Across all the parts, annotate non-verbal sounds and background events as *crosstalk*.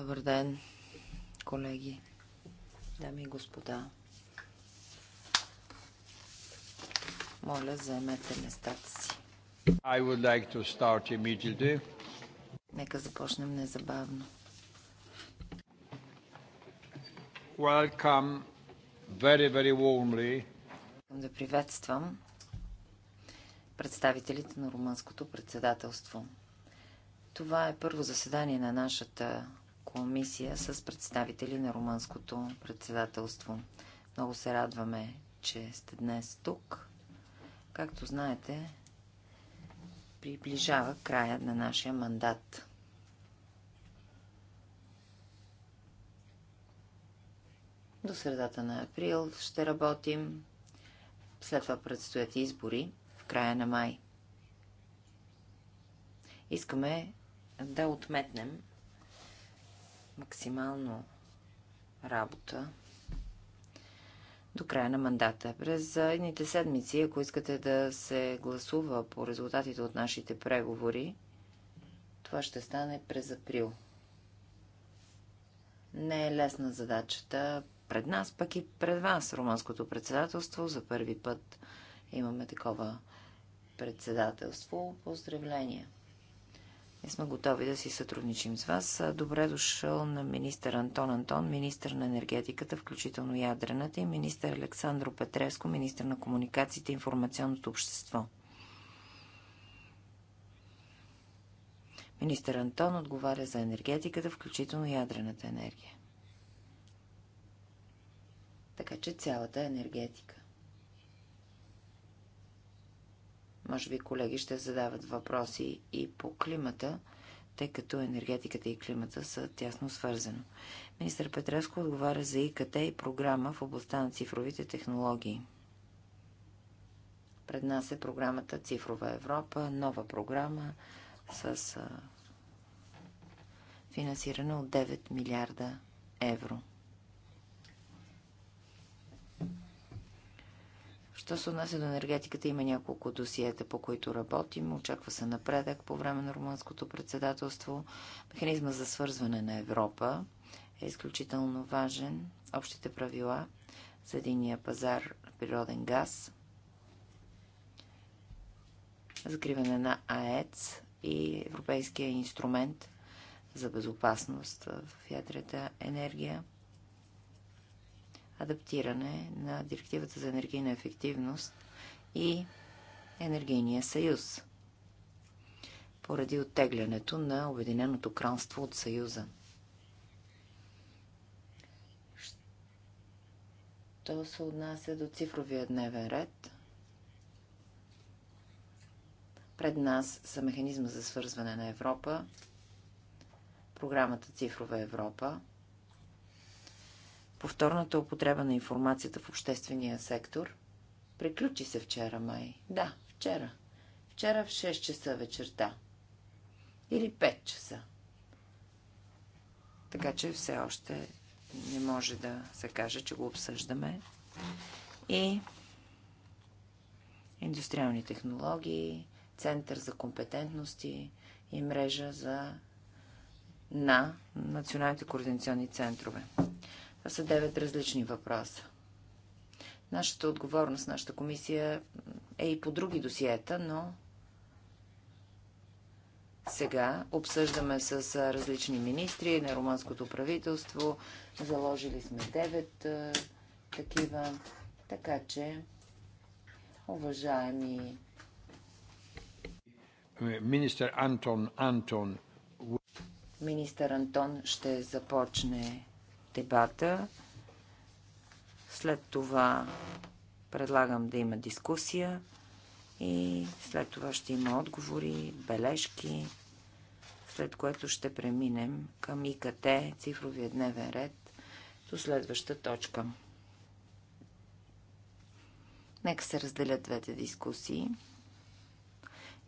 Добър ден, колеги, дами и господа. Моля, заемете местата си. I would like to start immediately. Нека започнем незабавно. Welcome very, very warmly. Да приветствам представителите на румънското председателство. Това е първо заседание на нашата комисия с представители на румънското председателство. Много се радваме, че сте днес тук. Както знаете, приближава края на нашия мандат. До средата на април ще работим. След това предстоят избори в края на май. Искаме да отметнем максимално работа до края на мандата. През едните седмици, ако искате да се гласува по резултатите от нашите преговори, това ще стане през април. Не е лесна задачата пред нас, пък и пред вас, Романското председателство. За първи път имаме такова председателство. Поздравления! Ние сме готови да си сътрудничим с вас. Добре дошъл на министър Антон Антон, министър на енергетиката, включително ядрената и министър Александро Петреско, министър на комуникациите и информационното общество. Министър Антон отговаря за енергетиката, включително ядрената енергия. Така че цялата енергетика. Може би колеги ще задават въпроси и по климата, тъй като енергетиката и климата са тясно свързано. Министър Петреско отговаря за ИКТ и програма в областта на цифровите технологии. Пред нас е програмата Цифрова Европа, нова програма с финансиране от 9 милиарда евро. Що се отнася до енергетиката, има няколко досиета, по които работим. Очаква се напредък по време на румънското председателство. Механизма за свързване на Европа е изключително важен. Общите правила за единия пазар природен газ, закриване на АЕЦ и Европейския инструмент за безопасност в ядрата енергия – адаптиране на Директивата за енергийна ефективност и Енергийния съюз поради оттеглянето на Обединеното кралство от Съюза. Що се отнася до цифровия дневен ред? Пред нас са механизма за свързване на Европа, програмата Цифрова Европа, повторната употреба на информацията в обществения сектор. Приключи се вчера, май. Да, вчера. Вчера в 6 часа вечерта. Или 5 часа. Така че все още не може да се каже, че го обсъждаме. И индустриални технологии, център за компетентности и мрежа за на националните координационни центрове. Това са девет различни въпроса. Нашата отговорност, нашата комисия е и по други досиета, но сега обсъждаме с различни министри на румънското правителство. Заложили сме 9 такива. Така че, уважаеми. Министър Антон Антон. Министър Антон ще започне дебата. След това предлагам да има дискусия и след това ще има отговори, бележки, след което ще преминем към ИКТ, цифровия дневен ред, до следваща точка. Нека се разделят двете дискусии.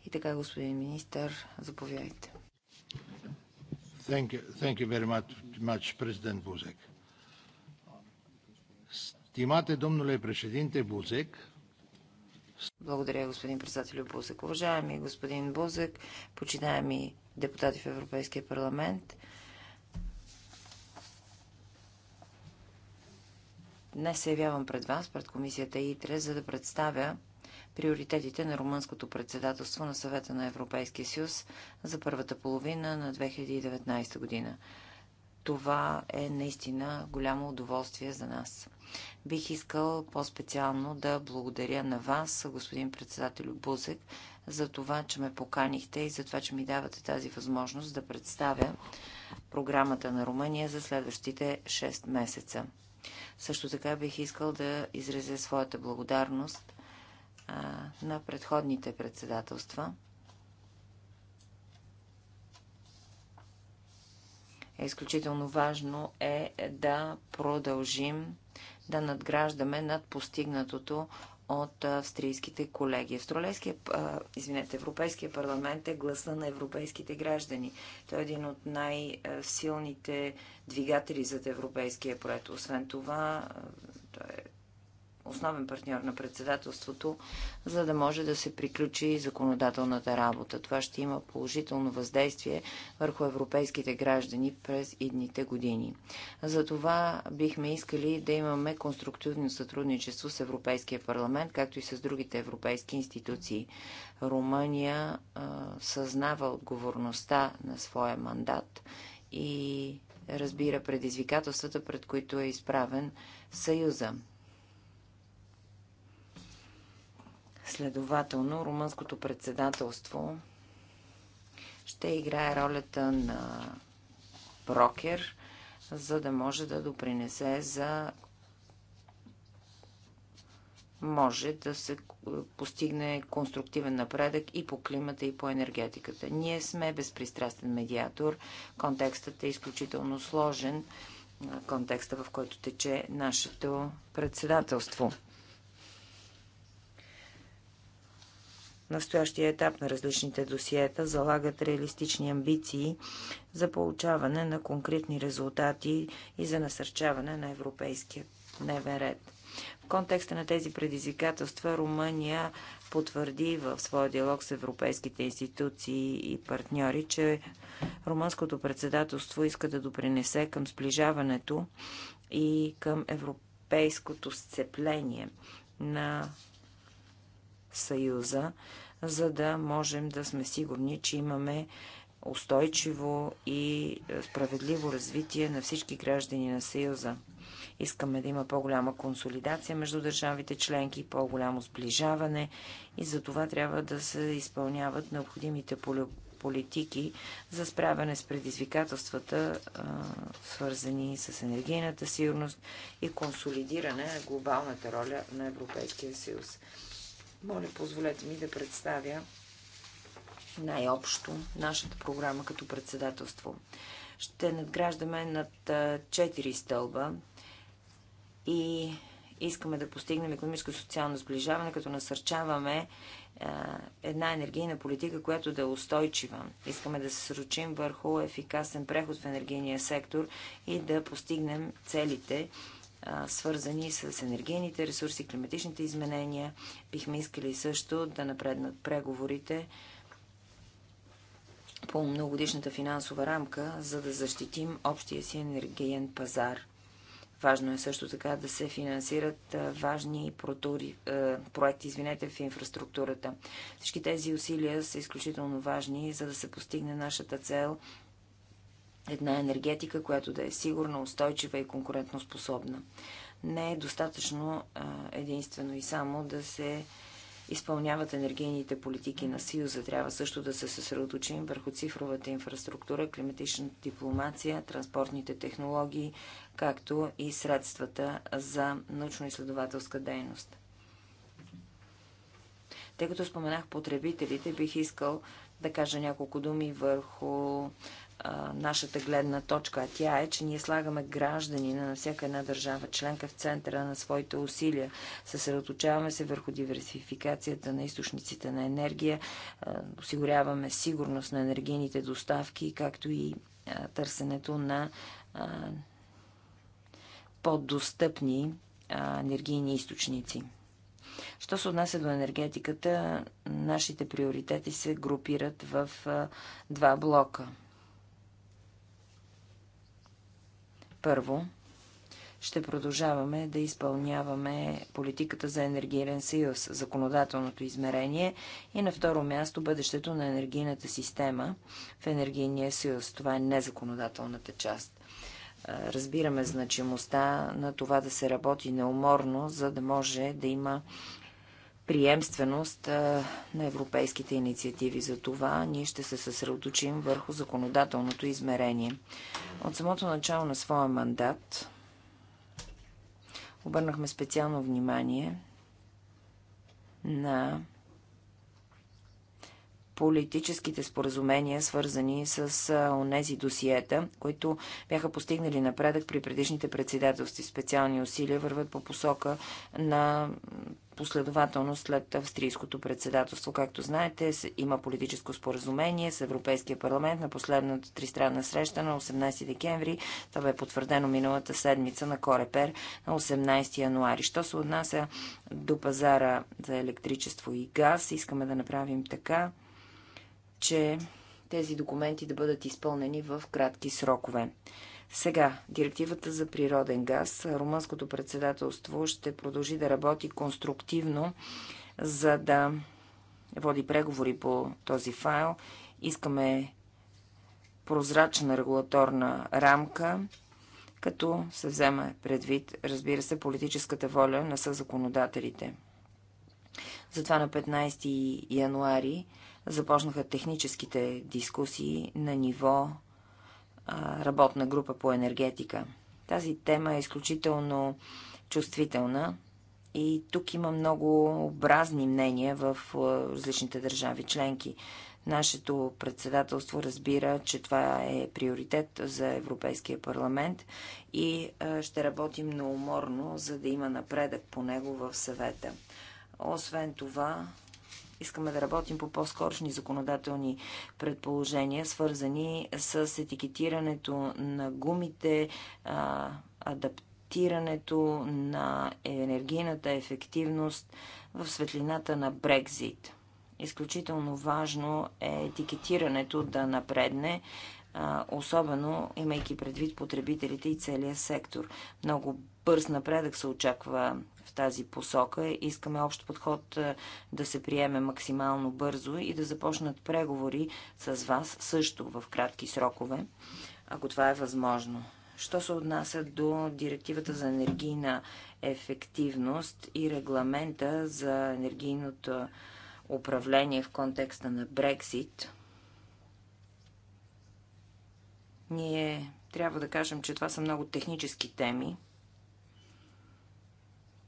И така, господин министър, заповядайте. Thank you, thank you very much, much President Buzek. Стимате домнуле благодаря, господин председател Бузек. Уважаеми господин Бузек, почитаеми депутати в Европейския парламент, днес се явявам пред вас, пред комисията ИТРЕ, за да представя приоритетите на румънското председателство на съвета на Европейския съюз за първата половина на 2019 година. Това е наистина голямо удоволствие за нас. Бих искал по-специално да благодаря на вас, господин председател Бузек, за това, че ме поканихте и за това, че ми давате тази възможност да представя програмата на Румъния за следващите 6 месеца. Също така бих искал да изразя своята благодарност а, на предходните председателства. Е изключително важно е да продължим да надграждаме над постигнатото от австрийските колеги. Австралийския, извинете, Европейския парламент е гласа на европейските граждани. Той е един от най-силните двигатели зад европейския проект. Освен това, той е основен партньор на председателството, за да може да се приключи законодателната работа. Това ще има положително въздействие върху европейските граждани през идните години. Затова бихме искали да имаме конструктивно сътрудничество с Европейския парламент, както и с другите европейски институции. Румъния а, съзнава отговорността на своя мандат и разбира предизвикателствата, пред които е изправен Съюза. Следователно, румънското председателство ще играе ролята на брокер, за да може да допринесе за може да се постигне конструктивен напредък и по климата, и по енергетиката. Ние сме безпристрастен медиатор. Контекстът е изключително сложен. Контекста, в който тече нашето председателство. настоящия етап на различните досиета залагат реалистични амбиции за получаване на конкретни резултати и за насърчаване на европейския дневен ред. В контекста на тези предизвикателства Румъния потвърди в своя диалог с европейските институции и партньори, че румънското председателство иска да допринесе към сближаването и към европейското сцепление на Съюза за да можем да сме сигурни, че имаме устойчиво и справедливо развитие на всички граждани на Съюза. Искаме да има по-голяма консолидация между държавите членки, по-голямо сближаване и за това трябва да се изпълняват необходимите политики за справяне с предизвикателствата, свързани с енергийната сигурност и консолидиране на глобалната роля на Европейския съюз. Моля, позволете ми да представя най-общо нашата програма като председателство. Ще надграждаме над четири стълба и искаме да постигнем економическо и социално сближаване, като насърчаваме една енергийна политика, която да е устойчива. Искаме да се срочим върху ефикасен преход в енергийния сектор и да постигнем целите свързани с енергийните ресурси, климатичните изменения. Бихме искали също да напреднат преговорите по многодишната финансова рамка, за да защитим общия си енергиен пазар. Важно е също така да се финансират важни протури, проекти извинете, в инфраструктурата. Всички тези усилия са изключително важни, за да се постигне нашата цел една енергетика, която да е сигурна, устойчива и конкурентоспособна. Не е достатъчно единствено и само да се изпълняват енергийните политики на Съюза. Трябва също да се съсредоточим върху цифровата инфраструктура, климатичната дипломация, транспортните технологии, както и средствата за научно-изследователска дейност. Тъй като споменах потребителите, бих искал да кажа няколко думи върху нашата гледна точка, а тя е, че ние слагаме гражданина на всяка една държава членка в центъра на своите усилия. Съсредоточаваме се върху диверсификацията на източниците на енергия, осигуряваме сигурност на енергийните доставки, както и търсенето на по-достъпни енергийни източници. Що се отнася до енергетиката, нашите приоритети се групират в два блока – Първо, ще продължаваме да изпълняваме политиката за енергиен съюз, законодателното измерение и на второ място бъдещето на енергийната система в енергийния съюз. Това е незаконодателната част. Разбираме значимостта на това да се работи неуморно, за да може да има приемственост на европейските инициативи. За това ние ще се съсредоточим върху законодателното измерение. От самото начало на своя мандат обърнахме специално внимание на политическите споразумения, свързани с онези досиета, които бяха постигнали напредък при предишните председателства. Специални усилия върват по посока на последователно след австрийското председателство. Както знаете, има политическо споразумение с Европейския парламент на последната тристранна среща на 18 декември. Това бе потвърдено миналата седмица на Корепер на 18 януари. Що се отнася до пазара за електричество и газ, искаме да направим така, че тези документи да бъдат изпълнени в кратки срокове. Сега, директивата за природен газ. Румънското председателство ще продължи да работи конструктивно, за да води преговори по този файл. Искаме прозрачна регулаторна рамка, като се вземе предвид, разбира се, политическата воля на съзаконодателите. Затова на 15 януари започнаха техническите дискусии на ниво работна група по енергетика. Тази тема е изключително чувствителна и тук има много образни мнения в различните държави членки. Нашето председателство разбира, че това е приоритет за Европейския парламент и ще работим науморно, за да има напредък по него в съвета. Освен това, Искаме да работим по по-скорошни законодателни предположения, свързани с етикетирането на гумите, адаптирането на енергийната ефективност в светлината на Брекзит. Изключително важно е етикетирането да напредне особено имайки предвид потребителите и целия сектор. Много бърз напредък се очаква в тази посока. Искаме общ подход да се приеме максимално бързо и да започнат преговори с вас също в кратки срокове, ако това е възможно. Що се отнася до директивата за енергийна ефективност и регламента за енергийното управление в контекста на Брексит – ние трябва да кажем, че това са много технически теми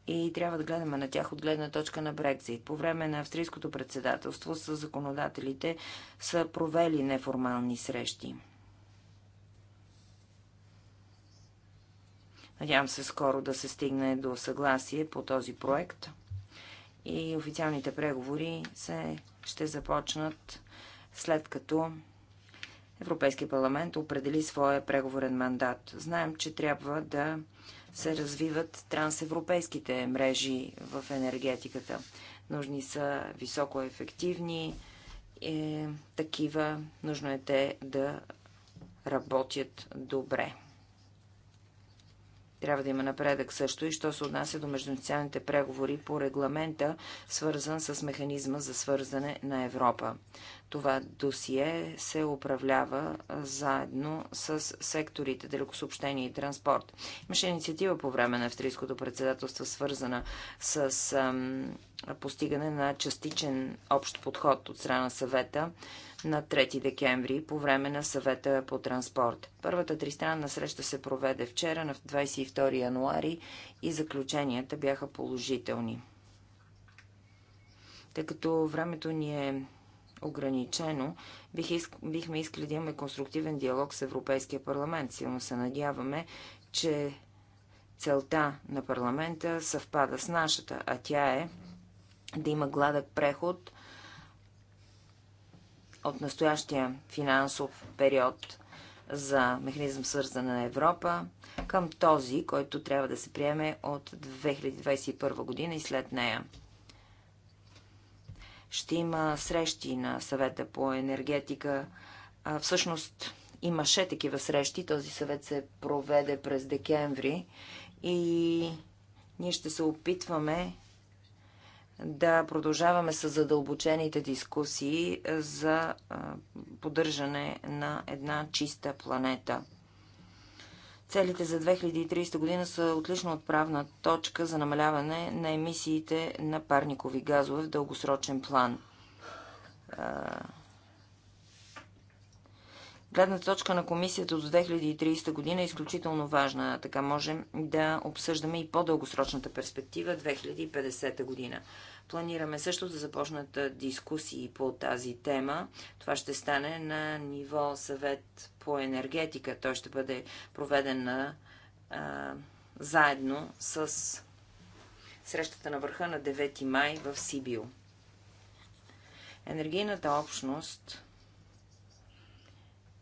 и трябва да гледаме на тях от гледна точка на Брекзит. По време на австрийското председателство с законодателите са провели неформални срещи. Надявам се скоро да се стигне до съгласие по този проект и официалните преговори се ще започнат след като Европейския парламент определи своя преговорен мандат. Знаем, че трябва да се развиват трансевропейските мрежи в енергетиката. Нужни са високоефективни е, такива. Нужно е те да работят добре. Трябва да има напредък също и що се отнася до междунационалните преговори по регламента, свързан с механизма за свързане на Европа. Това досие се управлява заедно с секторите далекосъобщение и транспорт. Имаше инициатива по време на австрийското председателство, свързана с ам, постигане на частичен общ подход от страна съвета на 3 декември по време на съвета по транспорт. Първата тристранна среща се проведе вчера на 22 януари и заключенията бяха положителни. Тъй като времето ни е ограничено, бих иск... бихме искали да имаме конструктивен диалог с Европейския парламент. Силно се надяваме, че целта на парламента съвпада с нашата, а тя е да има гладък преход от настоящия финансов период за механизъм свързана на Европа към този, който трябва да се приеме от 2021 година и след нея. Ще има срещи на съвета по енергетика. Всъщност имаше такива срещи. Този съвет се проведе през декември и ние ще се опитваме да продължаваме с задълбочените дискусии за поддържане на една чиста планета. Целите за 2030 година са отлично отправна точка за намаляване на емисиите на парникови газове в дългосрочен план гледна точка на комисията до 2030 година е изключително важна. Така можем да обсъждаме и по-дългосрочната перспектива 2050 година. Планираме също да започнат дискусии по тази тема. Това ще стане на ниво съвет по енергетика. Той ще бъде проведен на, а, заедно с срещата на върха на 9 май в Сибил. Енергийната общност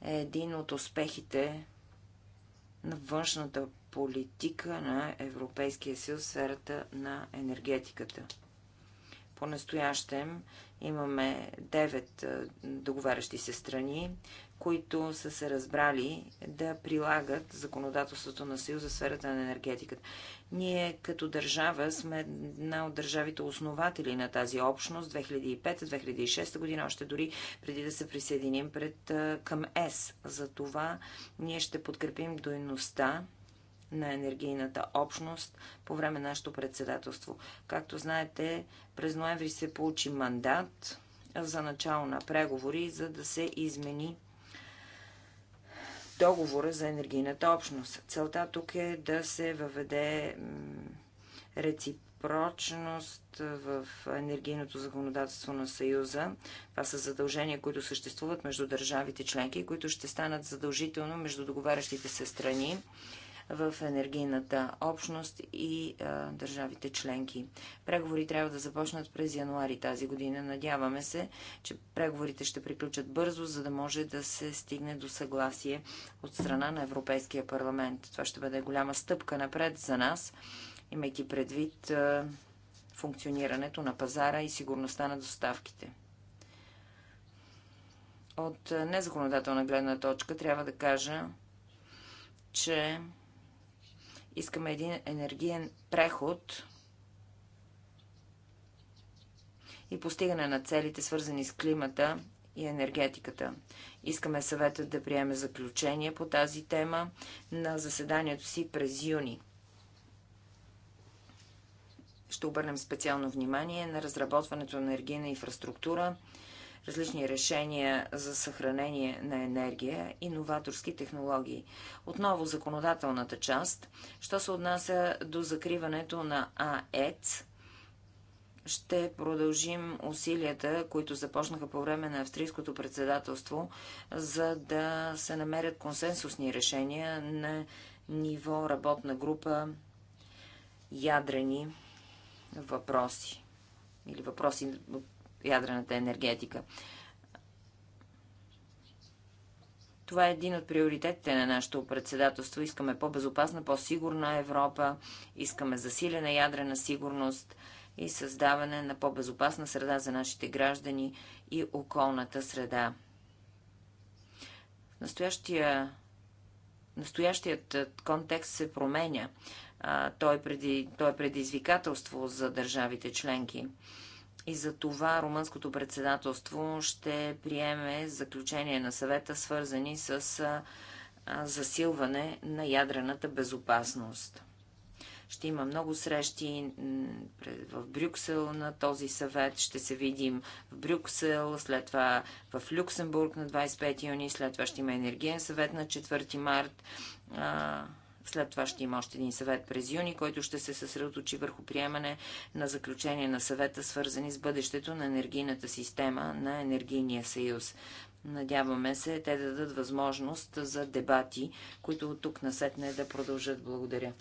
е един от успехите на външната политика на Европейския съюз в сферата на енергетиката. По-настоящем имаме 9 договарящи се страни, които са се разбрали да прилагат законодателството на Съюза в сферата на енергетиката. Ние като държава сме една от държавите основатели на тази общност 2005-2006 година, още дори преди да се присъединим пред, към ЕС. За това ние ще подкрепим дойността на енергийната общност по време на нашето председателство. Както знаете, през ноември се получи мандат за начало на преговори, за да се измени договора за енергийната общност. Целта тук е да се въведе реципрочност в енергийното законодателство на Съюза. Това са задължения, които съществуват между държавите членки, които ще станат задължително между договарящите се страни в енергийната общност и а, държавите членки. Преговори трябва да започнат през януари тази година. Надяваме се, че преговорите ще приключат бързо, за да може да се стигне до съгласие от страна на Европейския парламент. Това ще бъде голяма стъпка напред за нас, имайки предвид а, функционирането на пазара и сигурността на доставките. От незаконодателна гледна точка трябва да кажа, че Искаме един енергиен преход и постигане на целите, свързани с климата и енергетиката. Искаме съветът да приеме заключение по тази тема на заседанието си през юни. Ще обърнем специално внимание на разработването на енергийна инфраструктура – различни решения за съхранение на енергия и новаторски технологии. Отново законодателната част, що се отнася до закриването на АЕЦ, ще продължим усилията, които започнаха по време на австрийското председателство, за да се намерят консенсусни решения на ниво работна група ядрени въпроси или въпроси от ядрената енергетика. Това е един от приоритетите на нашето председателство. Искаме по-безопасна, по-сигурна Европа, искаме засилена ядрена сигурност и създаване на по-безопасна среда за нашите граждани и околната среда. Настоящия, настоящият контекст се променя. преди, той е предизвикателство за държавите членки. И за това румънското председателство ще приеме заключение на съвета, свързани с засилване на ядрената безопасност. Ще има много срещи в Брюксел на този съвет. Ще се видим в Брюксел, след това в Люксембург на 25 юни, след това ще има енергиен съвет на 4 март. След това ще има още един съвет през юни, който ще се съсредоточи върху приемане на заключение на съвета, свързани с бъдещето на енергийната система на Енергийния съюз. Надяваме се те да дадат възможност за дебати, които от тук насетне да продължат. Благодаря.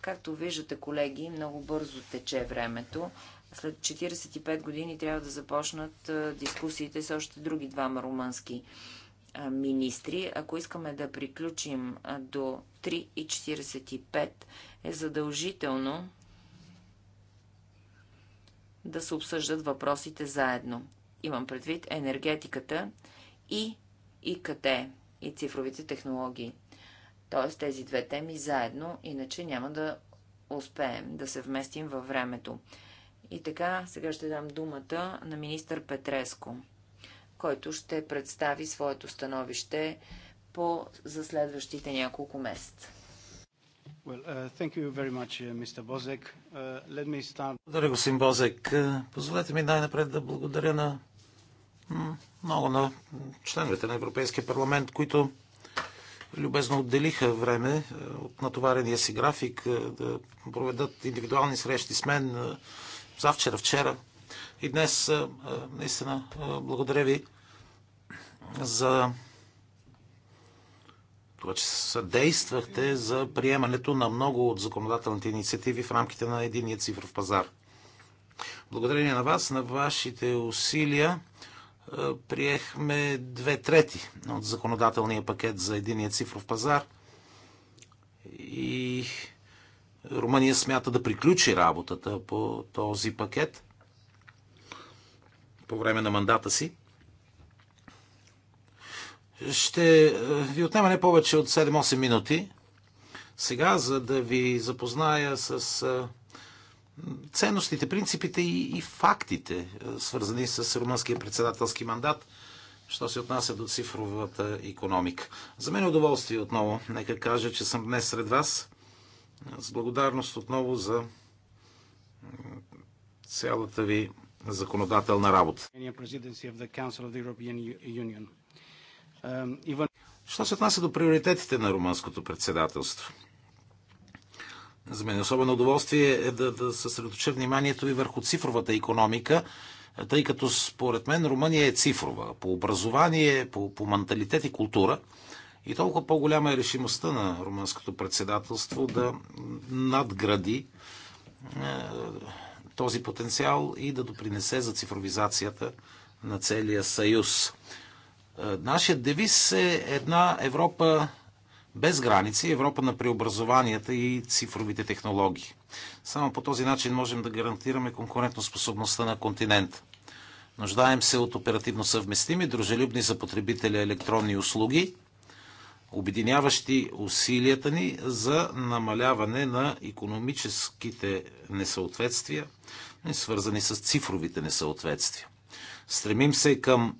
Както виждате, колеги, много бързо тече времето. След 45 години трябва да започнат дискусиите с още други двама румънски министри, ако искаме да приключим до 3.45, е задължително да се обсъждат въпросите заедно. Имам предвид енергетиката и ИКТ и цифровите технологии. Тоест тези две теми заедно, иначе няма да успеем да се вместим във времето. И така, сега ще дам думата на министър Петреско който ще представи своето становище по, за следващите няколко месеца. Uh, uh, uh, благодаря, господин Бозек. Е, позволете ми най-напред да благодаря на много на членовете на Европейския парламент, които любезно отделиха време е, от натоварения си график е, да проведат индивидуални срещи с мен завчера, вчера. И днес наистина благодаря ви за това, че съдействахте за приемането на много от законодателните инициативи в рамките на единия цифров пазар. Благодарение на вас, на вашите усилия, приехме две трети от законодателния пакет за единия цифров пазар и Румъния смята да приключи работата по този пакет по време на мандата си. Ще е, ви отнема не повече от 7-8 минути. Сега, за да ви запозная с е, ценностите, принципите и, и фактите, е, свързани с румънския председателски мандат, що се отнася до цифровата економика. За мен е удоволствие отново. Нека кажа, че съм днес сред вас. С благодарност отново за цялата ви законодателна работа. Um, Що се отнася до приоритетите на румънското председателство? За мен особено удоволствие е да, да съсредоточа вниманието ви върху цифровата економика, тъй като според мен Румъния е цифрова по образование, по, по менталитет и култура. И толкова по-голяма е решимостта на румънското председателство да надгради е, този потенциал и да допринесе за цифровизацията на целия съюз. Е, нашият девиз е една Европа без граници, Европа на преобразованията и цифровите технологии. Само по този начин можем да гарантираме конкурентоспособността на континента. Нуждаем се от оперативно съвместими, дружелюбни за потребителя електронни услуги – обединяващи усилията ни за намаляване на економическите несъответствия, свързани с цифровите несъответствия. Стремим се към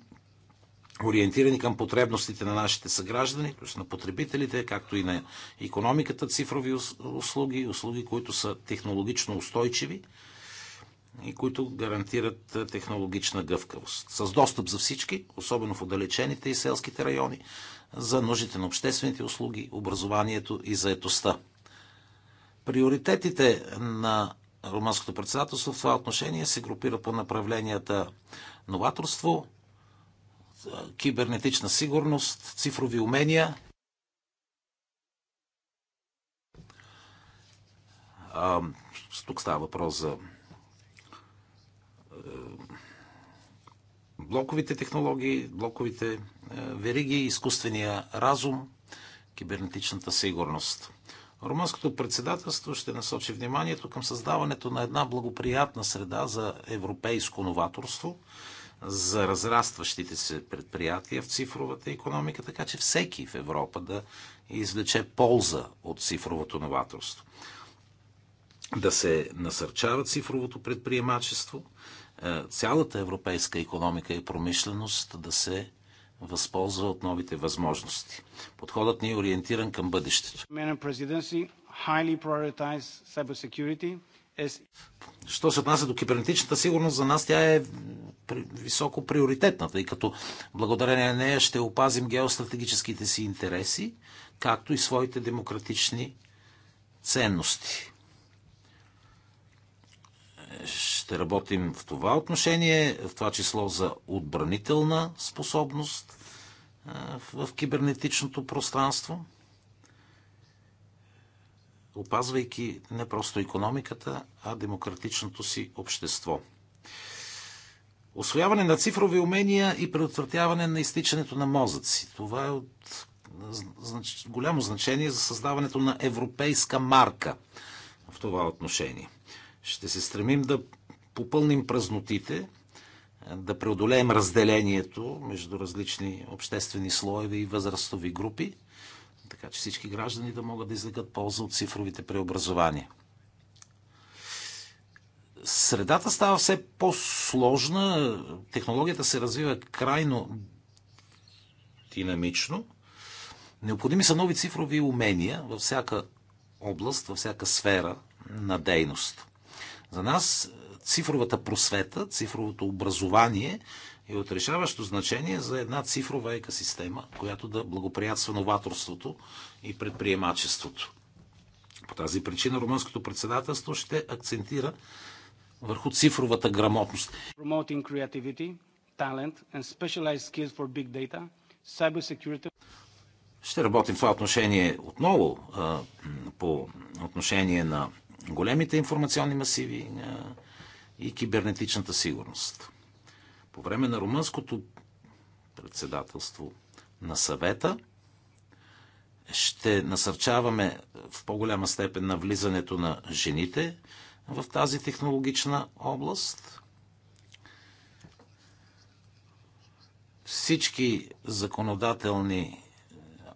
ориентирани към потребностите на нашите съграждани, т.е. на потребителите, както и на економиката, цифрови услуги, услуги, които са технологично устойчиви и които гарантират технологична гъвкавост. С достъп за всички, особено в отдалечените и селските райони, за нуждите на обществените услуги, образованието и заетостта. Приоритетите на Румънското председателство в това отношение се групира по направленията новаторство, кибернетична сигурност, цифрови умения, А, тук става въпрос за е, блоковите технологии, блоковите е, вериги, изкуствения разум, кибернетичната сигурност. Румънското председателство ще насочи вниманието към създаването на една благоприятна среда за европейско новаторство, за разрастващите се предприятия в цифровата економика, така че всеки в Европа да извлече полза от цифровото новаторство. Да се насърчава цифровото предприемачество, е, цялата европейска економика и промишленост да се възползва от новите възможности. Подходът ни е ориентиран към бъдещето. E. Що се отнася до кибернетичната сигурност, за нас тя е високо приоритетна, тъй като благодарение на нея ще опазим геостратегическите си интереси, както и своите демократични ценности ще работим в това отношение, в това число за отбранителна способност в кибернетичното пространство, опазвайки не просто економиката, а демократичното си общество. Освояване на цифрови умения и предотвратяване на изтичането на мозъци. Това е от голямо значение за създаването на европейска марка в това отношение. Ще се стремим да попълним празнотите, да преодолеем разделението между различни обществени слоеве и възрастови групи, така че всички граждани да могат да извлекат полза от цифровите преобразования. Средата става все по-сложна, технологията се развива крайно динамично. Необходими са нови цифрови умения във всяка област, във всяка сфера на дейност. За нас цифровата просвета, цифровото образование е от решаващо значение за една цифрова екосистема, която да благоприятства новаторството и предприемачеството. По тази причина румънското председателство ще акцентира върху цифровата грамотност. Promoting creativity, talent and specialized skills for big data, cybersecurity. Ще работим в това отношение отново по отношение на големите информационни масиви и кибернетичната сигурност. По време на румънското председателство на съвета ще насърчаваме в по-голяма степен на влизането на жените в тази технологична област. Всички законодателни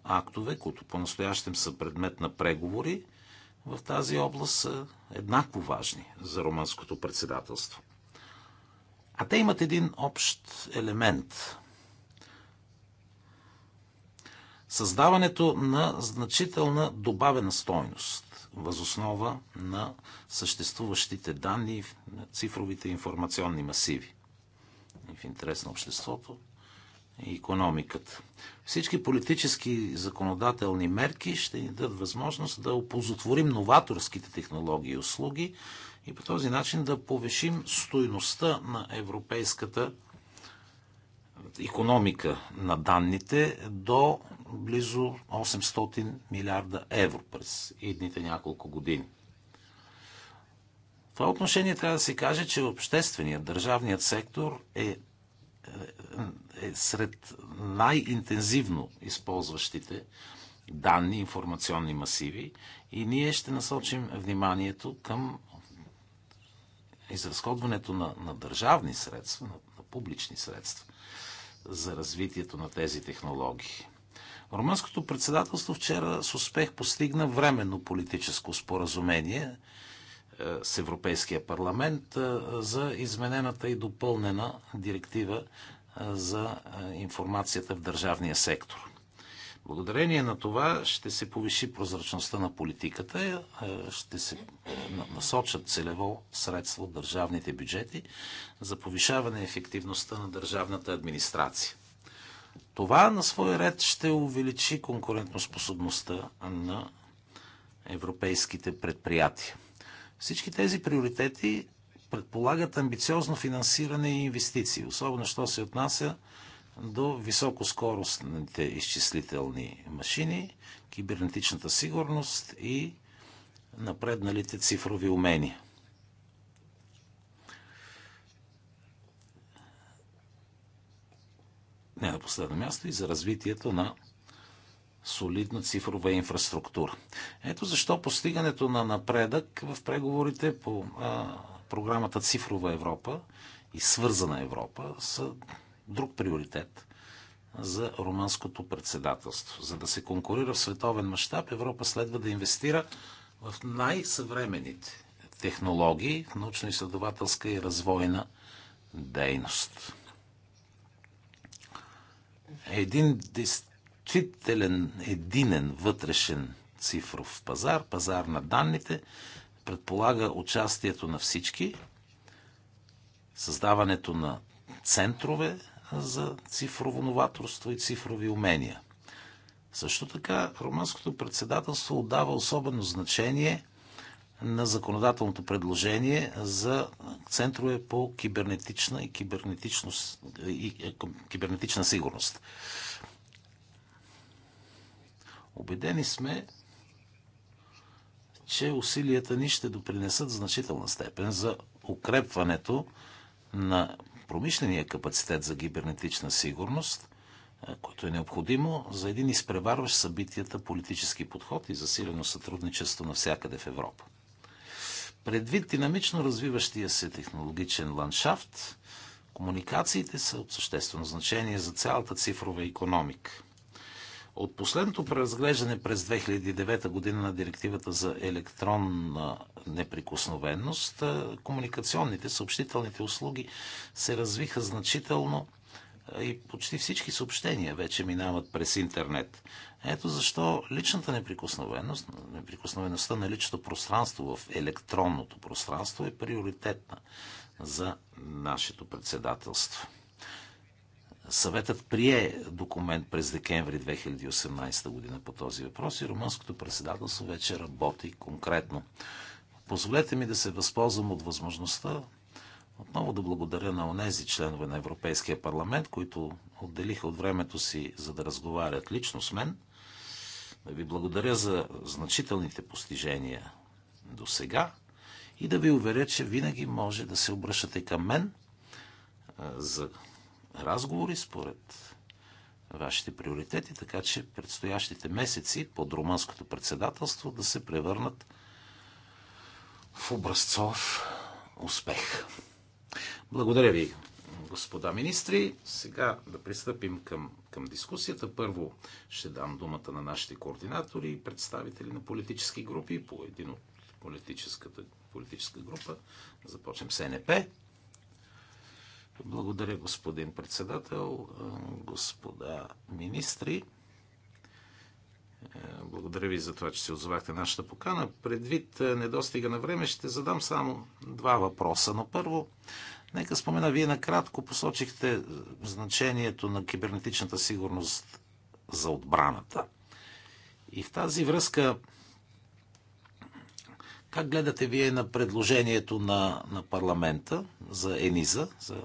актове, които по-настоящем са предмет на преговори, в тази област са еднакво важни за румънското председателство. А те имат един общ елемент. Създаването на значителна добавена стойност възоснова на съществуващите данни в цифровите информационни масиви. И в интерес на обществото и економиката. Всички политически законодателни мерки ще ни дадат възможност да опозотворим новаторските технологии и услуги и по този начин да повишим стойността на европейската економика на данните до близо 800 милиарда евро през едните няколко години. В това отношение трябва да се каже, че общественият, държавният сектор е е сред най-интензивно използващите данни, информационни масиви и ние ще насочим вниманието към изразходването на, на държавни средства, на, на публични средства за развитието на тези технологии. Румънското председателство вчера с успех постигна временно политическо споразумение – е, с Европейския парламент е, за изменената и допълнена директива е, за информацията в държавния сектор. Благодарение на това ще се повиши прозрачността на политиката, ще се насочат целево средства от държавните бюджети за повишаване ефективността на държавната администрация. Това на свой ред ще увеличи конкурентоспособността на европейските предприятия. Всички тези приоритети предполагат амбициозно финансиране и инвестиции, особено що се отнася до високоскоростните изчислителни машини, кибернетичната сигурност и напредналите цифрови умения. Не на последно място и за развитието на солидна цифрова инфраструктура. Ето защо постигането на напредък в преговорите по а, програмата Цифрова Европа и Свързана Европа са друг приоритет за романското председателство. За да се конкурира в световен мащаб, Европа следва да инвестира в най-съвременните технологии, научно-изследователска и развойна дейност. Един дис значителен единен вътрешен цифров пазар, пазар на данните, предполага участието на всички, създаването на центрове за цифрово новаторство и цифрови умения. Също така, румънското председателство отдава особено значение на законодателното предложение за центрове по кибернетична и, е, кибернетична сигурност. Обедени сме, че усилията ни ще допринесат значителна степен за укрепването на промишления капацитет за гибернетична сигурност, е, което е необходимо за един изпреварващ събитията политически подход и засилено сътрудничество навсякъде в Европа. Предвид динамично развиващия се технологичен ландшафт, комуникациите са от съществено значение за цялата цифрова економика – от последното преразглеждане през 2009 година на директивата за електронна неприкосновеност, комуникационните, съобщителните услуги се развиха значително и почти всички съобщения вече минават през интернет. Ето защо личната неприкосновеност, неприкосновеността на личното пространство в електронното пространство е приоритетна за нашето председателство. Съветът прие документ през декември 2018 година по този въпрос и румънското председателство вече работи конкретно. Позволете ми да се възползвам от възможността отново да благодаря на онези членове на Европейския парламент, които отделиха от времето си, за да разговарят лично с мен. Да ви благодаря за значителните постижения до сега и да ви уверя, че винаги може да се обръщате към мен за разговори според вашите приоритети, така че предстоящите месеци под румънското председателство да се превърнат в образцов успех. Благодаря ви, господа министри. Сега да пристъпим към, към дискусията. Първо ще дам думата на нашите координатори и представители на политически групи по един от политическата, политическа група. Започнем с НП. Благодаря, господин председател, господа министри. Благодаря ви за това, че се отзовахте нашата покана. Предвид недостига на време ще задам само два въпроса. Но първо, нека спомена, вие накратко посочихте значението на кибернетичната сигурност за отбраната. И в тази връзка, как гледате вие на предложението на, на парламента за ЕНИЗА, за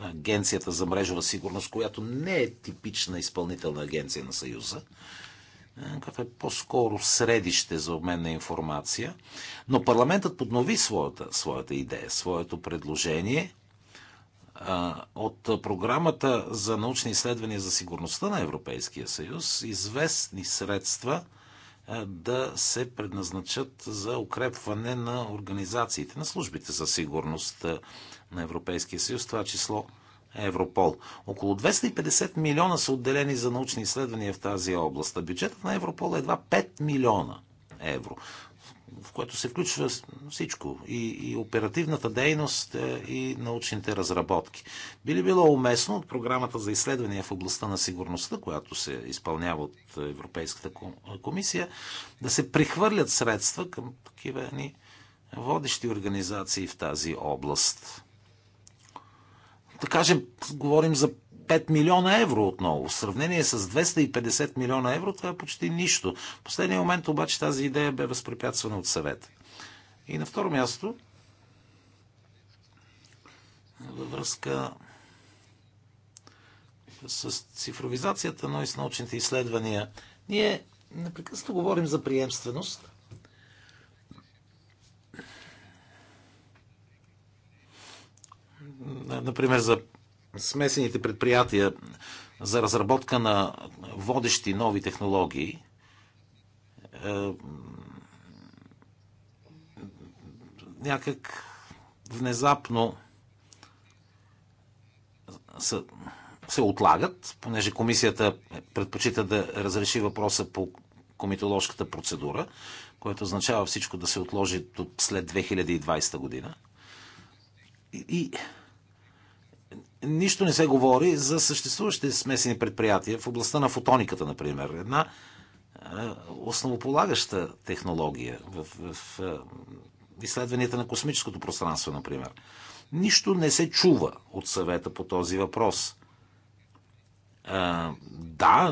Агенцията за мрежова сигурност, която не е типична изпълнителна агенция на Съюза, е, като е по-скоро средище за обмен на информация. Но парламентът поднови своята, своята идея, своето предложение е, от програмата за научни изследвания за сигурността на Европейския съюз известни средства е, да се предназначат за укрепване на организациите, на службите за сигурност на Европейския съюз, това число Европол. Около 250 милиона са отделени за научни изследвания в тази област, а бюджетът на Европол е едва 5 милиона евро, в което се включва всичко и, и оперативната дейност е, и научните разработки. Би ли било уместно от програмата за изследвания в областта на сигурността, която се изпълнява от Европейската комисия, да се прихвърлят средства към такива ни водещи организации в тази област? да кажем, говорим за 5 милиона евро отново. В сравнение с 250 милиона евро, това е почти нищо. В последния момент обаче тази идея бе възпрепятствана от съвета. И на второ място, във връзка с цифровизацията, но и с научните изследвания, ние непрекъснато говорим за приемственост например, за смесените предприятия за разработка на водещи нови технологии, е, някак внезапно са, се отлагат, понеже комисията предпочита да разреши въпроса по комитоложката процедура, което означава всичко да се отложи до след 2020 година. И, и нищо не се говори за съществуващите смесени предприятия в областта на фотониката, например. Една е, основополагаща технология в, в е, изследванията на космическото пространство, например. Нищо не се чува от съвета по този въпрос. Да,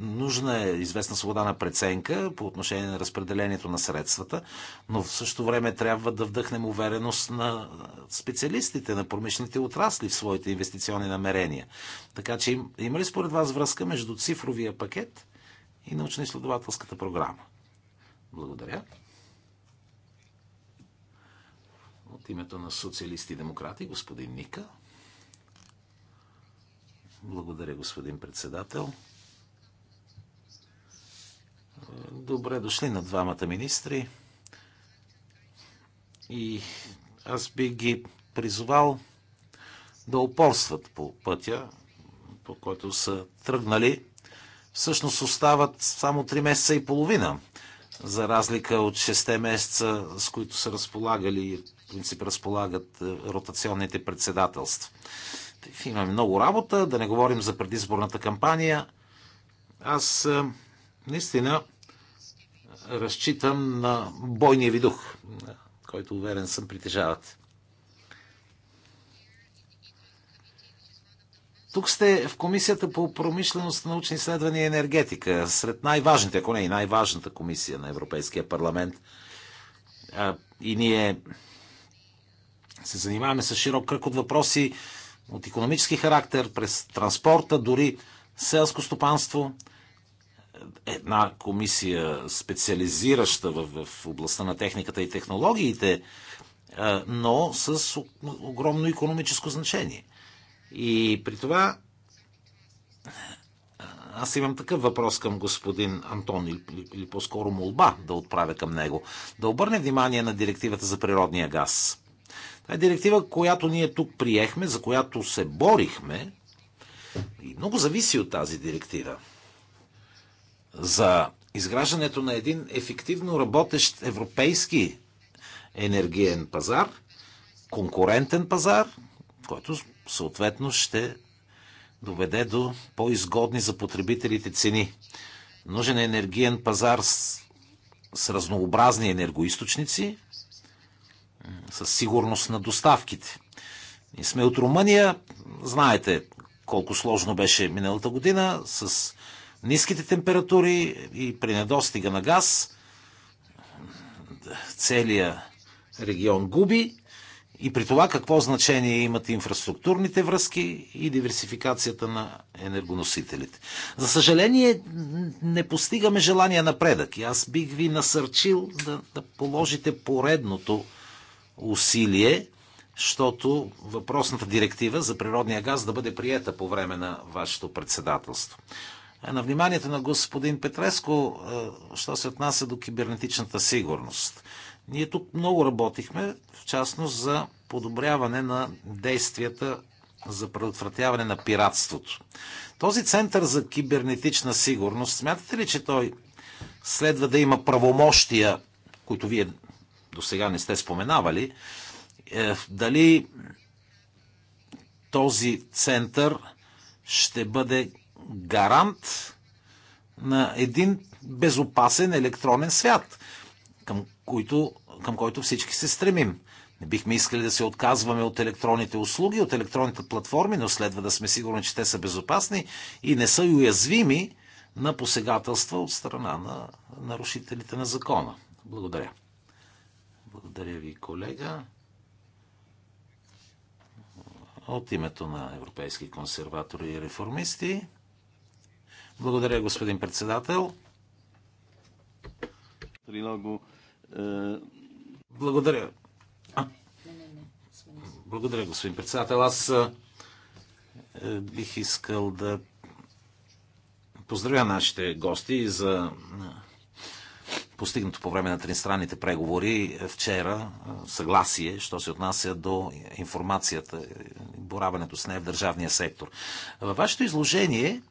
нужна е известна свобода на преценка по отношение на разпределението на средствата, но в същото време трябва да вдъхнем увереност на специалистите, на промишлените отрасли в своите инвестиционни намерения. Така че има ли според вас връзка между цифровия пакет и научно-изследователската програма? Благодаря. От името на социалисти и демократи, господин Ника. Благодаря, господин председател. Добре дошли на двамата министри. И аз би ги призвал да опорстват по пътя, по който са тръгнали. Всъщност остават само 3 месеца и половина, за разлика от 6 месеца, с които са разполагали, в принцип разполагат е, ротационните председателства. Имаме много работа, да не говорим за предизборната кампания. Аз е, наистина разчитам на бойния ви дух, който уверен съм притежавате. Тук сте в Комисията по промишленост, научни изследвания и енергетика, сред най-важните, ако не и най-важната комисия на Европейския парламент. И ние се занимаваме с широк кръг от въпроси, от економически характер, през транспорта, дори селско стопанство. Една комисия, специализираща в, в областта на техниката и технологиите, е, но с огромно економическо значение. И при това е, аз имам такъв въпрос към господин Антон или, или по-скоро молба да отправя към него. Да обърне внимание на директивата за природния газ. Това е директива, която ние тук приехме, за която се борихме и много зависи от тази директива. За изграждането на един ефективно работещ европейски енергиен пазар, конкурентен пазар, който съответно ще доведе до по-изгодни за потребителите цени. Нужен е енергиен пазар с, с разнообразни енергоисточници, със сигурност на доставките. Ние сме от Румъния, знаете колко сложно беше миналата година с ниските температури и при недостига на газ целият регион губи и при това какво значение имат инфраструктурните връзки и диверсификацията на енергоносителите. За съжаление, не постигаме желания напредък и аз бих ви насърчил да, да положите поредното усилие, защото въпросната директива за природния газ да бъде приета по време на вашето председателство. Е, на вниманието на господин Петреско, е, що се отнася до кибернетичната сигурност. Ние тук много работихме, в частност за подобряване на действията за предотвратяване на пиратството. Този център за кибернетична сигурност, смятате ли, че той следва да има правомощия, които вие до сега не сте споменавали, е, дали този център ще бъде гарант на един безопасен електронен свят, към, който, към който всички се стремим. Не бихме искали да се отказваме от електронните услуги, от електронните платформи, но следва да сме сигурни, че те са безопасни и не са уязвими на посегателства от страна на нарушителите на закона. Благодаря. Благодаря ви, колега. От името на европейски консерватори и реформисти. Благодаря, господин председател. Трилогу. Е, Благодаря. Благодаря, господин председател. Аз е, е, бих искал да поздравя нашите гости за постигнато по време на тристранните преговори е, вчера е, съгласие, що се отнася до информацията, бораването с нея в държавния сектор. Във вашето изложение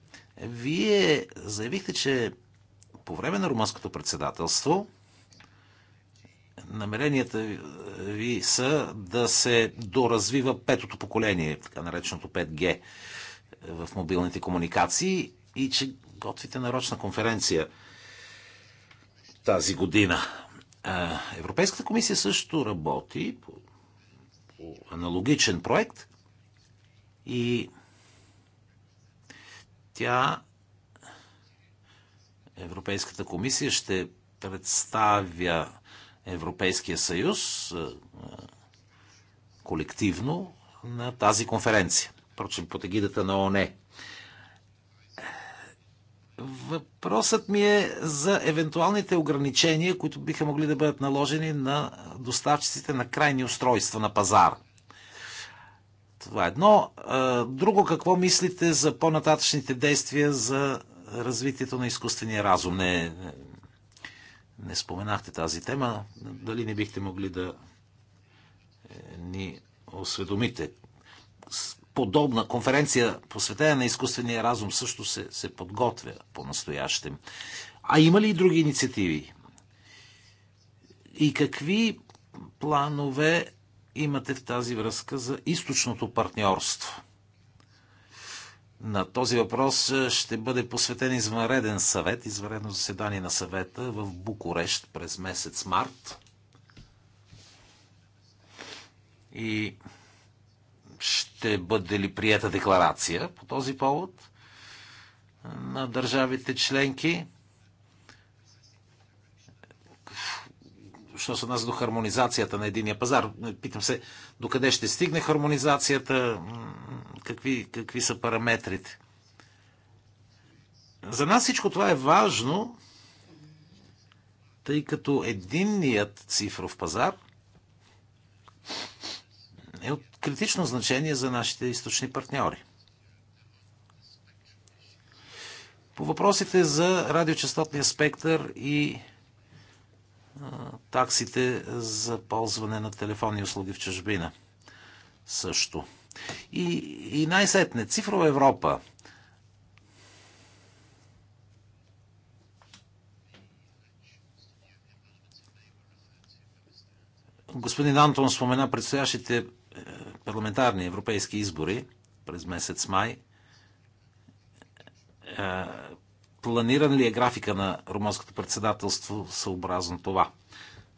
вие заявихте, че по време на румънското председателство намеренията ви са да се доразвива петото поколение, така нареченото 5G е, в мобилните комуникации и че готвите нарочна конференция – тази година. Европейската комисия също работи по, по аналогичен проект и тя Европейската комисия ще представя Европейския съюз колективно на тази конференция. Впрочем, под егидата на ОНЕ. Въпросът ми е за евентуалните ограничения, които биха могли да бъдат наложени на доставчиците на крайни устройства на пазара. Това е едно. Друго, какво мислите за по-нататъчните действия за развитието на изкуствения разум? Не, не споменахте тази тема. Дали не бихте могли да е, ни осведомите? подобна конференция, посветена на изкуствения разум, също се, се подготвя по-настоящем. А има ли и други инициативи? И какви планове имате в тази връзка за източното партньорство? На този въпрос е, ще бъде посветен извънреден съвет, извънредно заседание на съвета в Букурещ през месец март. И ще бъде ли прията декларация по този повод на държавите членки? що се нас до хармонизацията на единия пазар. Питам се, докъде ще стигне хармонизацията, какви, какви са параметрите. За нас всичко това е важно, тъй като единният цифров пазар е от критично значение за нашите източни партньори. По въпросите за радиочастотния спектър и а, таксите за ползване на телефонни услуги в чужбина. Също. И, и най-сетне, Цифрова Европа. Господин Антон спомена предстоящите парламентарни европейски избори през месец май, е, планиран ли е графика на румънското председателство съобразно това?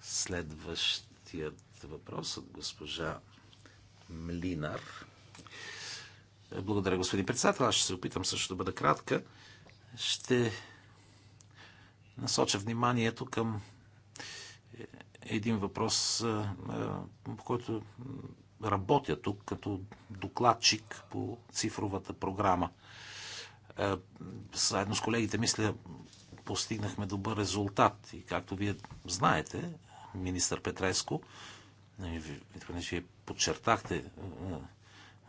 Следващият въпрос от госпожа Млинар. Е, благодаря, господин председател. Аз ще се опитам също да бъда кратка. Ще насоча вниманието към е, един въпрос, по който работя тук като докладчик по цифровата програма. Съедно е, с колегите, мисля, постигнахме добър резултат. И както вие знаете, министър Петреско, вие подчертахте е,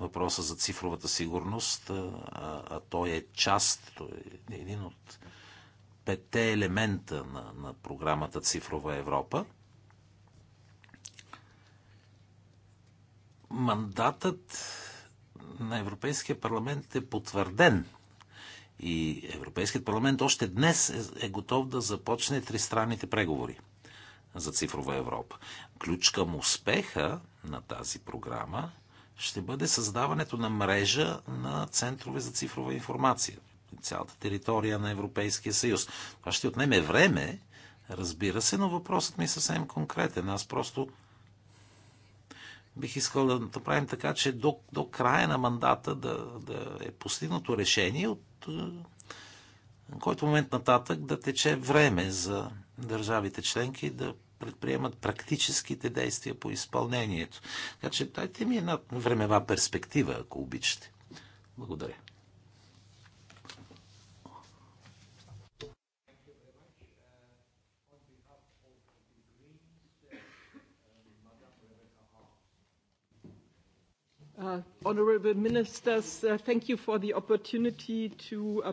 въпроса за цифровата сигурност, е, а, а той е част, той е един от петте елемента на, на програмата Цифрова Европа – мандатът на Европейския парламент е потвърден. И Европейският парламент още днес е, е готов да започне тристранните преговори за цифрова Европа. Ключ към успеха на тази програма ще бъде създаването на мрежа на центрове за цифрова информация. Цялата територия на Европейския съюз. Това ще отнеме време, разбира се, но въпросът ми е съвсем конкретен. Аз просто бих искал да направим така, че до, до края на мандата да, да е постигнато решение, от е, който момент нататък да тече време за държавите членки да предприемат практическите действия по изпълнението. Така че дайте ми една времева перспектива, ако обичате. Благодаря. Uh, uh, uh,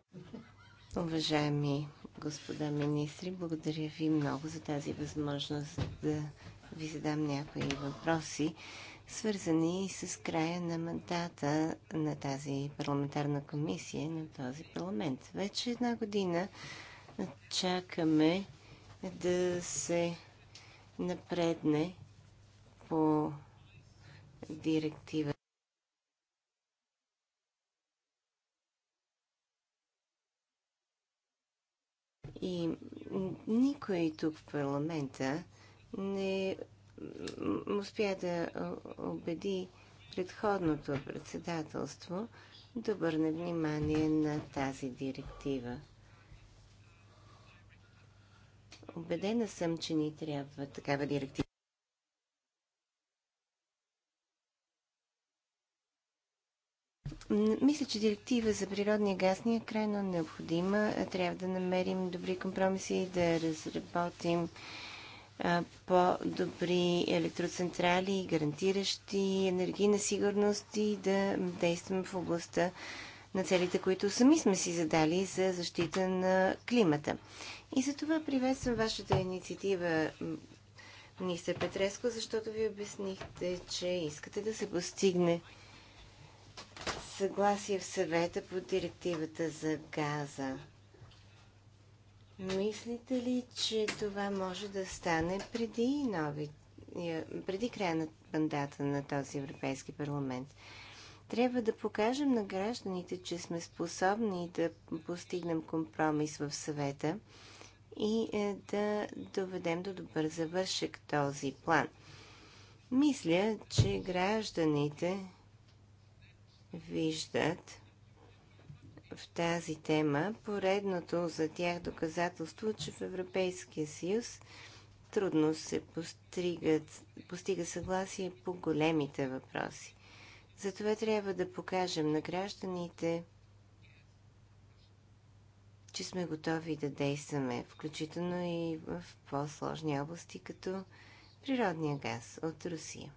Уважаеми господа министри, благодаря ви много за тази възможност да ви задам някои въпроси, свързани с края на мандата на тази парламентарна комисия, на този парламент. Вече една година чакаме да се напредне по директива И никой тук в парламента не успя да убеди предходното председателство да обърне внимание на тази директива. Обедена съм, че ни трябва такава директива. Мисля, че директива за природния газ ни е крайно необходима. Трябва да намерим добри компромиси и да разработим по-добри електроцентрали, гарантиращи енергийна сигурност и да действаме в областта на целите, които сами сме си задали за защита на климата. И за това приветствам вашата инициатива, министър Петреско, защото ви обяснихте, че искате да се постигне съгласие в съвета по директивата за газа. Мислите ли, че това може да стане преди, нови, е, преди края на мандата на този Европейски парламент? Трябва да покажем на гражданите, че сме способни да постигнем компромис в съвета и е, да доведем до добър завършек този план. Мисля, че гражданите виждат в тази тема поредното за тях доказателство, че в Европейския съюз трудно се постигат, постига съгласие по големите въпроси. Затова трябва да покажем на гражданите, че сме готови да действаме, включително и в по-сложни области, като природния газ от Русия.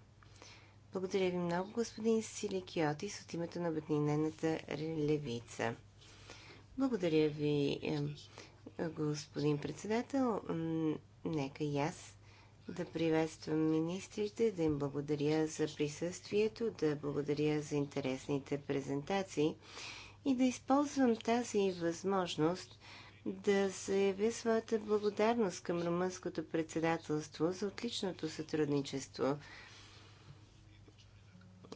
Благодаря ви много, господин Киотис, от името на Обединената левица. Благодаря ви, господин председател. Нека и аз да приветствам министрите, да им благодаря за присъствието, да благодаря за интересните презентации и да използвам тази възможност да заявя своята благодарност към румънското председателство за отличното сътрудничество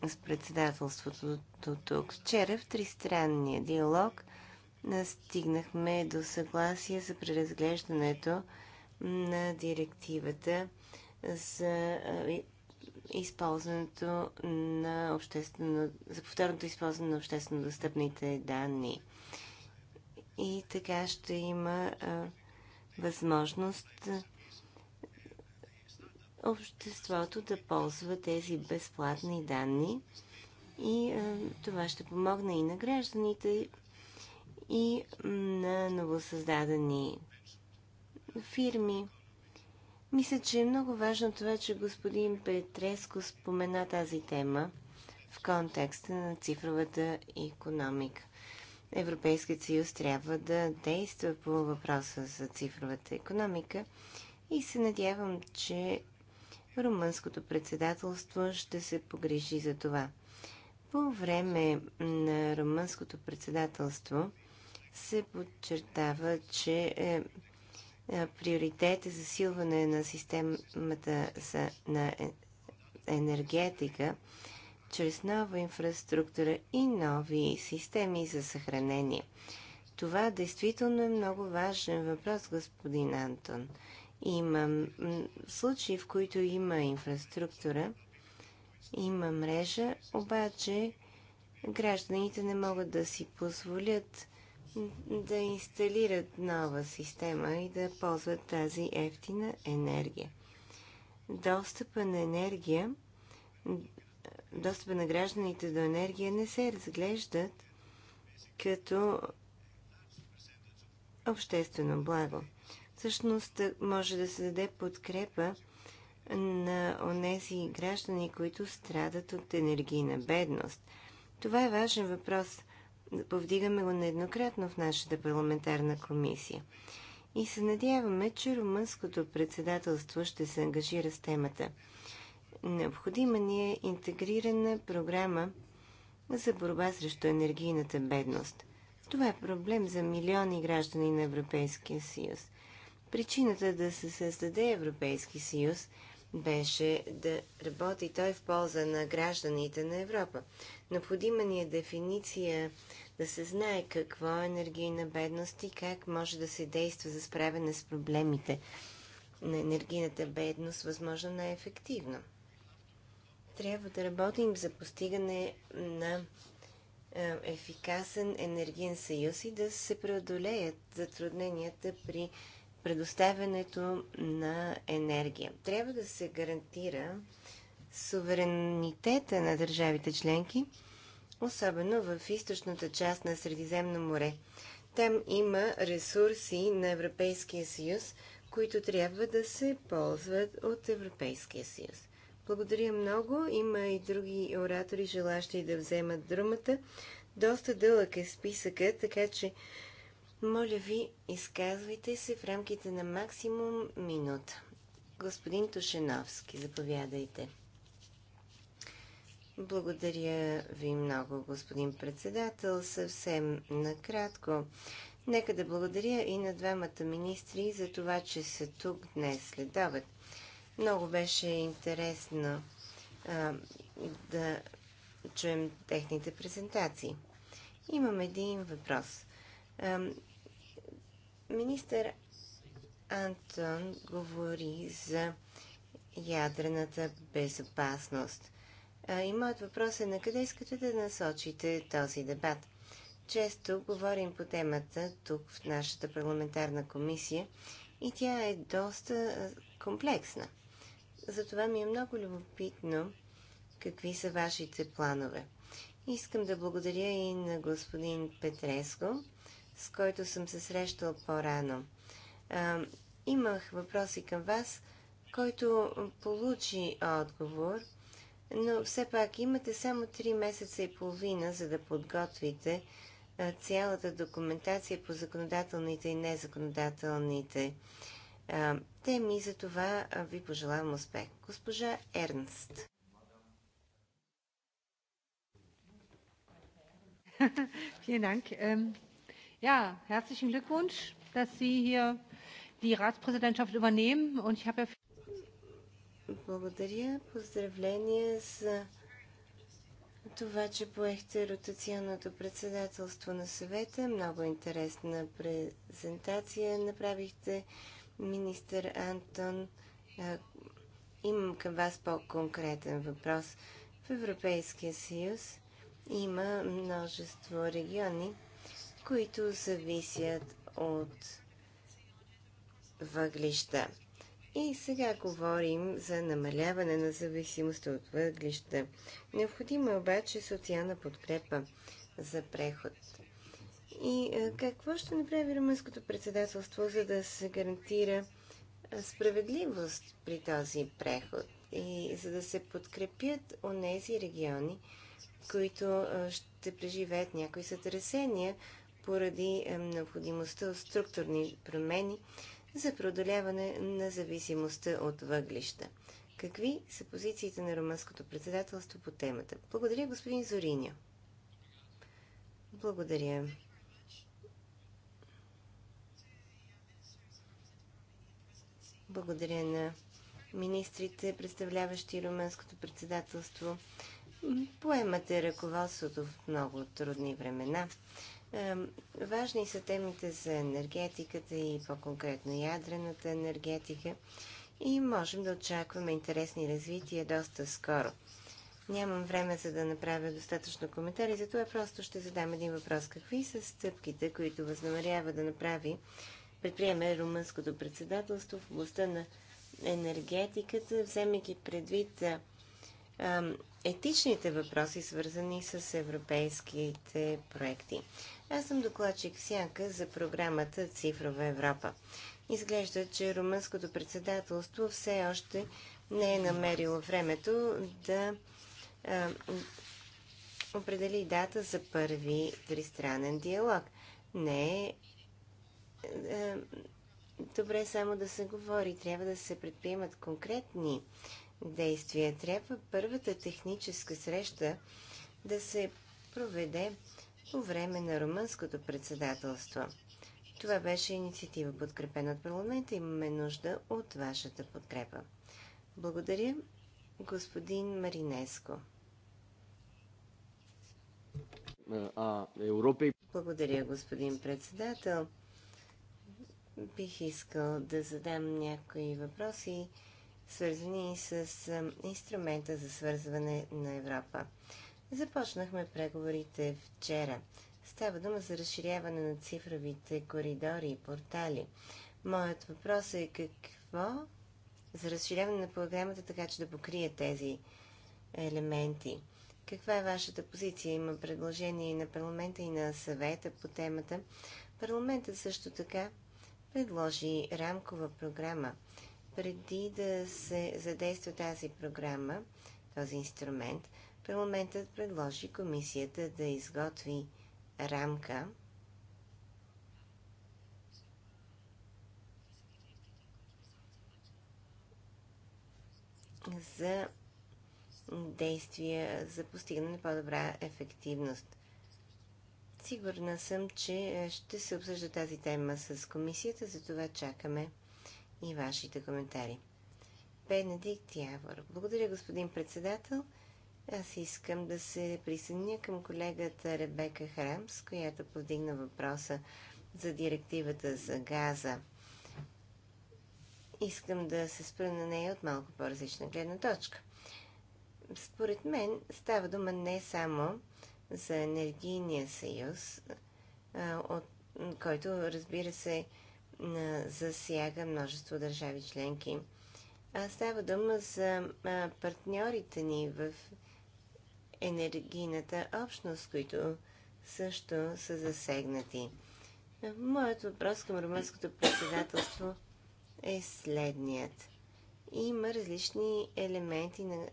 с председателството до тук. Вчера в тристранния диалог стигнахме до съгласие за преразглеждането на директивата за използването на обществено, за повторното използване на обществено достъпните данни. И така ще има възможност обществото да ползва тези безплатни данни и а, това ще помогне и на гражданите, и на новосъздадени фирми. Мисля, че е много важно това, че господин Петреско спомена тази тема в контекста на цифровата економика. Европейският съюз трябва да действа по въпроса за цифровата економика и се надявам, че румънското председателство ще се погрежи за това. По време на румънското председателство се подчертава, че е, е, приоритет е засилване на системата на е, енергетика чрез нова инфраструктура и нови системи за съхранение. Това действително е много важен въпрос, господин Антон. Има случаи, в които има инфраструктура, има мрежа, обаче гражданите не могат да си позволят да инсталират нова система и да ползват тази ефтина енергия. Достъпа на енергия, достъпа на гражданите до енергия не се разглеждат като обществено благо всъщност може да се даде подкрепа на онези граждани, които страдат от енергийна бедност. Това е важен въпрос. Повдигаме го нееднократно в нашата парламентарна комисия. И се надяваме, че румънското председателство ще се ангажира с темата. Необходима ни е интегрирана програма за борба срещу енергийната бедност. Това е проблем за милиони граждани на Европейския съюз. Причината да се създаде Европейски съюз беше да работи той в полза на гражданите на Европа. Необходима ни е дефиниция да се знае какво е енергийна бедност и как може да се действа за справяне с проблемите на енергийната бедност възможно най-ефективно. Трябва да работим за постигане на е, ефикасен енергиен съюз и да се преодолеят затрудненията при предоставянето на енергия. Трябва да се гарантира суверенитета на държавите членки, особено в източната част на Средиземно море. Там има ресурси на Европейския съюз, които трябва да се ползват от Европейския съюз. Благодаря много. Има и други оратори, желащи да вземат думата. Доста дълъг е списъка, така че моля ви, изказвайте се в рамките на максимум минута. Господин Тушеновски, заповядайте. Благодаря ви много, господин председател. Съвсем накратко. Нека да благодаря и на двамата министри за това, че са тук днес след обед. Много беше интересно а, да чуем техните презентации. Имам един въпрос. Министър Антон говори за ядрената безопасност. и моят въпрос е на къде искате да насочите този дебат? Често говорим по темата тук в нашата парламентарна комисия и тя е доста комплексна. Затова ми е много любопитно какви са вашите планове. Искам да благодаря и на господин Петреско с който съм се срещал по-рано. имах въпроси към вас, който получи отговор, но все пак имате само 3 месеца и половина, за да подготвите цялата документация по законодателните и незаконодателните теми. За това ви пожелавам успех. Госпожа Ернст. *laughs* Vielen Dank. Ähm, Ja, herzlichen Glückwunsch, dass Sie hier die Ratspräsidentschaft übernehmen. Und ich habe ja Благодаря. поздравление за това, че поехте ротационното председателство на съвета. Много интересна презентация направихте. Министър Антон, имам към вас по-конкретен въпрос. В Европейския съюз има множество региони, които зависят от въглища. И сега говорим за намаляване на зависимостта от въглища. Необходима е обаче социална подкрепа за преход. И какво ще направи румънското председателство, за да се гарантира справедливост при този преход и за да се подкрепят онези региони, които ще преживеят някои сътресения поради е, необходимостта от структурни промени за преодоляване на зависимостта от въглища. Какви са позициите на румънското председателство по темата? Благодаря, господин Зориня. Благодаря. Благодаря на министрите, представляващи румънското председателство. Поемате ръководството в много трудни времена. Важни са темите за енергетиката и по-конкретно ядрената енергетика и можем да очакваме интересни развития доста скоро. Нямам време за да направя достатъчно коментари, затова просто ще задам един въпрос. Какви са стъпките, които възнамерява да направи предприеме румънското председателство в областта на енергетиката, вземайки предвид а, а, етичните въпроси, свързани с европейските проекти. Аз съм докладчик Сянка за програмата Цифрова Европа. Изглежда, че румънското председателство все още не е намерило времето да а, определи дата за първи тристранен диалог. Не е добре само да се говори, трябва да се предприемат конкретни действия. Трябва първата техническа среща да се проведе по време на румънското председателство. Това беше инициатива, подкрепена от парламента. Имаме нужда от вашата подкрепа. Благодаря, господин Маринеско. А, Европа... Благодаря, господин председател. Бих искал да задам някои въпроси, свързани с инструмента за свързване на Европа. Започнахме преговорите вчера. Става дума за разширяване на цифровите коридори и портали. Моят въпрос е какво за разширяване на програмата, така че да покрие тези елементи. Каква е вашата позиция? Има предложение и на парламента, и на съвета по темата. Парламентът също така предложи рамкова програма. Преди да се задейства тази програма, този инструмент, парламентът предложи комисията да изготви рамка за действия за постигане на по-добра ефективност. Сигурна съм, че ще се обсъжда тази тема с комисията, затова чакаме и вашите коментари. Бенедикт Явор. Благодаря, господин председател. Аз искам да се присъединя към колегата Ребека Храмс, която повдигна въпроса за директивата за газа. Искам да се спра на нея от малко по-различна гледна точка. Според мен става дума не само за енергийния съюз, от който, разбира се, засяга множество държави членки. А става дума за партньорите ни в енергийната общност, които също са засегнати. Моят въпрос към румънското председателство е следният. Има различни елементи на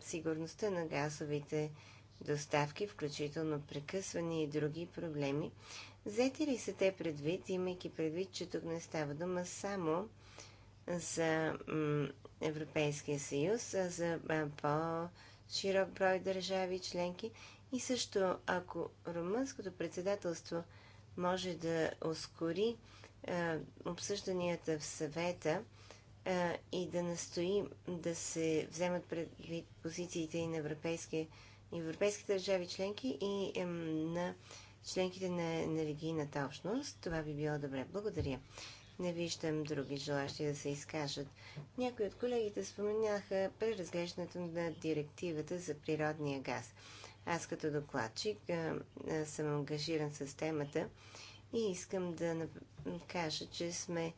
сигурността на газовите доставки, включително прекъсване и други проблеми. Взети ли са те предвид, имайки предвид, че тук не става дума само за Европейския съюз, а за по- широк брой държави членки. И също, ако румънското председателство може да ускори е, обсъжданията в съвета е, и да настои да се вземат предвид позициите и на европейски, европейските държави членки и е, на членките на енергийната общност, това би било добре. Благодаря. Не виждам други желащи да се изкажат. Някои от колегите споменяха преразглеждането на директивата за природния газ. Аз като докладчик съм ангажиран с темата и искам да кажа, че сме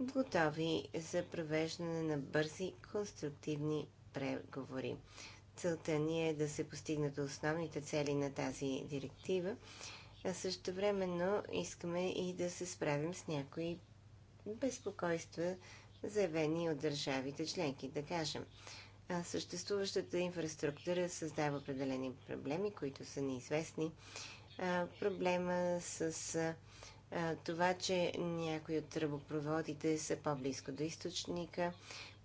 готови за провеждане на бързи, конструктивни преговори. Целта ни е да се постигнат основните цели на тази директива, а също времено искаме и да се справим с някои безпокойства, заявени от държавите членки, да кажем. А съществуващата инфраструктура създава определени проблеми, които са неизвестни. А, проблема с а, това, че някои от тръбопроводите са по-близко до източника,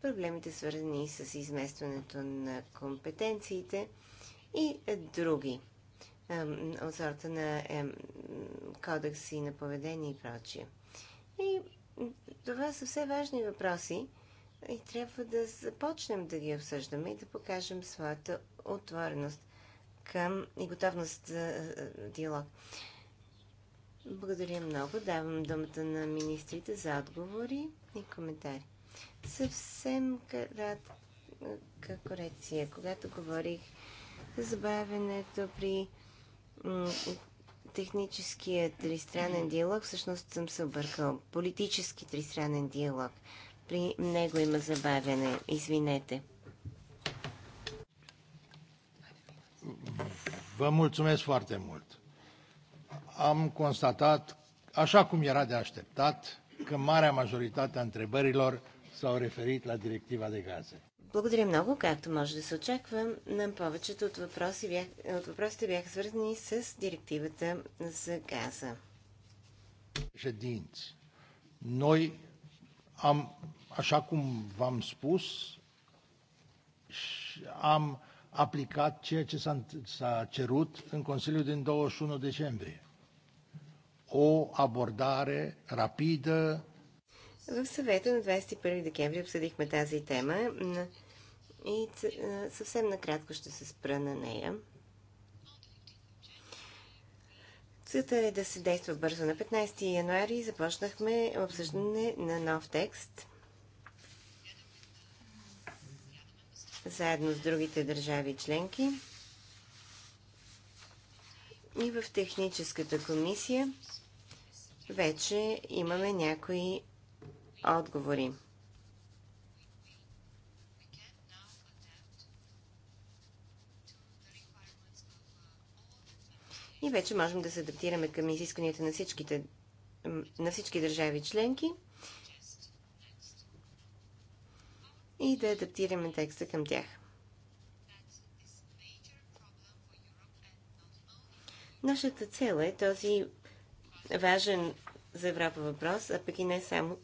проблемите свързани с изместването на компетенциите и други от сорта на е, кодекси на поведение и прочие. И това са все важни въпроси и трябва да започнем да ги обсъждаме и да покажем своята отвореност към и готовност за диалог. Благодаря много. Давам думата на министрите за отговори и коментари. Съвсем кратка корекция. Когато говорих за забавянето при техническия тристранен диалог, всъщност съм се объркал. Политически тристранен диалог. При него има забавяне. Извинете. Vă mulțumesc foarte mult. Am constatat, așa cum era de așteptat, că marea majoritate a întrebărilor s-au referit la directiva de gaze. Благодаря много, както може да се очаква. На повечето от, въпроси бях, от въпросите бяха свързани с директивата за газа. Noi am, așa cum v-am spus, am aplicat ceea ce s-a cerut în Consiliul din 21 decembrie. O abordare rapidă. В съвета на 21 декември обсъдихме тази тема и е, съвсем накратко ще се спра на нея. Целта е да се действа бързо. На 15 януари започнахме обсъждане на нов текст заедно с другите държави членки и в техническата комисия вече имаме някои отговори. и вече можем да се адаптираме към изискванията на, всичките, на всички държави членки и да адаптираме текста към тях. Нашата цел е този важен за Европа въпрос, а пък и не само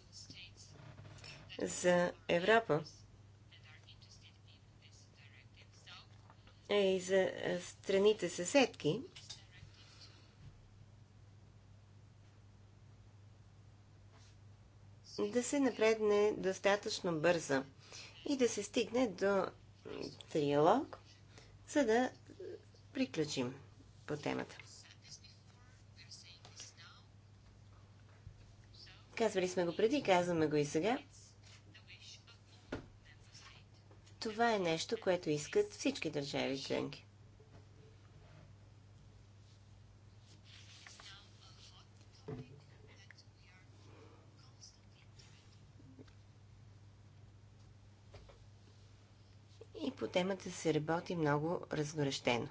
за Европа. е и за страните съседки, да се напредне достатъчно бързо и да се стигне до триалог, за да приключим по темата. Казвали сме го преди, казваме го и сега. Това е нещо, което искат всички държави членки. по темата се работи много разгорещено.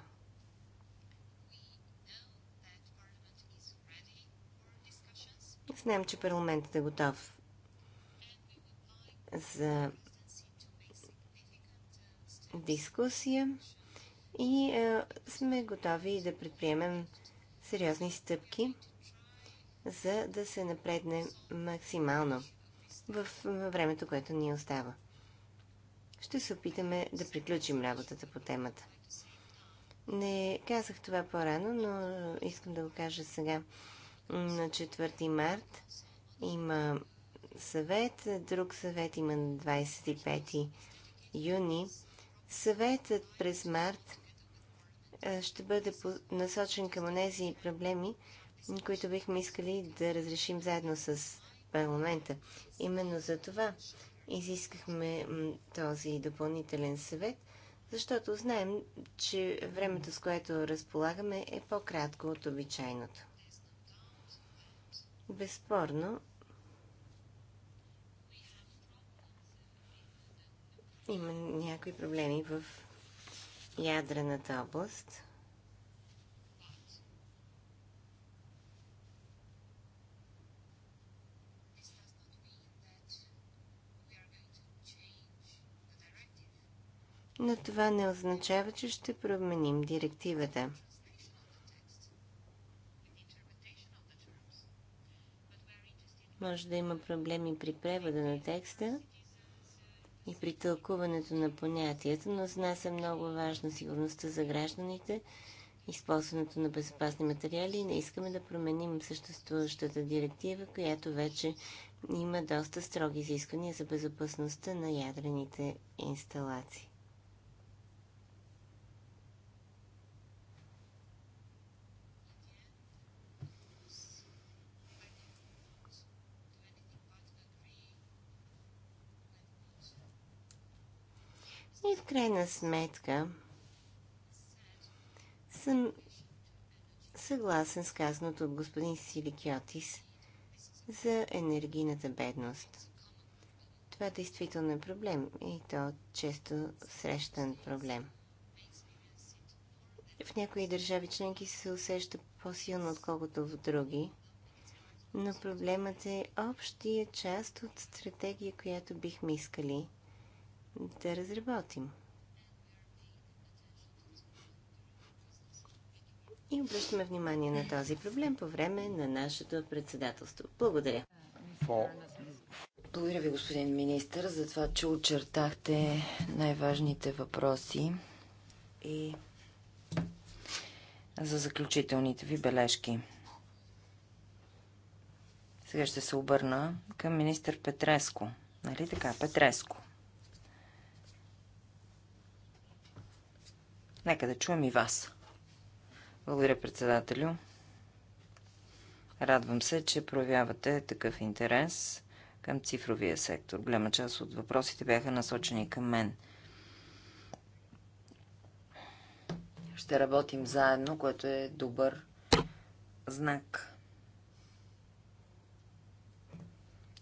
Знаем, че парламентът е готов за дискусия и е, сме готови да предприемем сериозни стъпки, за да се напредне максимално в времето, което ни остава ще се опитаме да приключим работата по темата. Не казах това по-рано, но искам да го кажа сега. На 4 март има съвет, друг съвет има на 25 юни. Съветът през март ще бъде насочен към тези проблеми, които бихме искали да разрешим заедно с парламента. Именно за това изискахме този допълнителен съвет, защото знаем, че времето, с което разполагаме, е по-кратко от обичайното. Безспорно, има някои проблеми в ядрената област – но това не означава, че ще променим директивата. Може да има проблеми при превода на текста и при тълкуването на понятията, но за нас е много важна сигурността за гражданите, използването на безопасни материали и не искаме да променим съществуващата директива, която вече има доста строги изисквания за безопасността на ядрените инсталации. И в крайна сметка съм съгласен с казаното от господин Силикиотис за енергийната бедност. Това действително е проблем и то често срещан проблем. В някои държави членки се усеща по-силно, отколкото в други, но проблемът е общия част от стратегия, която бихме искали – да разработим. И обръщаме внимание на този проблем по време на нашето председателство. Благодаря. Благодаря ви, господин министр, за това, че очертахте най-важните въпроси и за заключителните ви бележки. Сега ще се обърна към министър Петреско. Нали така? Петреско. Нека да чуем и вас. Благодаря, председателю. Радвам се, че проявявате такъв интерес към цифровия сектор. Голяма част от въпросите бяха насочени към мен. Ще работим заедно, което е добър знак.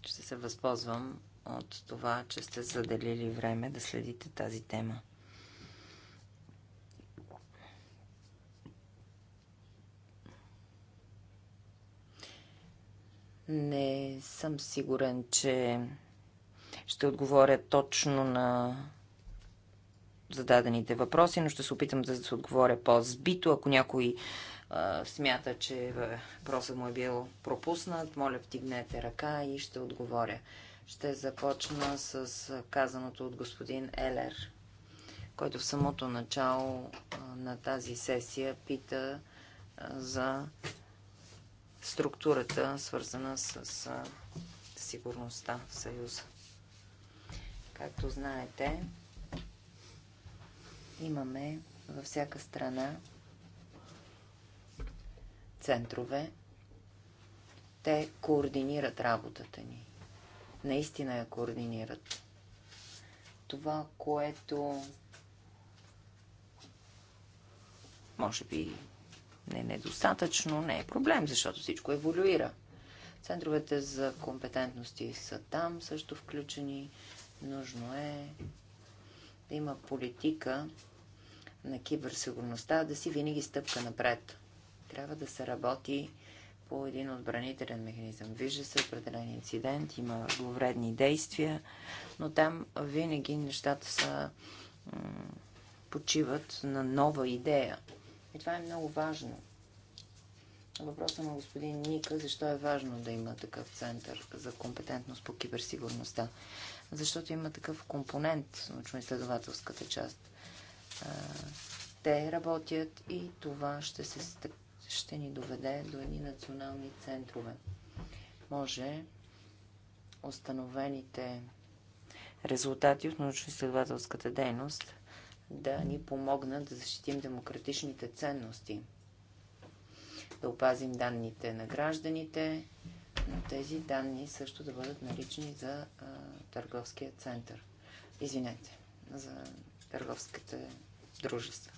Ще се възползвам от това, че сте заделили време да следите тази тема. Не съм сигурен, че ще отговоря точно на зададените въпроси, но ще се опитам да се отговоря по-збито. Ако някой а, смята, че въпросът му е бил пропуснат, моля втигнете ръка и ще отговоря. Ще започна с казаното от господин Елер, който в самото начало на тази сесия пита за структурата, свързана с сигурността в Съюза. Както знаете, имаме във всяка страна центрове. Те координират работата ни. Наистина я координират. Това, което може би не е недостатъчно, не е проблем, защото всичко еволюира. Центровете за компетентности са там също включени. Нужно е да има политика на киберсигурността, да си винаги стъпка напред. Трябва да се работи по един отбранителен механизъм. Вижда се определен инцидент, има вредни действия, но там винаги нещата са почиват на нова идея. И това е много важно. Въпросът на господин Ника, защо е важно да има такъв център за компетентност по киберсигурността? Защото има такъв компонент научно-изследователската част. Те работят и това ще, се, ще ни доведе до едни национални центрове. Може установените резултати от научно-изследователската дейност да ни помогнат да защитим демократичните ценности, да опазим данните на гражданите, но тези данни също да бъдат налични за а, търговския център. Извинете, за търговските дружества.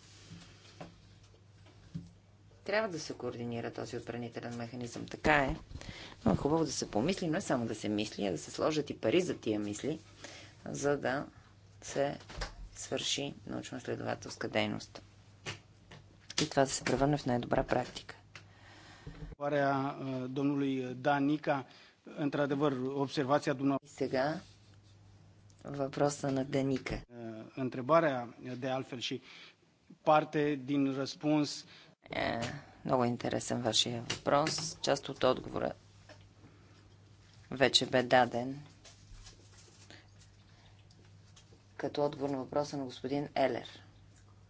Трябва да се координира този отбранителен механизъм. Така е. Но е хубаво да се помисли, не само да се мисли, а да се сложат и пари за тия мисли, за да се свърши научно-следователска дейност. И това да се превърне в най-добра практика. Домнули Даника, într-adevăr, observația dumneavoastră... Сега въпроса на Даника. Întrebarea, de altfel, și parte din răspuns... Е, много интересен вашия въпрос. Част от отговора вече бе даден като отговор на въпроса на господин Елер.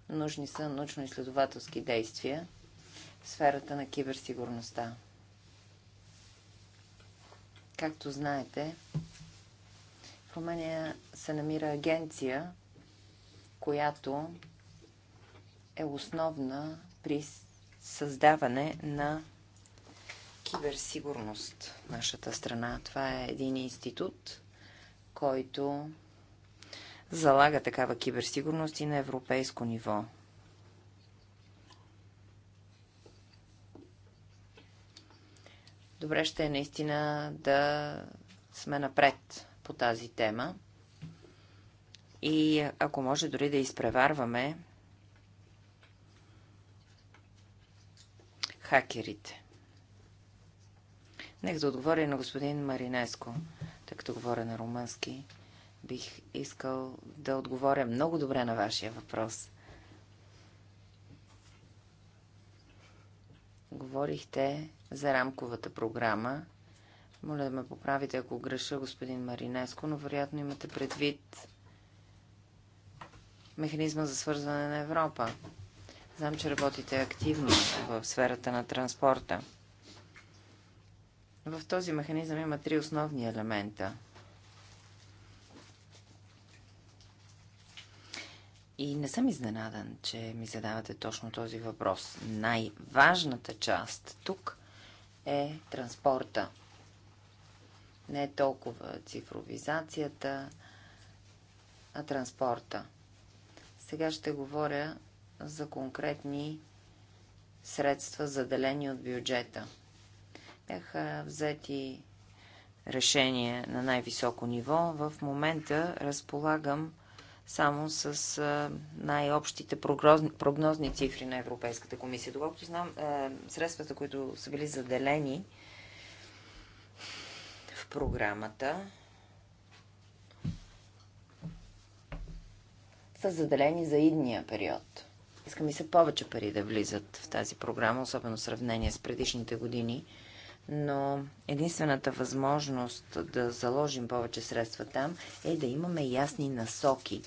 Нужни са научно-изследователски действия в сферата на киберсигурността. Както знаете, в Румъния се намира агенция, която е основна при създаване на киберсигурност в нашата страна. Това е един институт, който залага такава киберсигурност и на европейско ниво. Добре ще е наистина да сме напред по тази тема и ако може дори да изпреварваме хакерите. Нека да отговоря на господин Маринеско, тъй като говоря на румънски бих искал да отговоря много добре на вашия въпрос. Говорихте за рамковата програма. Моля да ме поправите, ако греша, господин Маринеско, но вероятно имате предвид механизма за свързване на Европа. Знам, че работите активно в сферата на транспорта. В този механизъм има три основни елемента – И не съм изненадан, че ми задавате точно този въпрос. Най-важната част тук е транспорта. Не е толкова цифровизацията, а транспорта. Сега ще говоря за конкретни средства, заделени от бюджета. Бяха взети решения на най-високо ниво. В момента разполагам само с най-общите прогнозни, прогнозни цифри на Европейската комисия. Доколкото знам, средствата, които са били заделени в програмата, са заделени за идния период. Искам и се повече пари да влизат в тази програма, особено в сравнение с предишните години – но единствената възможност да заложим повече средства там е да имаме ясни насоки,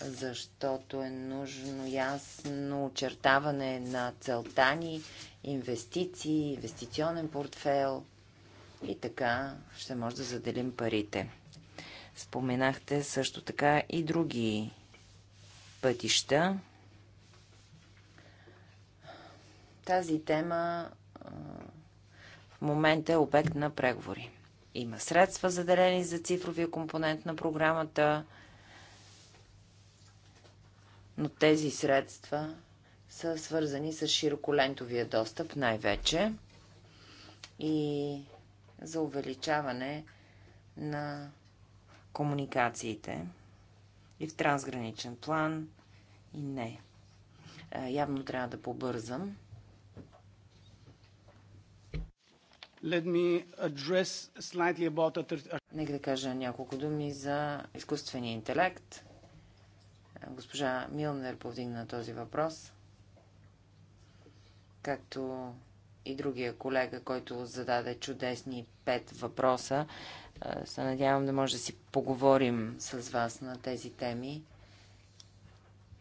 защото е нужно ясно очертаване на целта ни, инвестиции, инвестиционен портфел и така ще може да заделим парите. Споменахте също така и други пътища. Тази тема в момента е обект на преговори. Има средства заделени за цифровия компонент на програмата, но тези средства са свързани с широколентовия достъп най-вече и за увеличаване на комуникациите и в трансграничен план и не. Е, явно трябва да побързам. Нека да кажа няколко думи за изкуствения интелект. Госпожа Милнер повдигна този въпрос, както и другия колега, който зададе чудесни пет въпроса. Е, се надявам да може да си поговорим с вас на тези теми.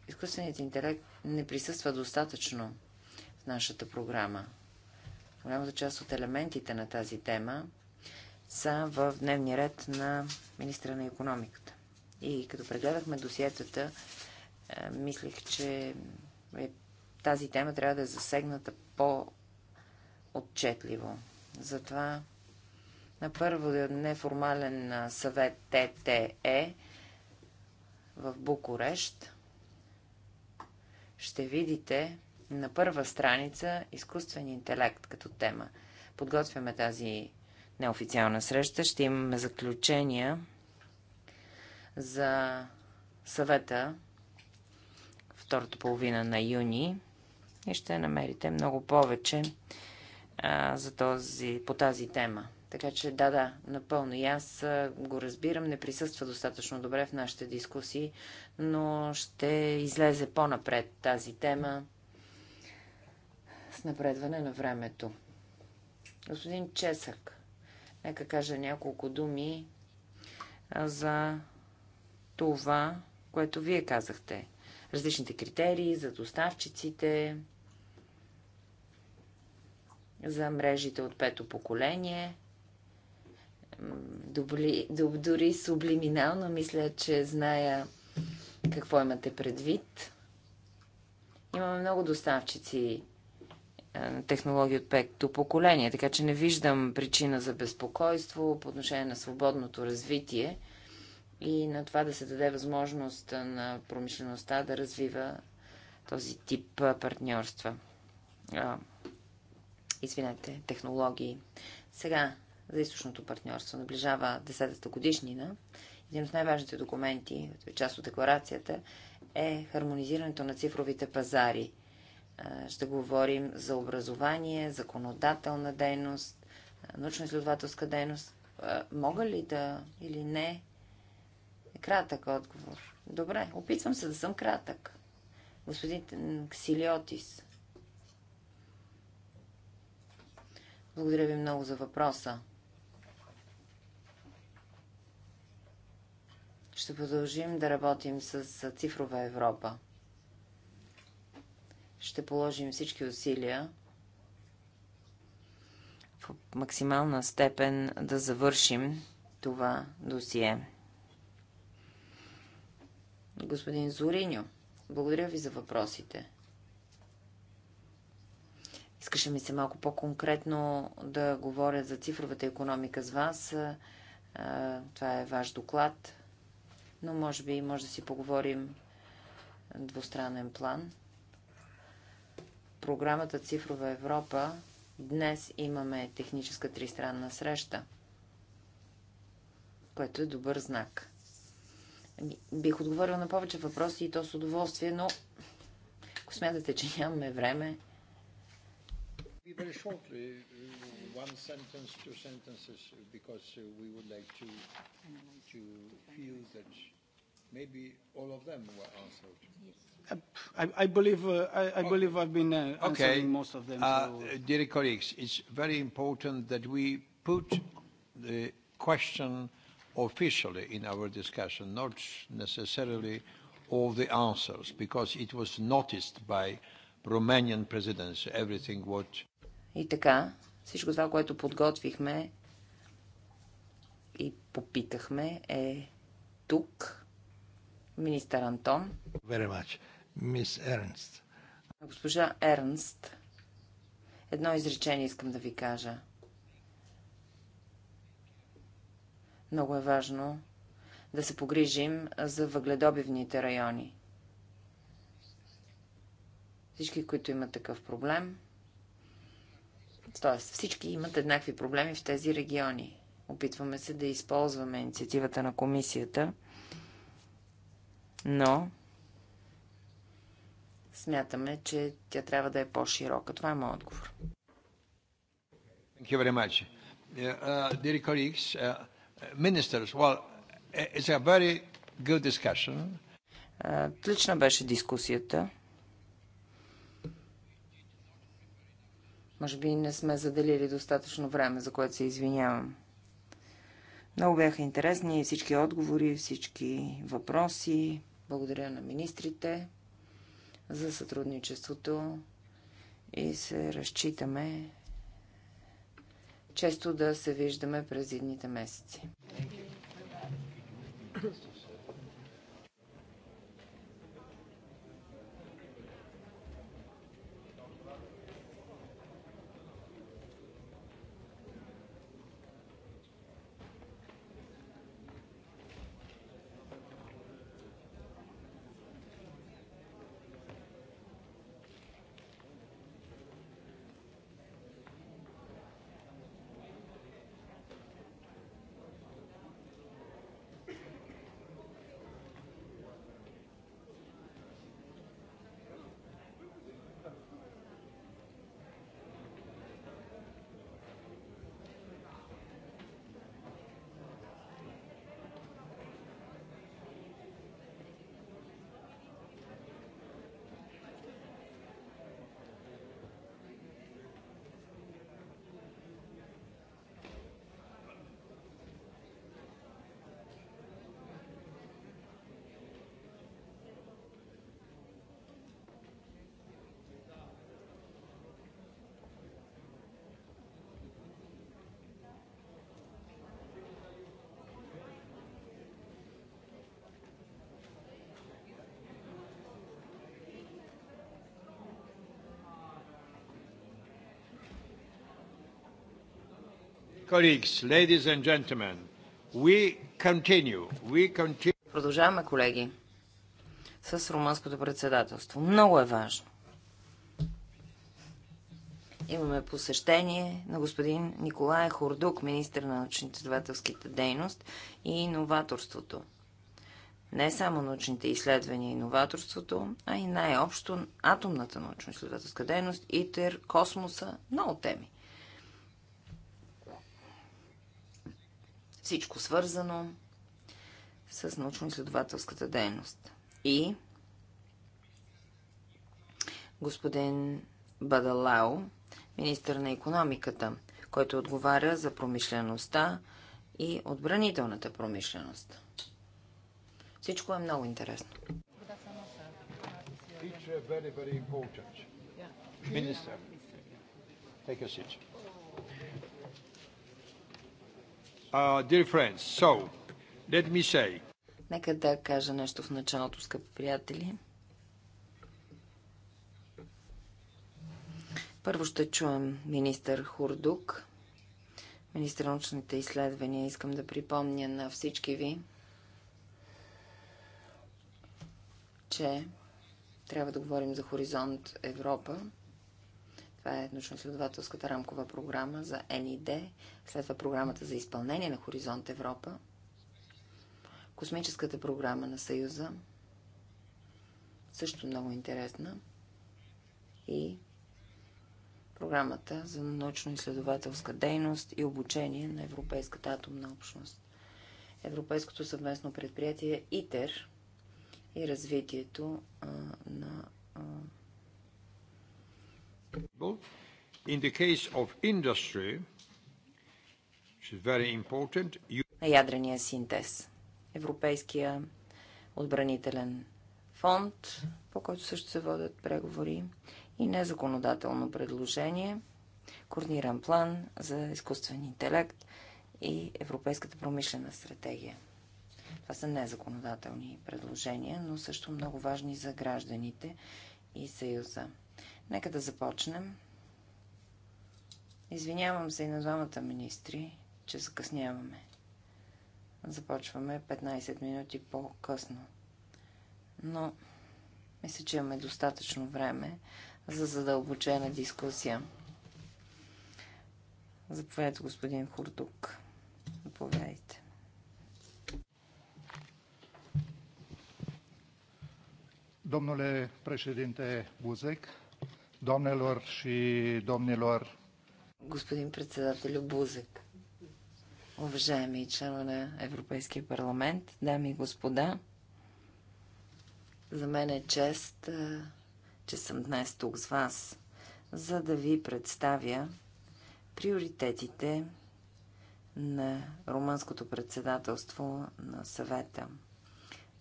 Изкуственият интелект не присъства достатъчно в нашата програма. Голямата част от елементите на тази тема са в дневния ред на министра на економиката. И като прегледахме досиетата, е, мислих, че е, тази тема трябва да е засегната по-отчетливо. Затова на първо неформален съвет ТТЕ в Букурещ ще видите на първа страница изкуствен интелект като тема. Подготвяме тази неофициална среща. Ще имаме заключения за съвета втората половина на юни и ще намерите много повече а, за този, по тази тема. Така че, да, да, напълно. И аз го разбирам, не присъства достатъчно добре в нашите дискусии, но ще излезе по-напред тази тема напредване на времето. Господин Чесък, нека кажа няколко думи за това, което вие казахте. Различните критерии за доставчиците, за мрежите от пето поколение. Добли, доб, дори сублиминално мисля, че зная какво имате предвид. Имаме много доставчици е, технологии от пекто поколение, така че не виждам причина за безпокойство по отношение на свободното развитие и на това да се даде възможност на промишлеността да развива този тип партньорства. А, извинете, технологии. Сега, за източното партньорство. Наближава 10-та годишнина. Един от най-важните документи, част от декларацията, е хармонизирането на цифровите пазари – ще говорим за образование, законодателна дейност, научно-изследователска дейност. Мога ли да или не? Е кратък отговор. Добре, опитвам се да съм кратък. Господин Ксилиотис. Благодаря ви много за въпроса. Ще продължим да работим с цифрова Европа. Ще положим всички усилия в максимална степен да завършим това досие. Господин Зориньо, благодаря ви за въпросите. Искаше ми се малко по-конкретно да говоря за цифровата економика с вас. Това е ваш доклад, но може би може да си поговорим двустранен план програмата Цифрова Европа днес имаме техническа тристранна среща, което е добър знак. Ами, бих отговорила на повече въпроси и то с удоволствие, но ако смятате, че нямаме време, uh, sentence, sentences, uh, like to, to that Maybe all of them were answered. I, I believe uh, I, I believe I've been uh, answering okay. most of them. Okay, So. Uh, dear colleagues, it's very important that we put the question officially in our discussion, not necessarily all the answers, because it was noticed by Romanian presidency, everything what... И така, всичко това, което подготвихме и попитахме е тук Министър Антон. Very much. Мис Ернст. Госпожа Ернст, едно изречение искам да ви кажа. Много е важно да се погрижим за въгледобивните райони. Всички, които имат такъв проблем, т.е. всички имат еднакви проблеми в тези региони. Опитваме се да използваме инициативата на комисията – но смятаме, че тя трябва да е по-широка. Това е моят отговор. Uh, uh, uh, отлична беше дискусията. Може би не сме заделили достатъчно време, за което се извинявам. Много бяха интересни всички отговори, всички въпроси. Благодаря на министрите за сътрудничеството и се разчитаме често да се виждаме през едните месеци. Colleagues, ladies and gentlemen, we continue. We continue. Продължаваме, колеги, с румънското председателство. Много е важно. Имаме посещение на господин Николай Хордук, министр на научно-изследователските дейност и иноваторството. Не само научните изследвания и иноваторството, а и най-общо атомната научно-изследователска дейност, ИТЕР, космоса, много теми. всичко свързано с научно-изследователската дейност. И господин Бадалао, министър на економиката, който отговаря за промишлеността и отбранителната промишленост. Всичко е много интересно. Министър, take a seat. Uh, dear friends, so, let me say... Нека да кажа нещо в началото, скъпи приятели. Първо ще чуем министър Хурдук, министър научните изследвания. Искам да припомня на всички ви, че трябва да говорим за Хоризонт Европа. Това е научно-следователската рамкова програма за НИД, следва програмата за изпълнение на Хоризонт Европа, космическата програма на Съюза, също много интересна, и програмата за научно-изследователска дейност и обучение на Европейската атомна общност. Европейското съвместно предприятие ИТЕР и развитието а, на а, people. In the case of industry, which is very important, you... На ядрения синтез. Европейския отбранителен фонд, по който също се водят преговори и незаконодателно предложение, координиран план за изкуствен интелект и Европейската промишлена стратегия. Това са незаконодателни предложения, но също много важни за гражданите и Съюза. Нека да започнем. Извинявам се и на двамата министри, че закъсняваме. Започваме 15 минути по-късно. Но мисля, че имаме достатъчно време за задълбочена дискусия. Заповядайте, господин Хурдук. Заповядайте. Domnule președinte Buzek, Domnilor și domnilor. Господин председател Бузек, уважаеми членове на Европейския парламент, дами и господа, за мен е чест, че съм днес тук с вас, за да ви представя приоритетите на румънското председателство на съвета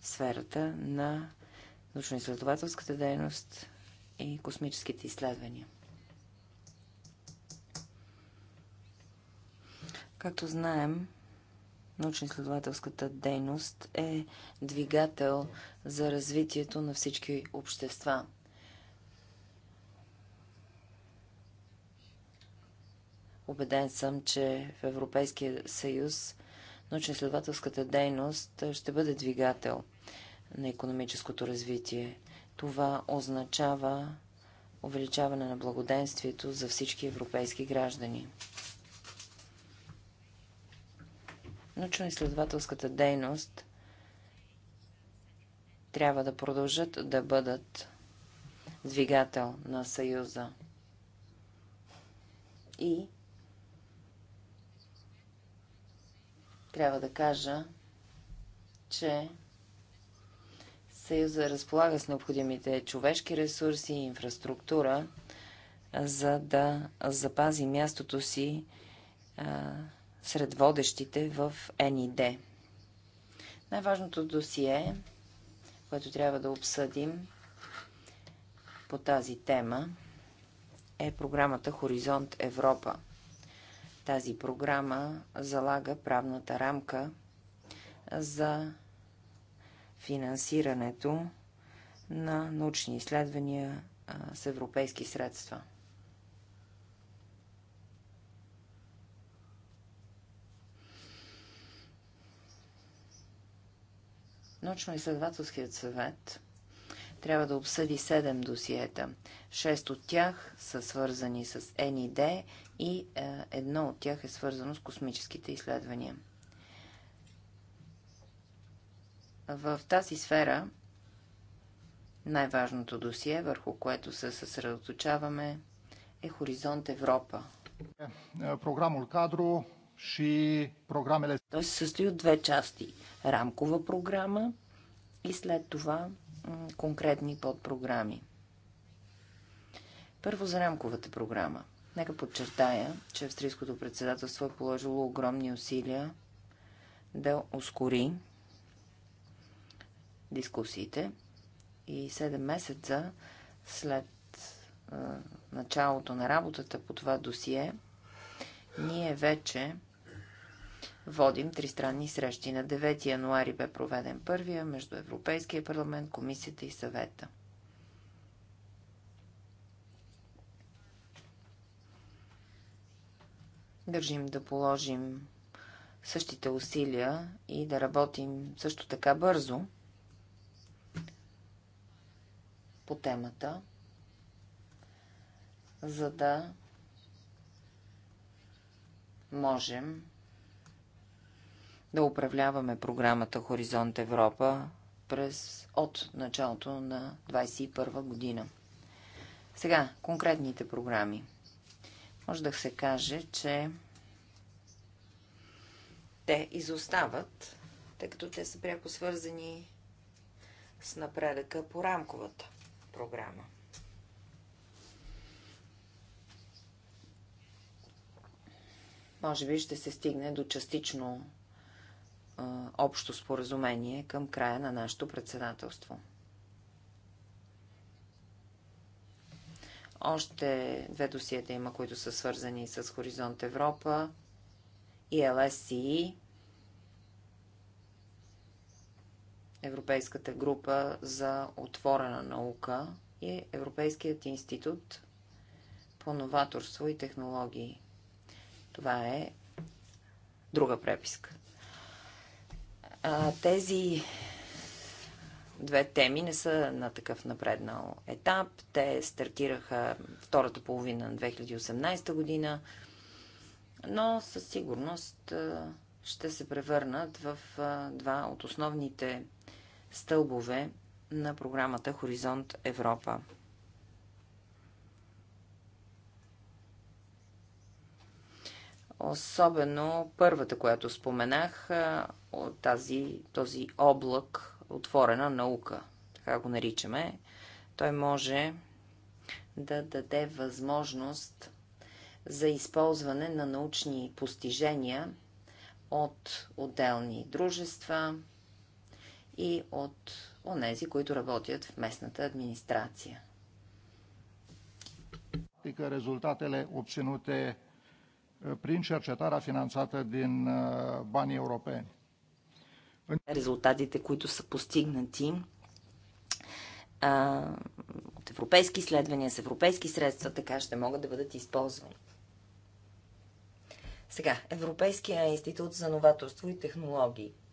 в сферата на научно-изследователската дейност, и космическите изследвания. Както знаем, научно-изследователската дейност е двигател за развитието на всички общества. Обеден съм, че в Европейския съюз научно-изследователската дейност ще бъде двигател на економическото развитие. Това означава увеличаване на благоденствието за всички европейски граждани. Научно-изследователската дейност трябва да продължат да бъдат двигател на Съюза. И трябва да кажа, че Съюза разполага с необходимите човешки ресурси и инфраструктура, за да запази мястото си а, сред водещите в НИД. Най-важното досие, което трябва да обсъдим по тази тема, е програмата Хоризонт Европа. Тази програма залага правната рамка за финансирането на научни изследвания с европейски средства. Научно-изследователският съвет трябва да обсъди 7 досиета. 6 от тях са свързани с НИД и е, едно от тях е свързано с космическите изследвания. В тази сфера най-важното досие, върху което се съсредоточаваме, е Хоризонт Европа. Програмul кадро програма програмele... Той се състои от две части. Рамкова програма и след това конкретни подпрограми. Първо за рамковата програма. Нека подчертая, че австрийското председателство е положило огромни усилия да ускори дискусиите и 7 месеца след началото на работата по това досие, ние вече водим тристранни срещи. На 9 януари бе проведен първия между Европейския парламент, Комисията и съвета. Държим да положим същите усилия и да работим също така бързо, по темата, за да можем да управляваме програмата Хоризонт Европа през от началото на 2021 година. Сега, конкретните програми. Може да се каже, че те изостават, тъй като те са пряко свързани с напредъка по рамковата програма. Може би ще се стигне до частично а, общо споразумение към края на нашето председателство. Още две досиета има, които са свързани с Хоризонт Европа и LSCE Европейската група за отворена наука и е Европейският институт по новаторство и технологии. Това е друга преписка. А, тези две теми не са на такъв напреднал етап. Те стартираха втората половина на 2018 година, но със сигурност ще се превърнат в два от основните стълбове на програмата Хоризонт Европа. Особено първата, която споменах, тази, този облак отворена наука, така го наричаме, той може да даде възможност за използване на научни постижения от отделни дружества, и от онези, които работят в местната администрация. резултатите obținute prin cercetarea finanțată din banii europeni. Резултатите, които са постигнати а, от европейски изследвания, с европейски средства, така ще могат да бъдат използвани. Сега, Европейския институт за новаторство и технологии –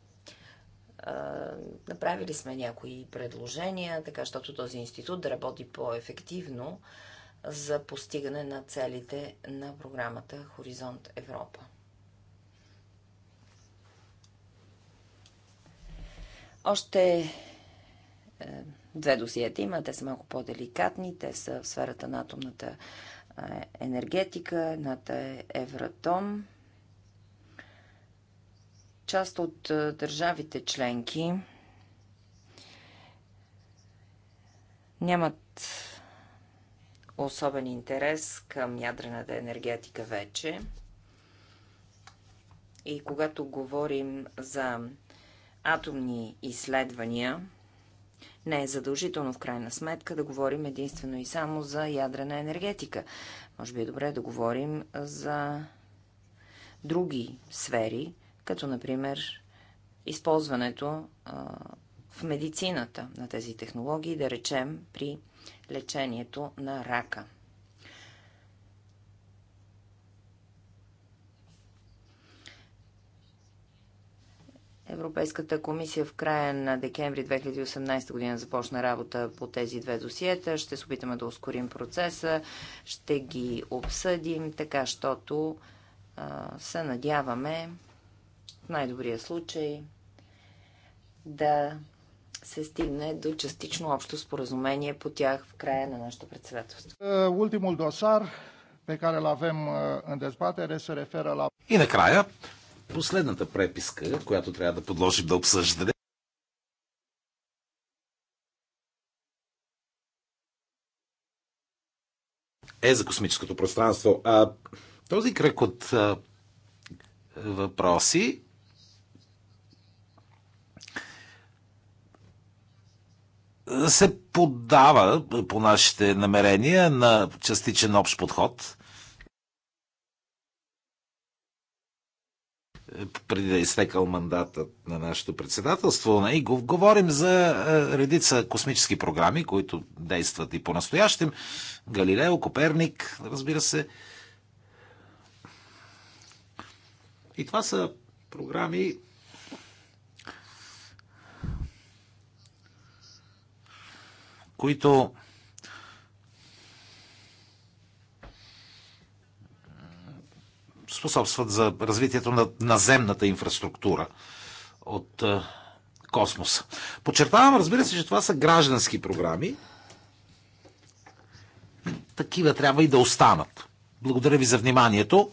Направили сме някои предложения, така щото този институт да работи по-ефективно за постигане на целите на програмата Хоризонт Европа. Още е, две досиета има, те са малко по-деликатни, те са в сферата на атомната е, енергетика, едната е Евратом, част от е, държавите членки нямат особен интерес към ядрената енергетика вече. И когато говорим за атомни изследвания, не е задължително в крайна сметка да говорим единствено и само за ядрена енергетика. Може би е добре да говорим за други сфери, като например използването а, в медицината на тези технологии, да речем при лечението на рака. Европейската комисия в края на декември 2018 година започна работа по тези две досиета. Ще се опитаме да ускорим процеса, ще ги обсъдим, така щото се надяваме най-добрия случай да се стигне до частично общо споразумение по тях в края на нашето председателство. Ultimul е, dosar pe care îl avem е, în dezbatere И накрая, последната преписка, която трябва да подложим да обсъждане, е за космическото пространство. А, този кръг от а, въпроси се поддава по нашите намерения на частичен общ подход. преди да е изтекал мандатът на нашето председателство. И го, говорим за е, редица космически програми, които действат и по-настоящем. Галилео, Коперник, разбира се. И това са програми, които способстват за развитието на наземната инфраструктура от е, космоса. Подчертавам, разбира се, че това са граждански програми. Такива трябва и да останат. Благодаря ви за вниманието.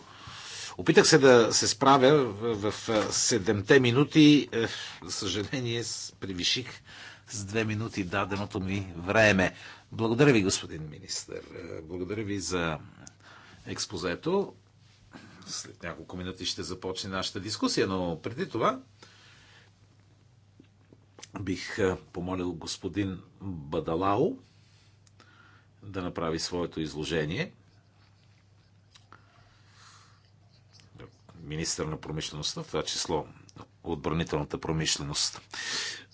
Опитах се да се справя в 7 минути. За е, съжаление, превиших с две минути даденото ми време. Благодаря ви, господин министр. Благодаря ви за експозето. След няколко минути ще започне нашата дискусия, но преди това бих е, помолил господин Бадалао да направи своето изложение. Министър на промишлеността, в това число отбранителната промишленост.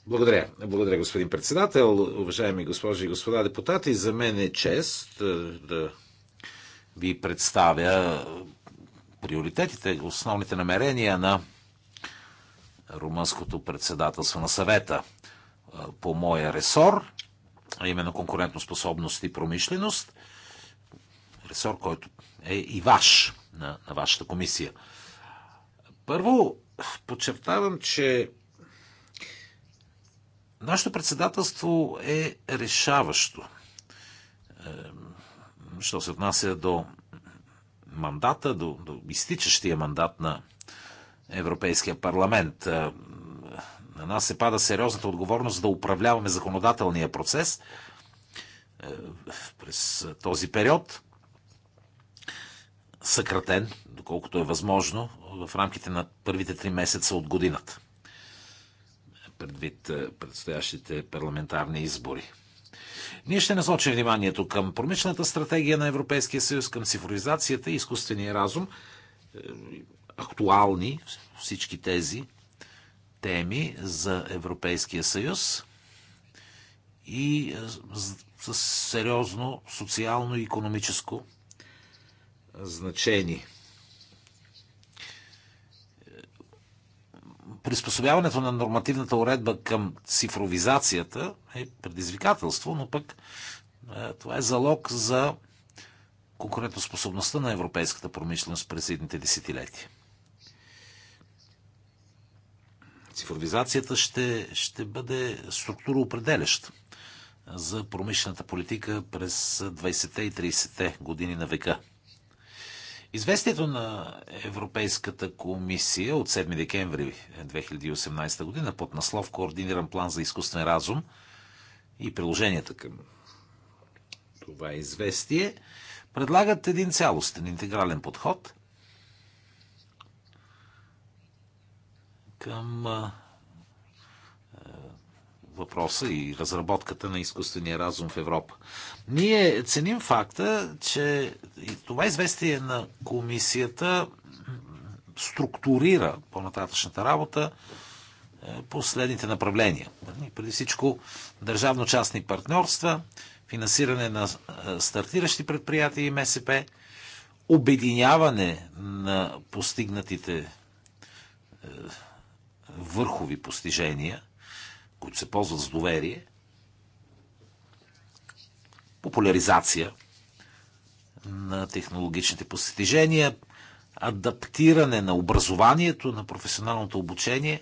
Благодаря. Благодаря, господин председател. Уважаеми госпожи и господа депутати, за мен е чест е, да ви представя приоритетите, основните намерения на румънското председателство на съвета е, по моя ресор, а именно конкурентоспособност и промишленост. Ресор, който е и ваш, на, на вашата комисия. Първо, подчертавам, че Нашето председателство е решаващо. Що се отнася до мандата, до, до изтичащия мандат на Европейския парламент. На нас се пада сериозната отговорност да управляваме законодателния процес през този период, съкратен, доколкото е възможно, в рамките на първите три месеца от годината предвид е, предстоящите парламентарни избори. Ние ще насочим вниманието към промишлената стратегия на Европейския съюз, към цифровизацията и изкуствения разум. Е, актуални всички тези теми за Европейския съюз и е, с сериозно социално и економическо значение. приспособяването на нормативната уредба към цифровизацията е предизвикателство, но пък е, това е залог за конкурентоспособността на европейската промишленост през едните десетилетия. Цифровизацията ще, ще бъде определяща за промишлената политика през 20-те и 30-те години на века. Известието на Европейската комисия от 7 декември 2018 година под наслов Координиран план за изкуствен разум и приложенията към това известие предлагат един цялостен интегрален подход към въпроса и разработката на изкуствения разум в Европа. Ние ценим факта, че и това известие на комисията структурира по-нататъчната работа е, по следните направления. Нали, преди всичко държавно-частни партньорства, финансиране на е, стартиращи предприятия и МСП, обединяване на постигнатите е, върхови постижения – които се ползват с доверие, популяризация на технологичните постижения, адаптиране на образованието, на професионалното обучение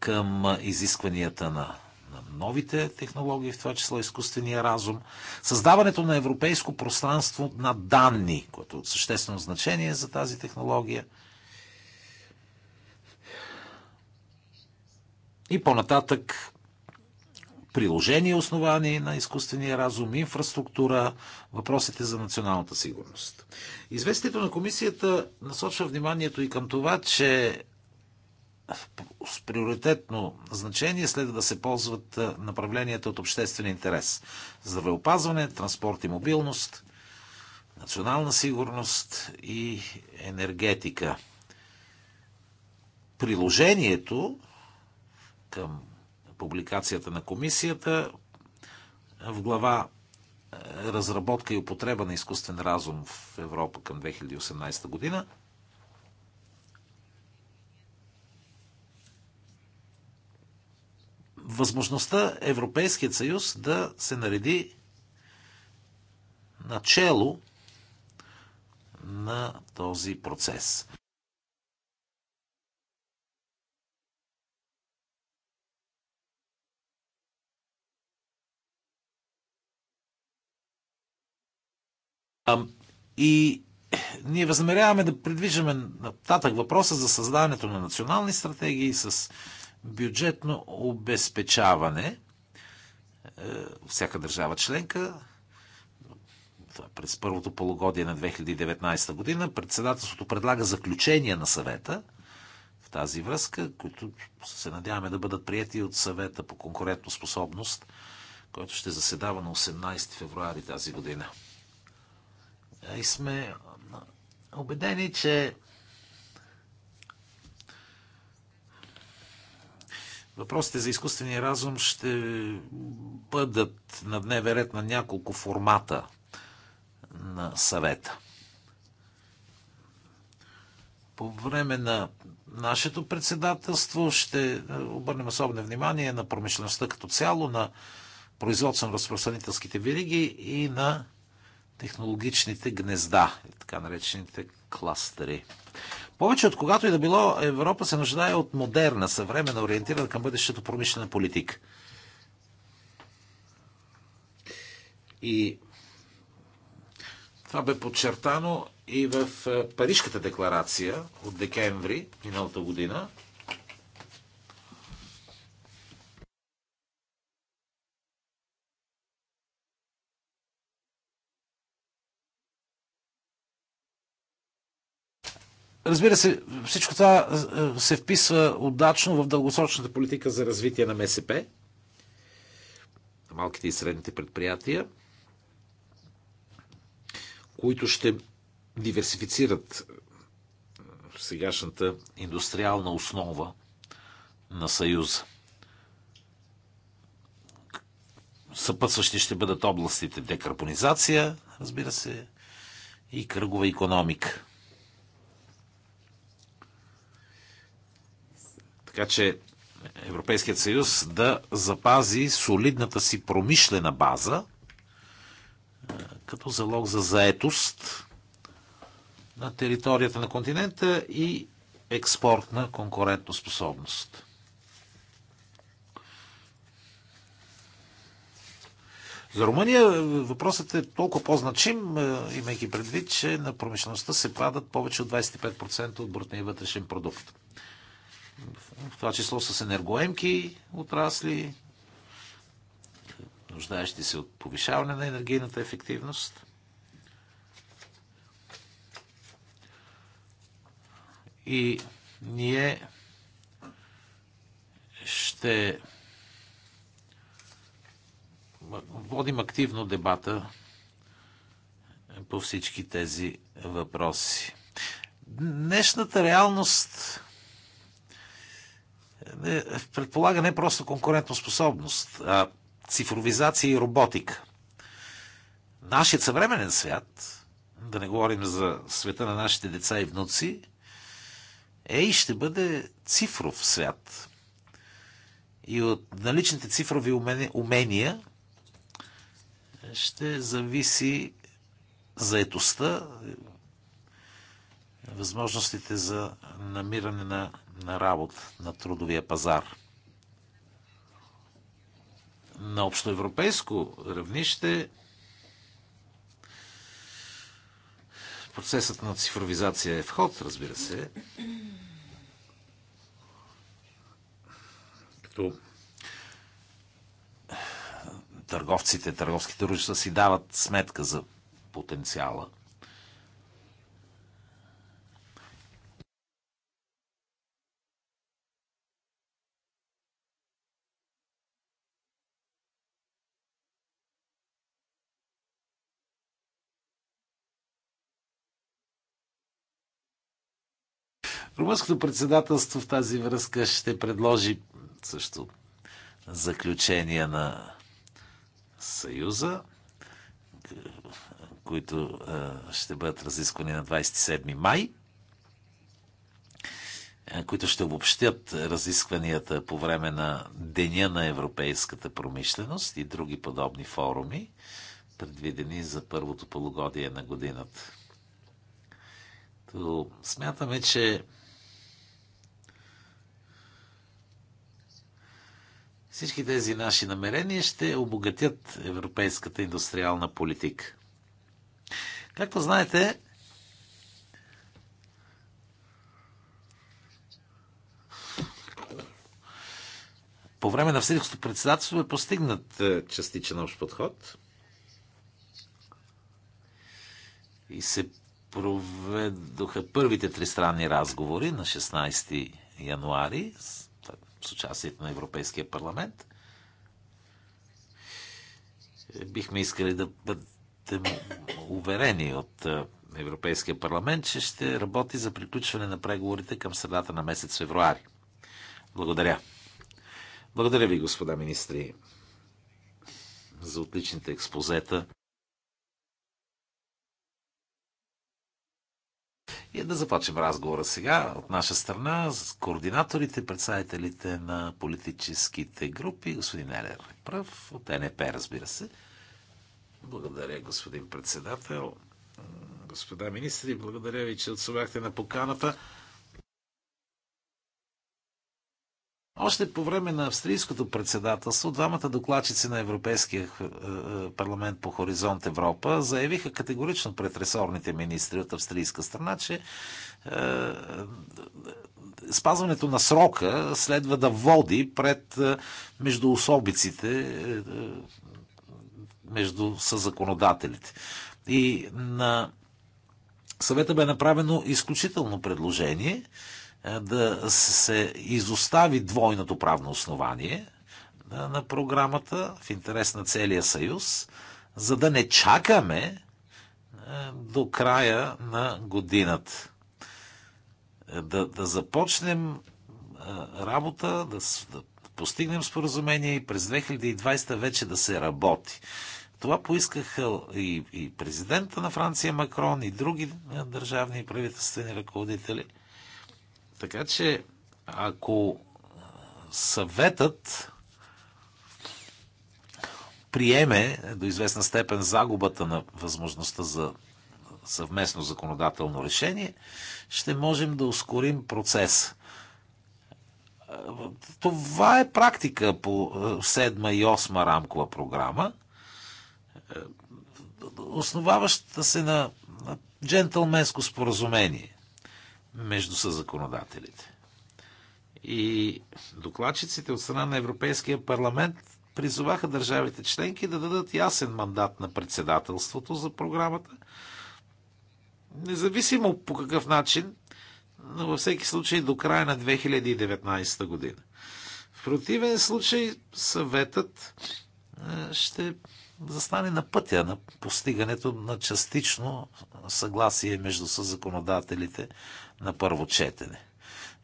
към изискванията на, на новите технологии, в това число изкуствения разум, създаването на европейско пространство на данни, което е от съществено значение за тази технология – И по-нататък приложения, основани на изкуствения разум, инфраструктура, въпросите за националната сигурност. Известието на комисията насочва вниманието и към това, че с приоритетно значение следва да се ползват направленията от обществен интерес. Здравеопазване, транспорт и мобилност, национална сигурност и енергетика. Приложението към публикацията на комисията в глава е, Разработка и употреба на изкуствен разум в Европа към 2018 година. Възможността Европейският съюз да се нареди начало на този процес. И ние възнамеряваме да предвиждаме нататък въпроса за създаването на национални стратегии с бюджетно обезпечаване. Е, всяка държава членка е през първото полугодие на 2019 година председателството предлага заключения на съвета в тази връзка, които се надяваме да бъдат прияти от съвета по конкурентоспособност, който ще заседава на 18 февруари тази година. И сме убедени, че Въпросите за изкуствения разум ще бъдат на дневен ред на няколко формата на съвета. По време на нашето председателство ще обърнем особено внимание на промишлеността като цяло, на производствено-разпространителските вириги и на технологичните гнезда, е така наречените кластери. Повече от когато и да било, Европа се нуждае от модерна, съвременна, ориентирана към бъдещето промишлена политика. И това бе подчертано и в е, Парижката декларация от декември миналата година, Разбира се, всичко това е, е, се вписва удачно в дългосрочната политика за развитие на МСП, на малките и средните предприятия, които ще диверсифицират е, сегашната индустриална основа на Съюза. Съпътстващи ще бъдат областите декарбонизация, разбира се, и кръгова економика. Така че Европейският съюз да запази солидната си промишлена база е, като залог за заетост на територията на континента и експортна конкурентоспособност. За Румъния въпросът е толкова по-значим, е, имайки предвид, че на промишлеността се падат повече от 25% от брутния вътрешен продукт в това число с енергоемки отрасли, нуждаещи се от повишаване на енергийната ефективност. И ние ще водим активно дебата по всички тези въпроси. Днешната реалност е, предполага не просто конкурентоспособност, а цифровизация и роботика. Нашият съвременен свят, да не говорим за света на нашите деца и внуци, е и ще бъде цифров свят. И от наличните цифрови умения ще зависи заетостта, възможностите за намиране на на работа на трудовия пазар. На общоевропейско равнище процесът на цифровизация е в ход, разбира се. Като търговците, търговските дружества си дават сметка за потенциала – Румънското председателство в тази връзка ще предложи също заключения на Съюза, които е, ще бъдат разисквани на 27 май е, които ще обобщят разискванията по време на Деня на европейската промишленост и други подобни форуми, предвидени за първото полугодие на годината. То смятаме, че Всички тези наши намерения ще обогатят европейската индустриална политика. Както знаете, по време на Всичкото председателство е постигнат е, частичен общ подход и се проведоха първите тристранни разговори на 16 януари с с участието на Европейския парламент. Бихме искали да бъдем уверени от е, Европейския парламент, че ще работи за приключване на преговорите към средата на месец февруари. Благодаря. Благодаря ви, господа министри, за отличните експозета. И да започнем разговора сега от наша страна с координаторите, представителите на политическите групи. Господин Елер е прав, от НП, разбира се. Благодаря, господин председател. Господа министри, благодаря ви, че отсувахте на поканата. Още по време на австрийското председателство, двамата докладчици на Европейския е, е, парламент по Хоризонт Европа заявиха категорично пред ресорните министри от австрийска страна, че е, спазването на срока следва да води пред междуособиците, особиците, между съзаконодателите. И на съвета бе направено изключително предложение – е, да се изостави двойното правно основание е, на програмата в интерес на целия съюз, за да не чакаме е, до края на годината. Да, да започнем работа, да, да постигнем споразумение и през 2020 вече да се работи. Това поискаха и, и президента на Франция Макрон, и други държавни и правителствени ръководители. Така че, ако съветът приеме до известна степен загубата на възможността за съвместно законодателно решение, ще можем да ускорим процес. Това е практика по е, седма и осма рамкова програма, е, основаваща се на джентълменско споразумение между съзаконодателите. И докладчиците от страна на Европейския парламент призоваха държавите членки да дадат ясен мандат на председателството за програмата, независимо по какъв начин, но във всеки случай до края на 2019 година. В противен случай съветът е, ще застане на пътя на постигането на частично съгласие между съзаконодателите на първо четене.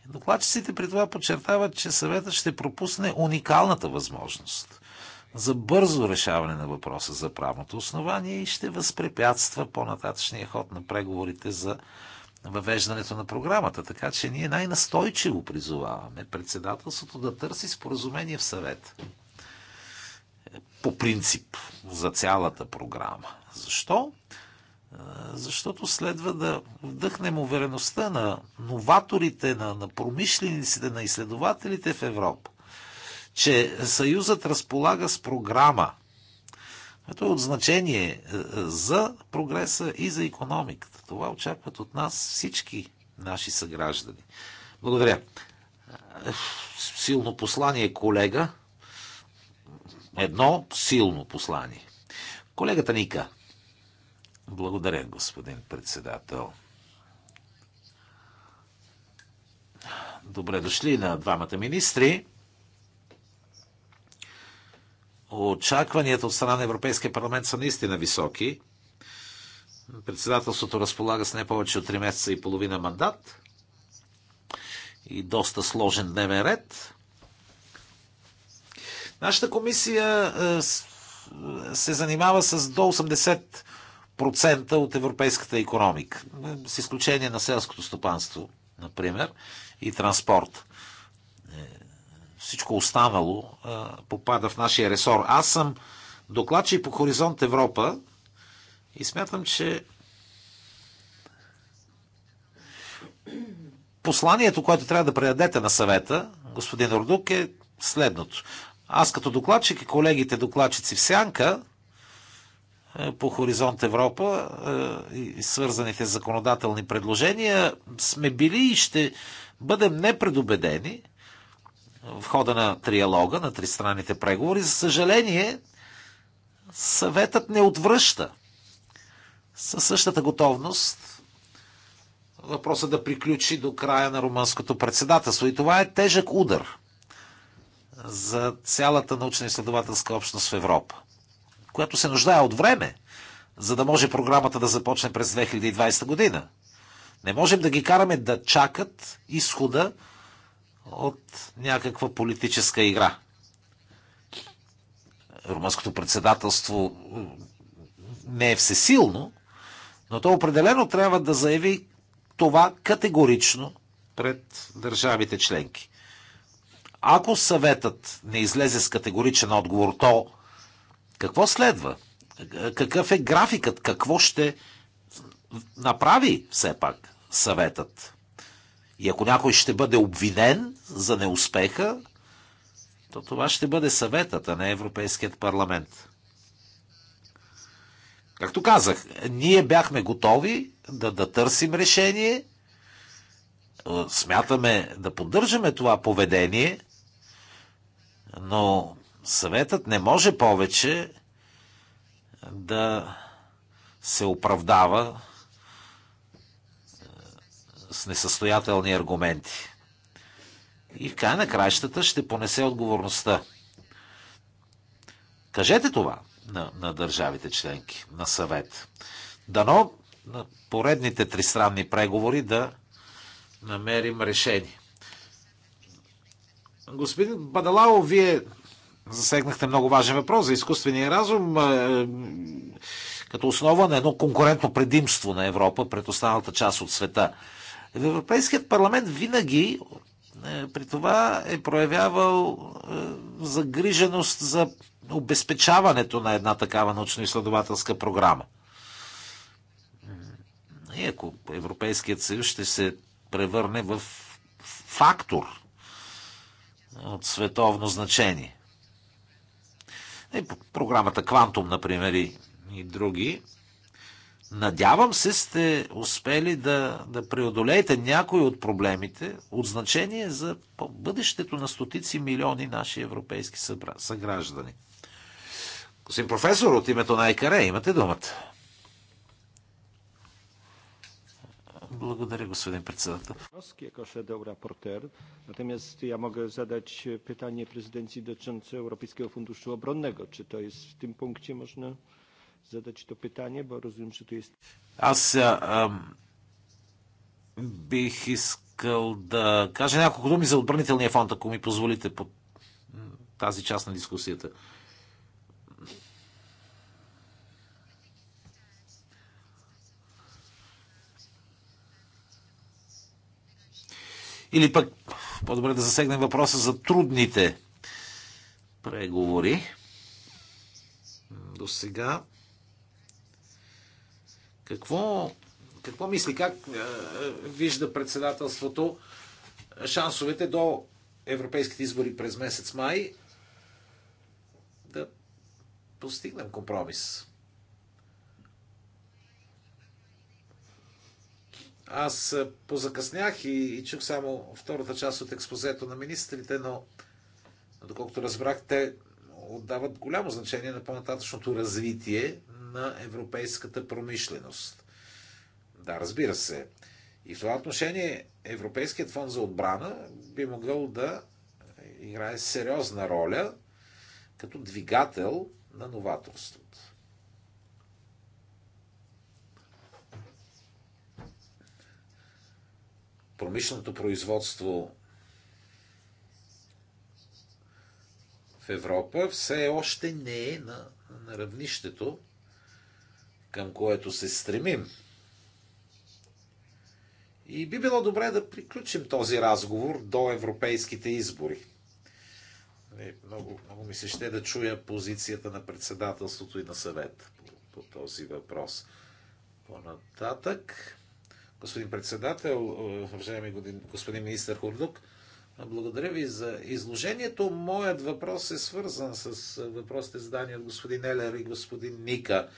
Докладчиците при това подчертават, че съветът ще пропусне уникалната възможност за бързо решаване на въпроса за правното основание и ще възпрепятства по-нататъчния ход на преговорите за въвеждането на програмата. Така че ние най-настойчиво призоваваме председателството да търси споразумение в съвет. Е, по принцип, за цялата програма. Защо? защото следва да вдъхнем увереността на новаторите, на, на промишлениците, на изследователите в Европа, че Съюзът разполага с програма, което е от значение е, е, за прогреса и за економиката. Това очакват от нас всички наши съграждани. Благодаря. Силно послание, колега. Едно силно послание. Колегата Ника. Благодаря, господин председател. Добре дошли на двамата министри. Очакванията от страна на Европейския парламент са наистина високи. Председателството разполага с не повече от 3 месеца и половина мандат и доста сложен дневен ред. Нашата комисия е, е, се занимава с до 80 процента от европейската економика. С изключение на селското стопанство, например, и транспорт. Е, всичко останало е, попада в нашия ресор. Аз съм докладчик по Хоризонт Европа и смятам, че посланието, което трябва да предадете на съвета, господин Ордук, е следното. Аз като докладчик и колегите докладчици в Сянка е, по Хоризонт Европа е, и свързаните законодателни предложения сме били и ще бъдем непредубедени в хода на триалога, на тристранните преговори. За съжаление, съветът не отвръща със същата готовност въпроса да приключи до края на румънското председателство. И това е тежък удар за цялата научно-изследователска общност в Европа която се нуждае от време, за да може програмата да започне през 2020 година. Не можем да ги караме да чакат изхода от някаква политическа игра. Румънското председателство не е всесилно, но то определено трябва да заяви това категорично пред държавите членки. Ако съветът не излезе с категоричен отговор, то какво следва? Какъв е графикът? Какво ще направи все пак съветът? И ако някой ще бъде обвинен за неуспеха, то това ще бъде съветът, а не Европейският парламент. Както казах, ние бяхме готови да, да търсим решение, смятаме да поддържаме това поведение, но Съветът не може повече да се оправдава е, с несъстоятелни аргументи. И в край на краищата ще понесе отговорността. Кажете това на, на държавите членки, на съвет. Дано на поредните тристранни преговори да намерим решение. Господин Бадалао, вие Засегнахте много важен въпрос за изкуствения разум е, като основа на едно конкурентно предимство на Европа пред останалата част от света. Европейският парламент винаги е, при това е проявявал е, загриженост за обезпечаването на една такава научно-изследователска програма. И ако Европейският съюз ще се превърне в фактор от световно значение. И е, програмата Квантум, например, и, и други. Надявам се сте успели да, да преодолеете някои от проблемите от значение за бъдещето на стотици милиони наши европейски съграждани. Господин професор, от името на Айкаре, имате думата. Благодаря, господин председател. Jako shadow rapporteur, natomiast ja mogę zadać pytanie prezydencji dotyczące Europejskiego Funduszu Obronnego. Czy to jest w tym punkcie można zadać to pytanie, bo rozumiem, że tu jest... Аз ам, бих искал да кажа няколко думи за отбранителния фонд, ако ми позволите по тази част на дискусията. Или пък, по-добре да засегнем въпроса за трудните преговори. До сега. Какво, какво мисли, как е, е вижда председателството шансовете до европейските избори през месец май да постигнем компромис? Аз е, позакъснях и, и чух само втората част от експозето на министрите, но доколкото разбрах, те отдават голямо значение на по-нататъчното развитие на европейската промишленост. Да, разбира се. И в това отношение Европейският фонд за отбрана би могъл да играе сериозна роля като двигател на новаторството. промишленото производство в Европа все още не е на, на равнището, към което се стремим. И би било добре да приключим този разговор до европейските избори. Нали, много, много ми се ще да чуя позицията на председателството и на съвет по, по този въпрос. По-нататък господин председател, е, уважаеми господин министър Хурдук. Благодаря ви за изложението. Моят въпрос е свързан с е, въпросите задания от господин Елер и господин Ника.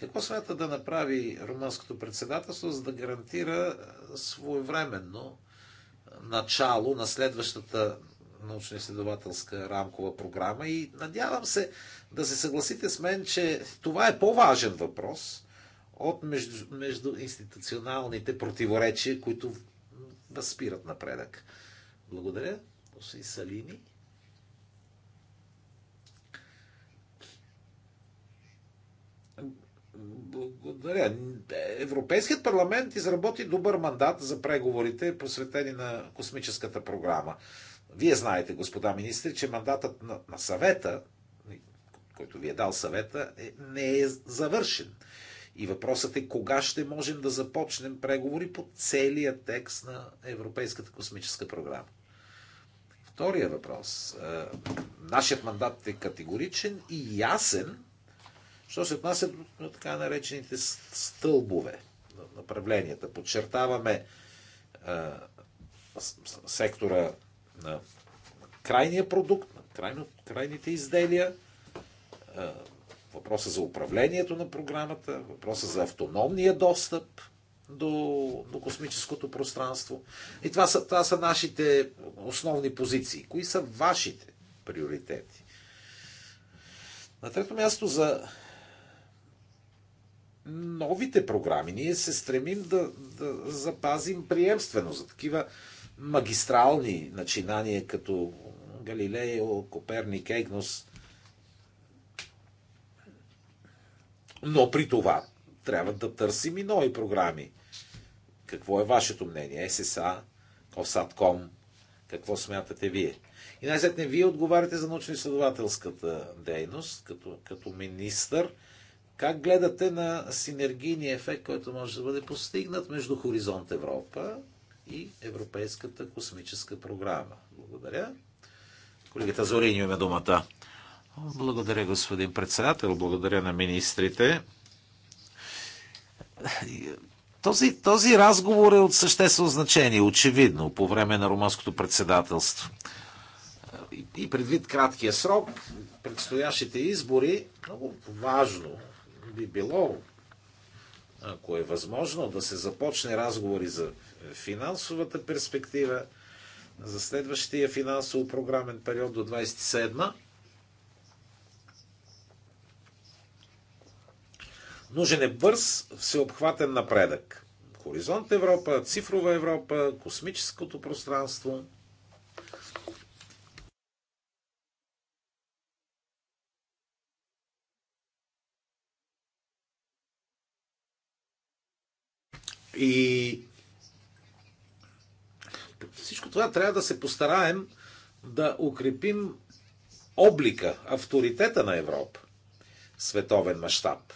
Какво смята да направи румънското председателство, за да гарантира е, своевременно начало на следващата научно-изследователска рамкова програма и надявам се да се съгласите с мен, че това е по-важен въпрос от между, институционалните противоречия, които възпират напредък. Благодаря. Господин Салини. Благодаря. Европейският парламент изработи добър мандат за преговорите, посветени на космическата програма. Вие знаете, господа министри, че мандатът на, на съвета, който ви е дал съвета, е, не е завършен. И въпросът е кога ще можем да започнем преговори по целия текст на Европейската космическа програма. Втория въпрос. Е, нашият мандат е категоричен и ясен, що се отнася до така наречените стълбове на направленията. Подчертаваме е, сектора на крайния продукт, на крайно, крайните изделия, е, въпроса за управлението на програмата, въпроса за автономния достъп до, до космическото пространство. И това са, това са нашите основни позиции. Кои са вашите приоритети? На трето място за новите програми. Ние се стремим да, да запазим приемствено за такива магистрални начинания като Галилео, Коперник, Егнос – Но при това трябва да търсим и нови програми. Какво е вашето мнение? ССА, Косатком, какво смятате вие? И най-сетне вие отговаряте за научно-изследователската дейност като, като министър. Как гледате на синергийния ефект, който може да бъде постигнат между Хоризонт Европа и Европейската космическа програма? Благодаря. Колегата Зорини, има думата. Благодаря, господин председател. Благодаря на министрите. Този, този разговор е от съществено значение, очевидно, по време на румънското председателство. И предвид краткия срок, предстоящите избори, много важно би било, ако е възможно, да се започне разговори за финансовата перспектива, за следващия финансово програмен период до 27 Нужен е бърз, всеобхватен напредък. Хоризонт Европа, цифрова Европа, космическото пространство. И всичко това трябва да се постараем да укрепим облика, авторитета на Европа световен мащаб.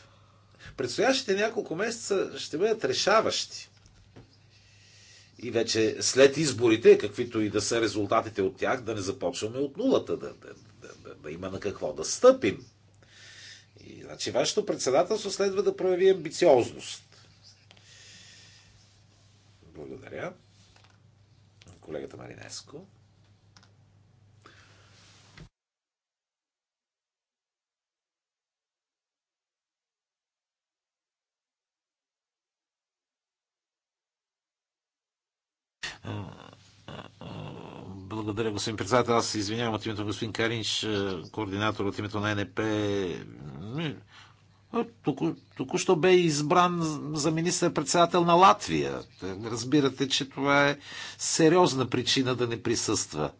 Предстоящите няколко месеца ще бъдат решаващи. И вече след изборите, каквито и да са резултатите от тях, да не започваме от нулата, да, да, да, да, да има на какво да стъпим. И, значи, вашето председателство следва да прояви амбициозност. Благодаря. Колегата Маринеско. Благодаря, господин председател. Аз се извинявам от името на господин Каринч, е, координатор от името на НП. Току, току-що бе избран за министър-председател на Латвия. Разбирате, че това е сериозна причина да не присъства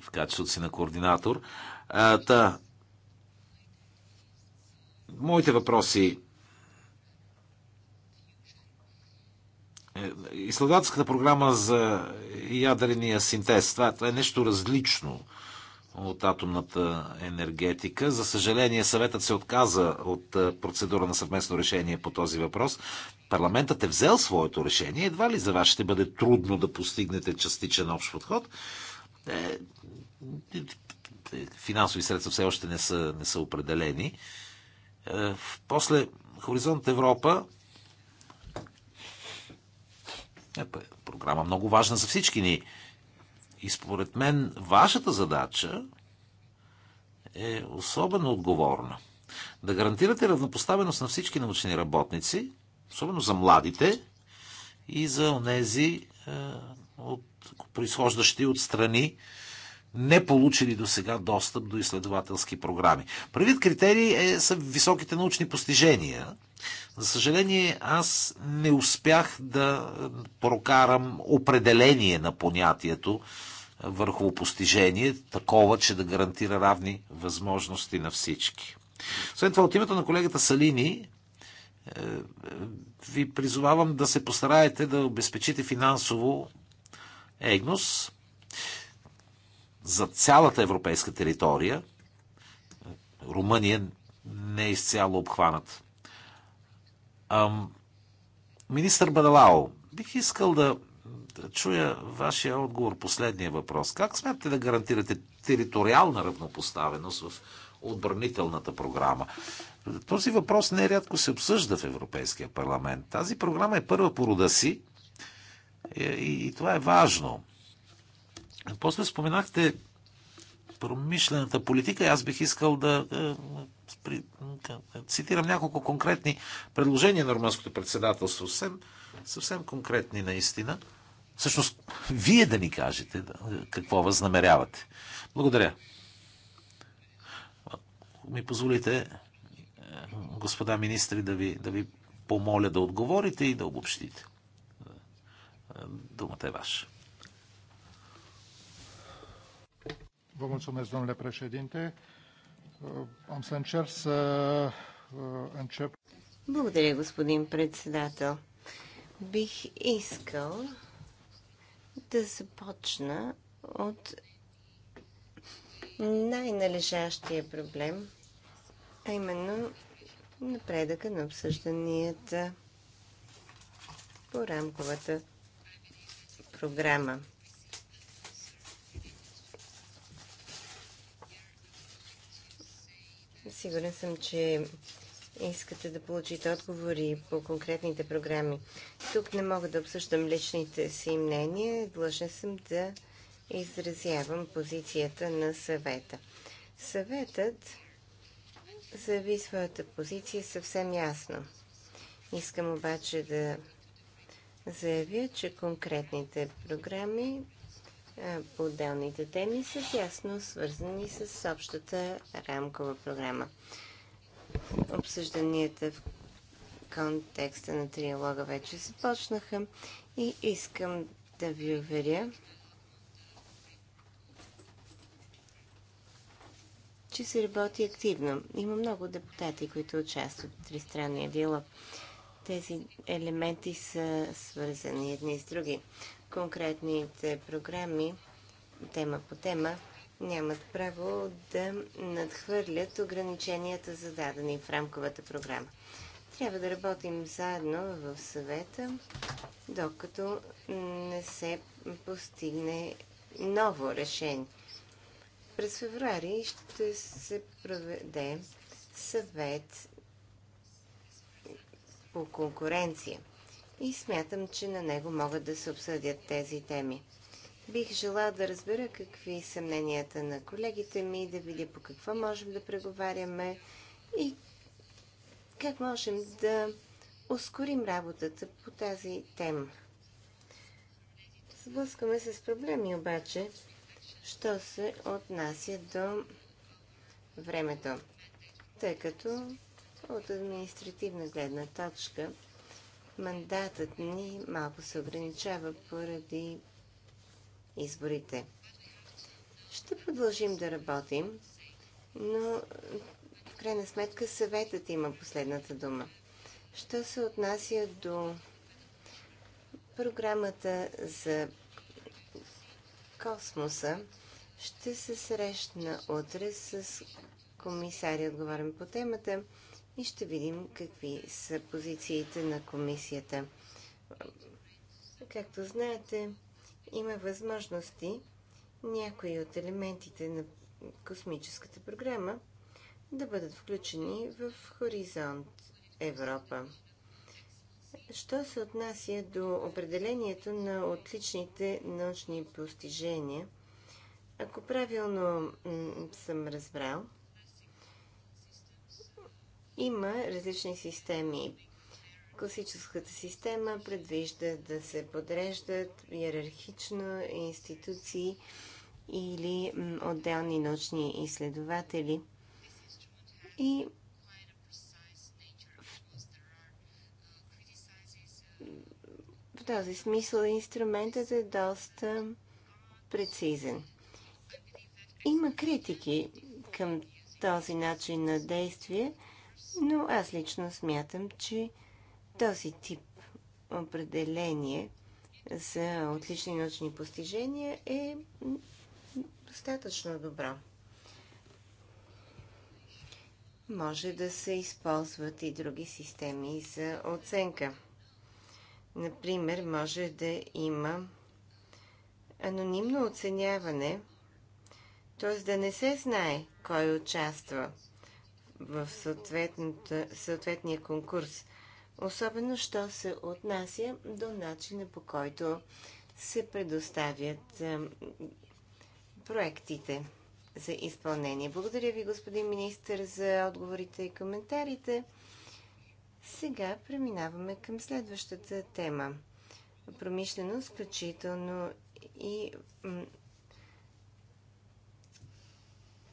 в качеството си на координатор. А, та, моите въпроси Е, изследователската програма за ядрения синтез, това, това е нещо различно от атомната енергетика. За съжаление, съветът се отказа от е, процедура на съвместно решение по този въпрос. Парламентът е взел своето решение. Едва ли за вас ще бъде трудно да постигнете частичен общ подход? Е, финансови средства все още не са, не са определени. После Хоризонт Европа е, програма много важна за всички ни. И според мен вашата задача е особено отговорна. Да гарантирате равнопоставеност на всички научни работници, особено за младите и за онези е, от, произхождащи от страни, не получили до сега достъп до изследователски програми. Първият критерий е, са високите научни постижения – за съжаление, аз не успях да прокарам определение на понятието върхово постижение, такова, че да гарантира равни възможности на всички. След това, от името на колегата Салини, е, ви призовавам да се постараете да обезпечите финансово ЕГНОС за цялата европейска територия. Румъния не е изцяло обхваната. Ам, министър Бадалао, бих искал да, да чуя вашия отговор последния въпрос. Как смятате да гарантирате териториална равнопоставеност в отбранителната програма? Този въпрос нерядко се обсъжда в Европейския парламент. Тази програма е първа по рода си и, и, и това е важно. После споменахте промишлената политика. Аз бих искал е, да цитирам няколко конкретни предложения на румънското председателство. Съвсем, съвсем конкретни наистина. Всъщност, вие да ни кажете какво възнамерявате. Благодаря. Ми позволите, е, господа министри, да ви, да ви помоля да отговорите и да обобщите. Е, думата е ваша. Vă mulțumesc, domnule președinte. Uh, am să încerc să uh, încep. Благодаря, господин председател. Бих искал да започна от най-належащия проблем, а именно напредъка на обсъжданията по рамковата програма. Сигурен съм, че искате да получите отговори по конкретните програми. Тук не мога да обсъждам личните си мнения. Длъжен съм да изразявам позицията на съвета. Съветът заяви своята позиция съвсем ясно. Искам обаче да заявя, че конкретните програми е, отделните теми са тясно свързани с общата рамкова програма. Обсъжданията в контекста на триалога вече започнаха и искам да ви уверя, че се работи активно. Има много депутати, които участват в тристранния диалог. Тези елементи са свързани едни с други конкретните програми, тема по тема, нямат право да надхвърлят ограниченията зададени в рамковата програма. Трябва да работим заедно в съвета, докато не се постигне ново решение. През февруари ще се проведе съвет по конкуренция – и смятам, че на него могат да се обсъдят тези теми. Бих желал да разбера какви са мненията на колегите ми, да видя по какво можем да преговаряме и как можем да ускорим работата по тази тема. Сблъскаме се с проблеми обаче, що се отнася до времето, тъй като от административна гледна точка – мандатът ни малко се ограничава поради изборите. Ще продължим да работим, но в крайна сметка съветът има последната дума. Що се отнася до програмата за космоса, ще се срещна утре с комисария, отговарям по темата и ще видим какви са позициите на комисията. Както знаете, има възможности някои от елементите на космическата програма да бъдат включени в Хоризонт Европа. Що се отнася до определението на отличните научни постижения, ако правилно съм разбрал, има различни системи. Класическата система предвижда да се подреждат иерархично институции или отделни научни изследователи. И в този смисъл инструментът е доста прецизен. Има критики към този начин на действие – но аз лично смятам, че този тип определение за отлични научни постижения е достатъчно добро. Може да се използват и други системи за оценка. Например, може да има анонимно оценяване, т.е. да не се знае кой участва – в съответния конкурс, особено що се отнася до начина по който се предоставят проектите за изпълнение. Благодаря ви, господин министр, за отговорите и коментарите. Сега преминаваме към следващата тема. Промишленост, включително и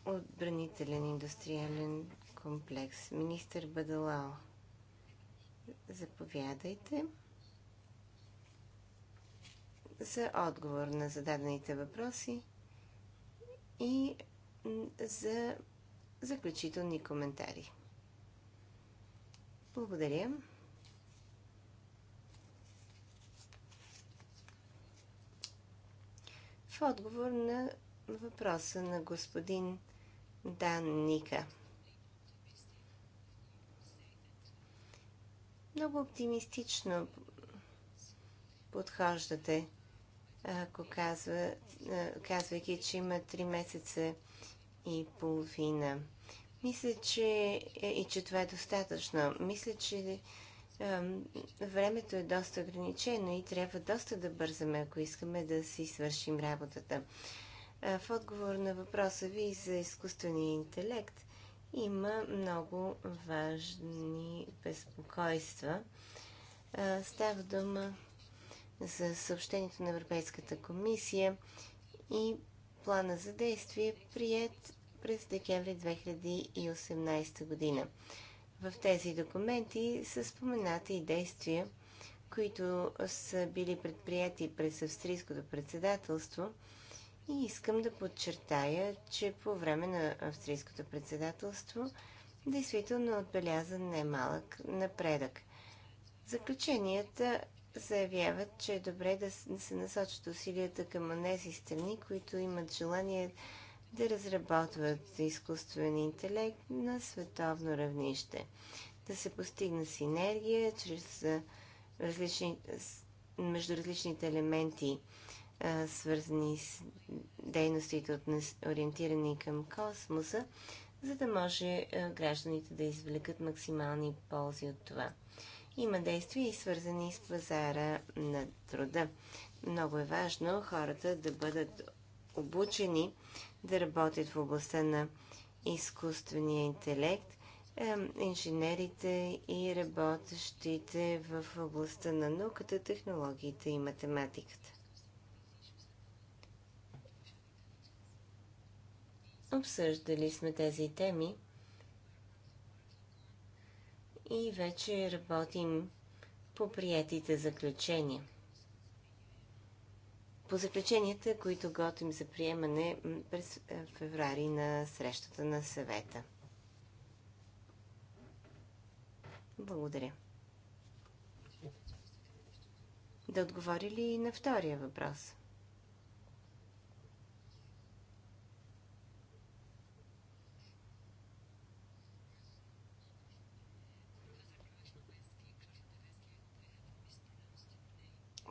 отбранителен индустриален комплекс. Министър Бадалао, заповядайте за отговор на зададените въпроси и за заключителни коментари. Благодаря. В отговор на въпроса на господин Дан Ника – Много оптимистично подхождате, ако казва, казвайки, че има 3 месеца и половина. Мисля, че е, и че това е достатъчно. Мисля, че времето е доста ограничено и трябва доста да бързаме, ако искаме да си свършим работата. В отговор на въпроса ви за изкуствения интелект, има много важни безпокойства. Става дума за съобщението на Европейската комисия и плана за действие, прият през декември 2018 година. В тези документи са споменати и действия, които са били предприяти през австрийското председателство – и искам да подчертая, че по време на австрийското председателство действително отбеляза немалък напредък. Заключенията заявяват, че е добре да се насочат усилията към тези страни, които имат желание да разработват изкуствен интелект на световно равнище. Да се постигне синергия чрез различни, между различните елементи свързани с дейностите, от ориентирани към космоса, за да може гражданите да извлекат максимални ползи от това. Има действия и свързани с пазара на труда. Много е важно хората да бъдат обучени да работят в областта на изкуствения интелект, инженерите и работещите в областта на науката, технологиите и математиката. Обсъждали сме тези теми и вече работим по приятите заключения. По заключенията, които готвим за приемане през е, феврари на срещата на съвета. Благодаря. Да отговори ли на втория въпрос?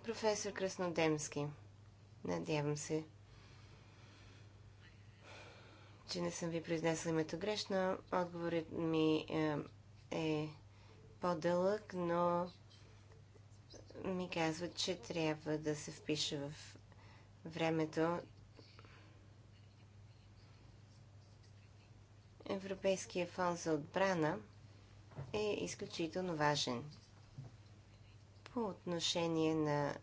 професор Краснодемски. Надявам се, че не съм ви произнесла името грешно. Отговорът ми е, е по-дълъг, но ми казват, че трябва да се впиша в времето. Европейския фонд за отбрана е изключително важен по отношение на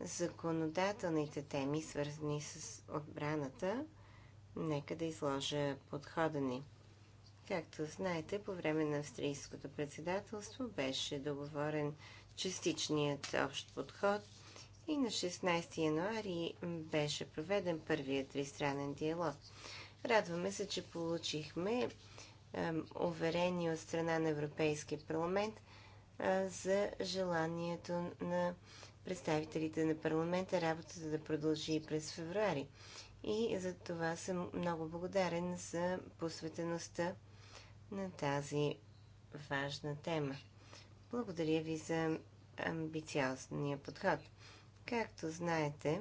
законодателните теми, свързани с отбраната, нека да изложа подхода ни. Както знаете, по време на австрийското председателство беше договорен частичният общ подход и на 16 януари беше проведен първият тристранен диалог. Радваме се, че получихме уверение от страна на Европейския парламент – за желанието на представителите на парламента работата да продължи през февруари. И за това съм много благодарен за посветеността на тази важна тема. Благодаря ви за амбициозния подход. Както знаете,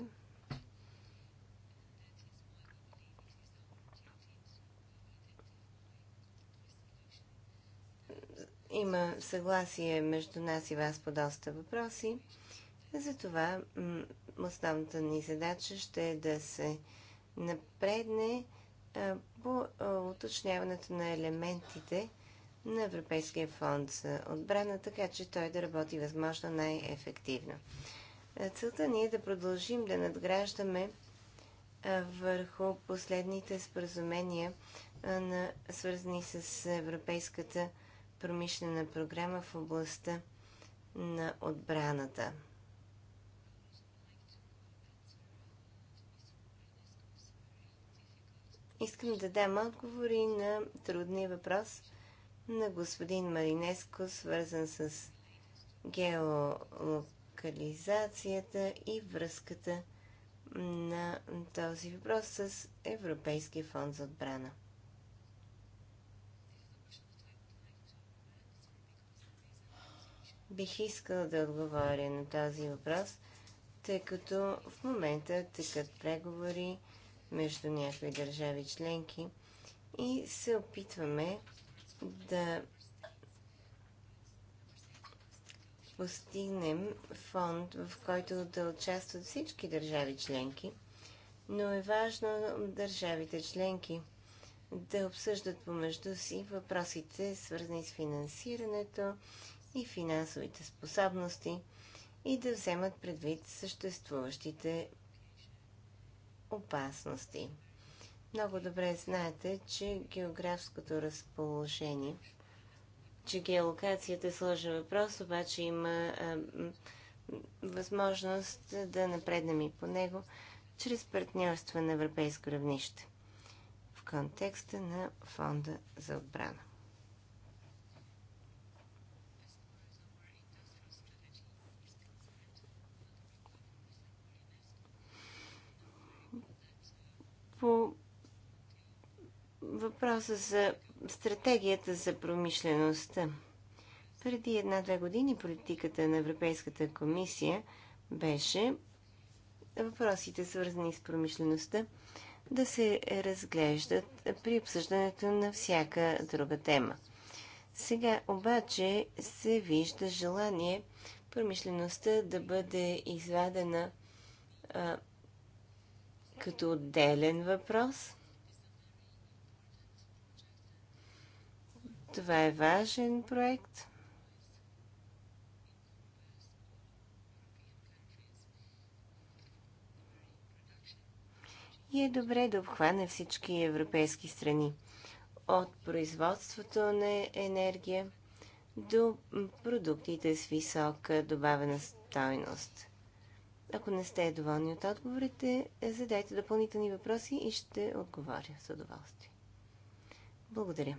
Има съгласие между нас и вас по доста въпроси. Затова основната ни задача ще е да се напредне по уточняването на елементите на Европейския фонд за отбрана, така че той да работи възможно най-ефективно. Целта ни е да продължим да надграждаме върху последните споразумения, свързани с Европейската промишлена програма в областта на отбраната. Искам да дам отговори на трудния въпрос на господин Маринеско, свързан с геолокализацията и връзката на този въпрос с Европейския фонд за отбрана. Бих искал да отговоря на този въпрос, тъй като в момента тъкат преговори между някои държави членки и се опитваме да постигнем фонд, в който да участват всички държави членки, но е важно държавите членки да обсъждат помежду си въпросите, свързани с финансирането и финансовите способности и да вземат предвид съществуващите опасности. Много добре знаете, че географското разположение, че геолокацията е сложен въпрос, обаче има а, възможност да напреднем и по него чрез партньорство на европейско равнище в контекста на Фонда за отбрана. По въпроса за стратегията за промишлеността. Преди една-две години политиката на Европейската комисия беше въпросите, свързани с промишлеността, да се разглеждат при обсъждането на всяка друга тема. Сега обаче се вижда желание промишлеността да бъде извадена а, като отделен въпрос. Това е важен проект. И е добре да обхване всички европейски страни. От производството на енергия до продуктите с висока добавена стойност – ако не сте доволни от отговорите, е, задайте допълнителни въпроси и ще отговоря с удоволствие. Благодаря.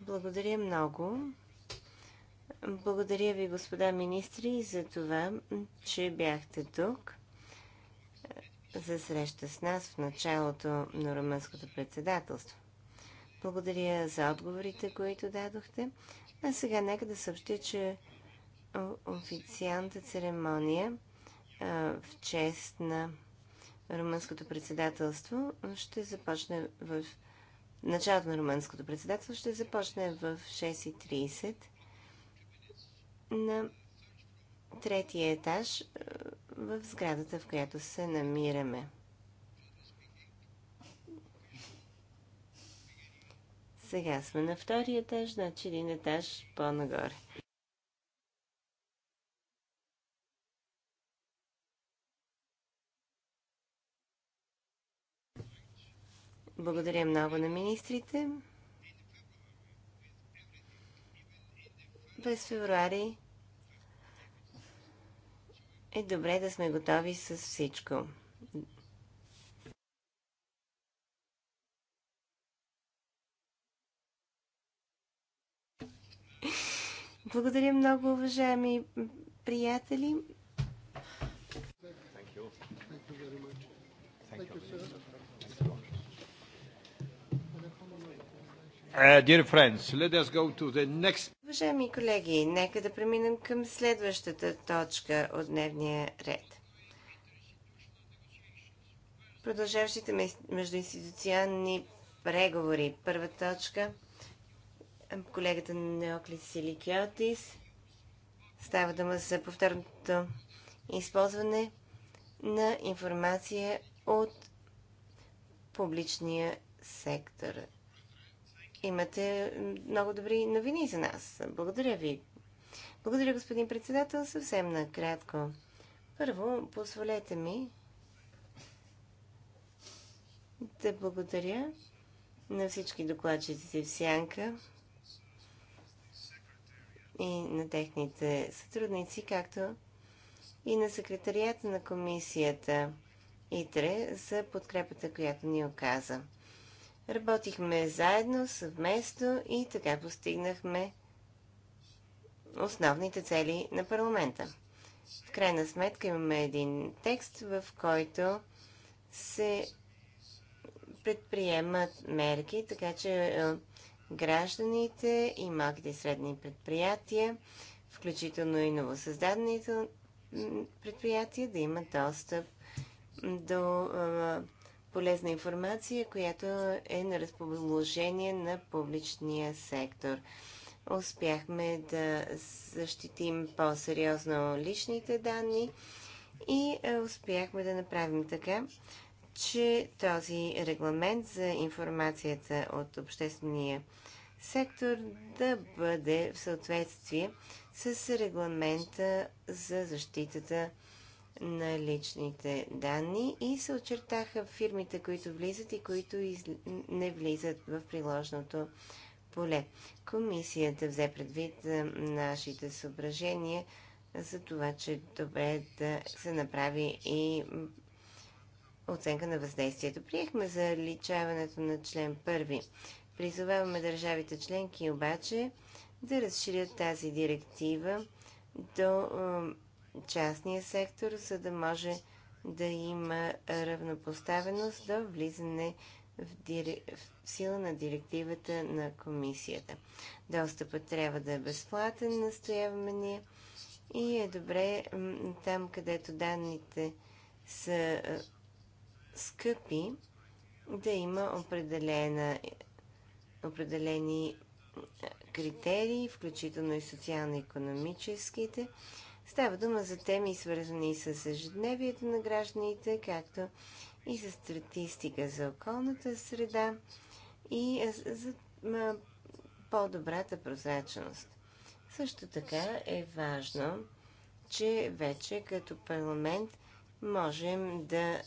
Благодаря много. Благодаря ви, господа министри, за това, че бяхте тук е, за среща с нас в началото на румънското председателство. Благодаря за отговорите, които дадохте. А сега нека да съобщя, че официалната церемония в чест на румънското председателство ще започне в началото на румънското председателство ще започне в 6.30 на третия етаж в сградата, в която се намираме. Сега сме на втория етаж, значи един етаж по-нагоре. Благодаря много на министрите. През февруари е добре да сме готови с всичко. Благодаря много, уважаеми приятели. Uh, уважаеми колеги, нека да преминем към следващата точка от дневния ред. Продължаващите междуинституционни преговори. Първа точка – колегата Неоклис Силикиотис. Става дума за повторното използване на информация от публичния сектор. Имате много добри новини за нас. Благодаря ви. Благодаря, господин председател. Съвсем накратко. Първо, позволете ми да благодаря на всички докладчици в Сянка, и на техните сътрудници, както и на секретарията на комисията ИТРЕ за подкрепата, която ни оказа. Работихме заедно, съвместно и така постигнахме основните цели на парламента. В крайна сметка имаме един текст, в който се предприемат мерки, така че е, гражданите и малките и средни предприятия, включително и новосъздадените предприятия, да имат достъп до полезна информация, която е на разположение на публичния сектор. Успяхме да защитим по-сериозно личните данни и успяхме да направим така, че този регламент за информацията от обществения сектор да бъде в съответствие с регламента за защитата на личните данни и се очертаха фирмите, които влизат и които из... не влизат в приложното поле. Комисията взе предвид нашите съображения за това, че добре е да се направи и оценка на въздействието. Приехме за личаването на член 1. Призоваваме държавите членки обаче да разширят тази директива до е, частния сектор, за да може да има равнопоставеност до влизане в, дири... в сила на директивата на комисията. Достъпът трябва да е безплатен, настояваме ние и е добре там, където данните са скъпи, да има определена, определени критерии, включително и социално-економическите. Става дума за теми, свързани с ежедневието на гражданите, както и за статистика за околната среда и за по-добрата прозрачност. Също така е важно, че вече като парламент можем да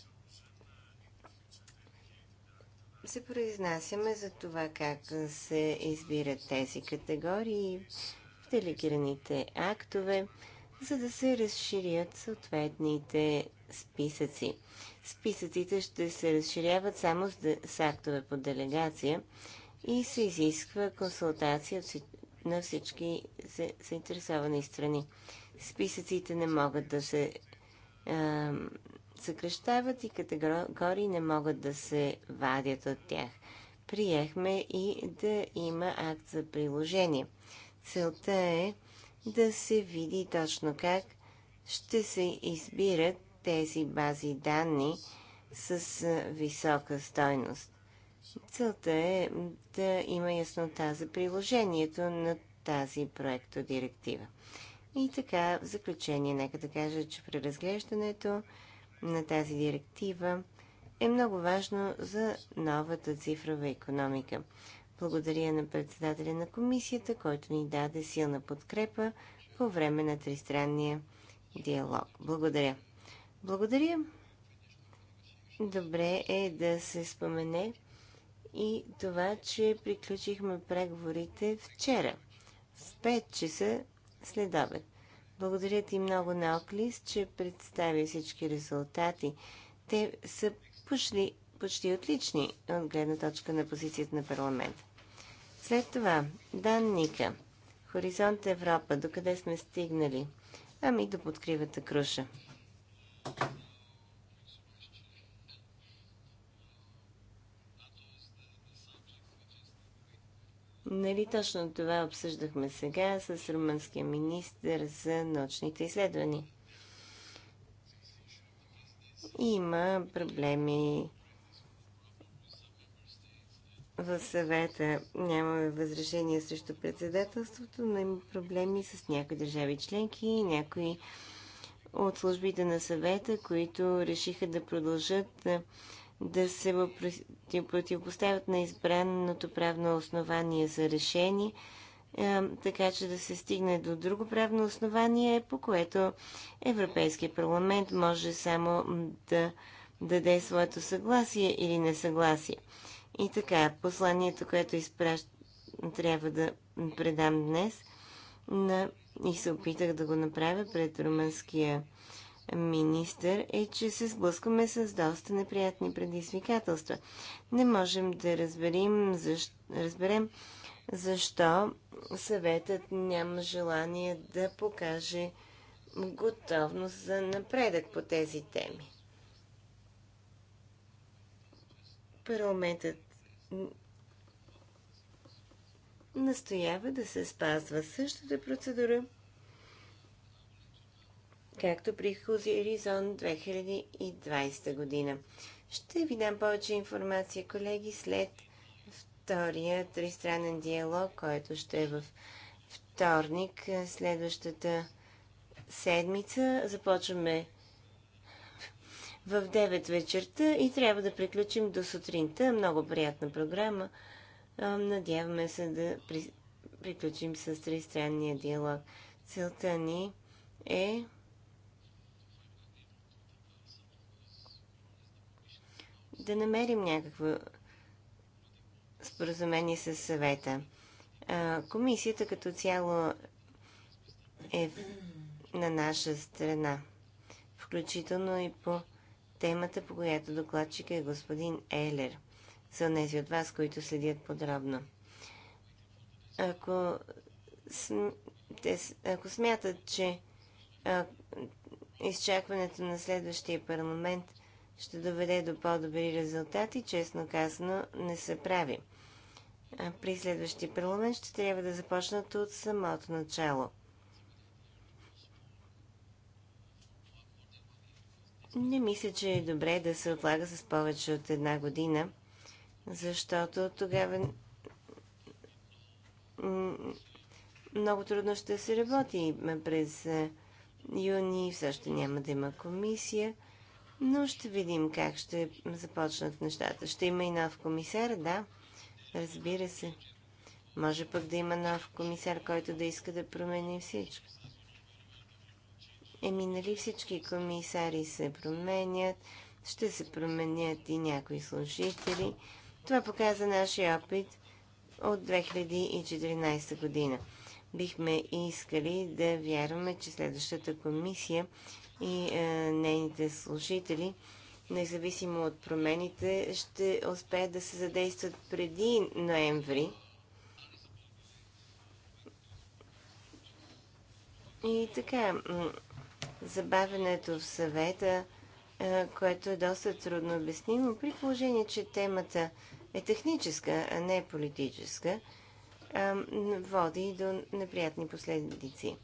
се произнасяме за това как се избират тези категории в делегираните актове, за да се разширят съответните списъци. Списъците ще се разширяват само с актове по делегация и се изисква консултация на всички заинтересовани страни. Списъците не могат да се съкръщават и категории не могат да се вадят от тях. Приехме и да има акт за приложение. Целта е да се види точно как ще се избират тези бази данни с висока стойност. Целта е да има яснота за приложението на тази проектодиректива. И така, в заключение, нека да кажа, че преразглеждането на тази директива е много важно за новата цифрова економика. Благодаря на председателя на комисията, който ни даде силна подкрепа по време на тристранния диалог. Благодаря. Благодаря. Добре е да се спомене и това, че приключихме преговорите вчера в 5 часа след обед. Благодаря ти много на Оклис, че представи всички резултати. Те са пошли почти отлични от гледна точка на позицията на парламент. След това, Данника, Хоризонт Европа, докъде сме стигнали? Ами до подкривата круша. Нали точно това обсъждахме сега с румънския министр за научните изследвания. Има проблеми в съвета. Нямаме възражения срещу председателството, но има проблеми с някои държави членки и някои от службите на съвета, които решиха да продължат да се противопоставят на избраното правно основание за решение, е, така че да се стигне до друго правно основание, по което Европейския парламент може само да даде своето съгласие или несъгласие. И така, посланието, което изпращ... трябва да предам днес, на... и се опитах да го направя пред румънския министър, е, че се сблъскваме с доста неприятни предизвикателства. Не можем да разберем, защ... разберем защо съветът няма желание да покаже готовност за напредък по тези теми. Парламентът настоява да се спазва същата процедура, както при Хоризон 2020 година. Ще ви дам повече информация, колеги, след втория тристранен диалог, който ще е в вторник, е, следващата седмица. Започваме в 9 вечерта и трябва да приключим до сутринта. Много приятна програма. Надяваме се да приключим с тристранния диалог. Целта ни е да намерим някакво споразумение с съвета. Комисията като цяло е на наша страна, включително и по темата, по която докладчик е господин Елер, за тези от вас, които следят подробно. Ако, см... те, ако смятат, че а, изчакването на следващия парламент ще доведе до по-добри резултати, честно казано, не се прави. При следващия парламент ще трябва да започнат от самото начало. Не мисля, че е добре да се отлага с повече от една година, защото тогава много трудно ще се работи през юни, все още няма да има комисия но ще видим как ще започнат нещата. Ще има и нов комисар, да, разбира се. Може пък да има нов комисар, който да иска да промени всичко. Еми, нали всички комисари се променят, ще се променят и някои служители. Това показа нашия опит от 2014 година. Бихме искали да вярваме, че следващата комисия и е, нейните служители, независимо от промените, ще успеят да се задействат преди ноември. И така, забавенето в съвета, е, което е доста трудно обяснимо, при положение, че темата е техническа, а не политическа, води до неприятни последици.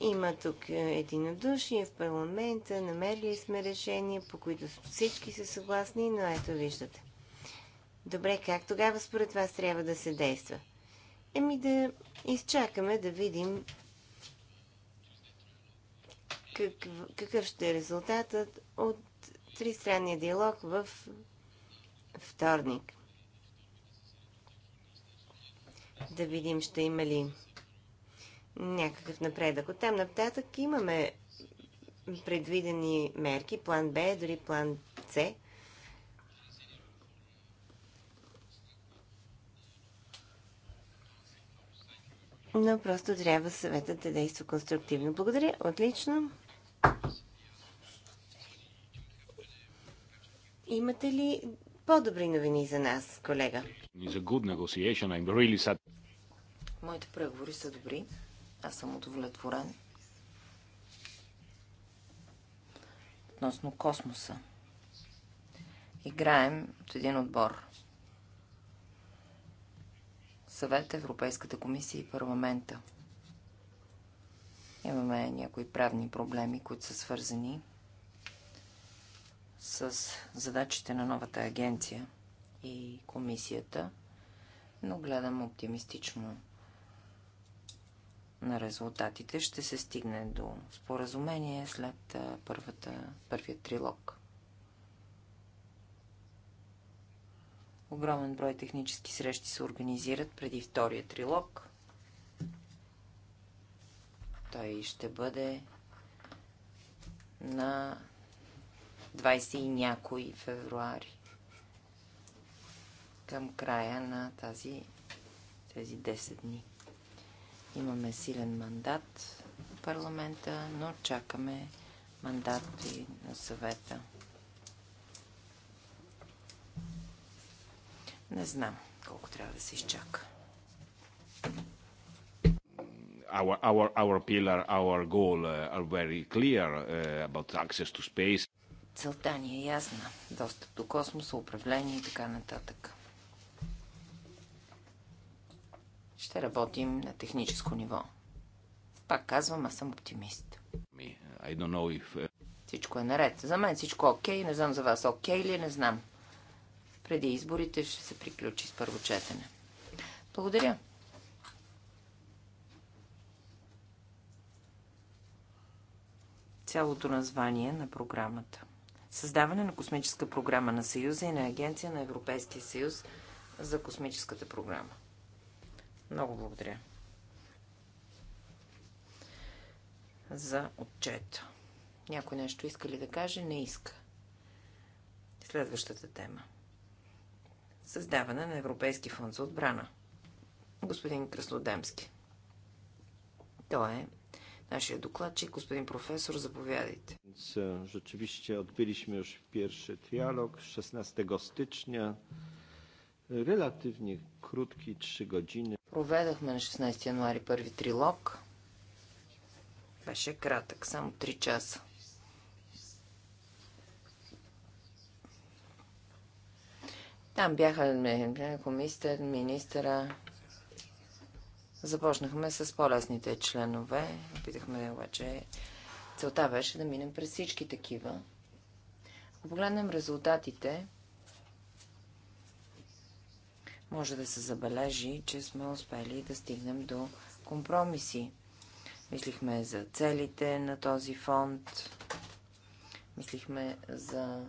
Има тук е, единодушие в парламента, намерили сме решения, по които всички са съгласни, но ето виждате. Добре, как тогава според вас трябва да се действа? Еми да изчакаме да видим какъв, какъв ще е резултатът от тристранния диалог в вторник. Да видим ще има ли някакъв напредък. От там нататък имаме предвидени мерки, план Б, дори план С. Но просто трябва съветът да действа конструктивно. Благодаря. Отлично. Имате ли по-добри новини за нас, колега? Моите преговори са добри. Аз съм удовлетворен. Относно космоса. Играем от един отбор. Съвет, Европейската комисия и парламента. Имаме някои правни проблеми, които са свързани с задачите на новата агенция и комисията, но гледам оптимистично на резултатите ще се стигне до споразумение след първата, първия трилог. Огромен брой технически срещи се организират преди втория трилог. Той ще бъде на 20 и някой февруари. Към края на тази, тези 10 дни. Имаме силен мандат в парламента, но чакаме мандат и на съвета. Не знам колко трябва да се изчака. Our, our, our pillar, our goal uh, are very clear uh, about access to space. Целта ни е ясна. Достъп до космоса, управление и така нататък. ще работим на техническо ниво. Пак казвам, аз съм оптимист. If... Е, всичко е наред. За мен всичко е окей, не знам за вас окей ли, е, не знам. Преди изборите ще се приключи с първо четене. Благодаря. Цялото название на програмата. Създаване на космическа програма на Съюза и на Агенция на Европейския съюз за космическата програма. Много благодаря за отчета. Някой нещо иска ли да каже? Не иска. Следващата тема. Създаване на Европейски фонд за отбрана. Господин Краснодемски. Той е нашия докладчик. Господин професор, заповядайте. Е, rzeczywiście odbyliśmy już pierwszy триалог 16 стичня. Релативни крутки 3 години. Проведахме на 16 януари първи трилог. Беше кратък, само 3 часа. Там бяха комисията, министъра. Започнахме с по-лесните членове. Опитахме обаче. Целта беше да минем през всички такива. Ако погледнем резултатите, може да се забележи, че сме успели да стигнем до компромиси. Мислихме за целите на този фонд, мислихме за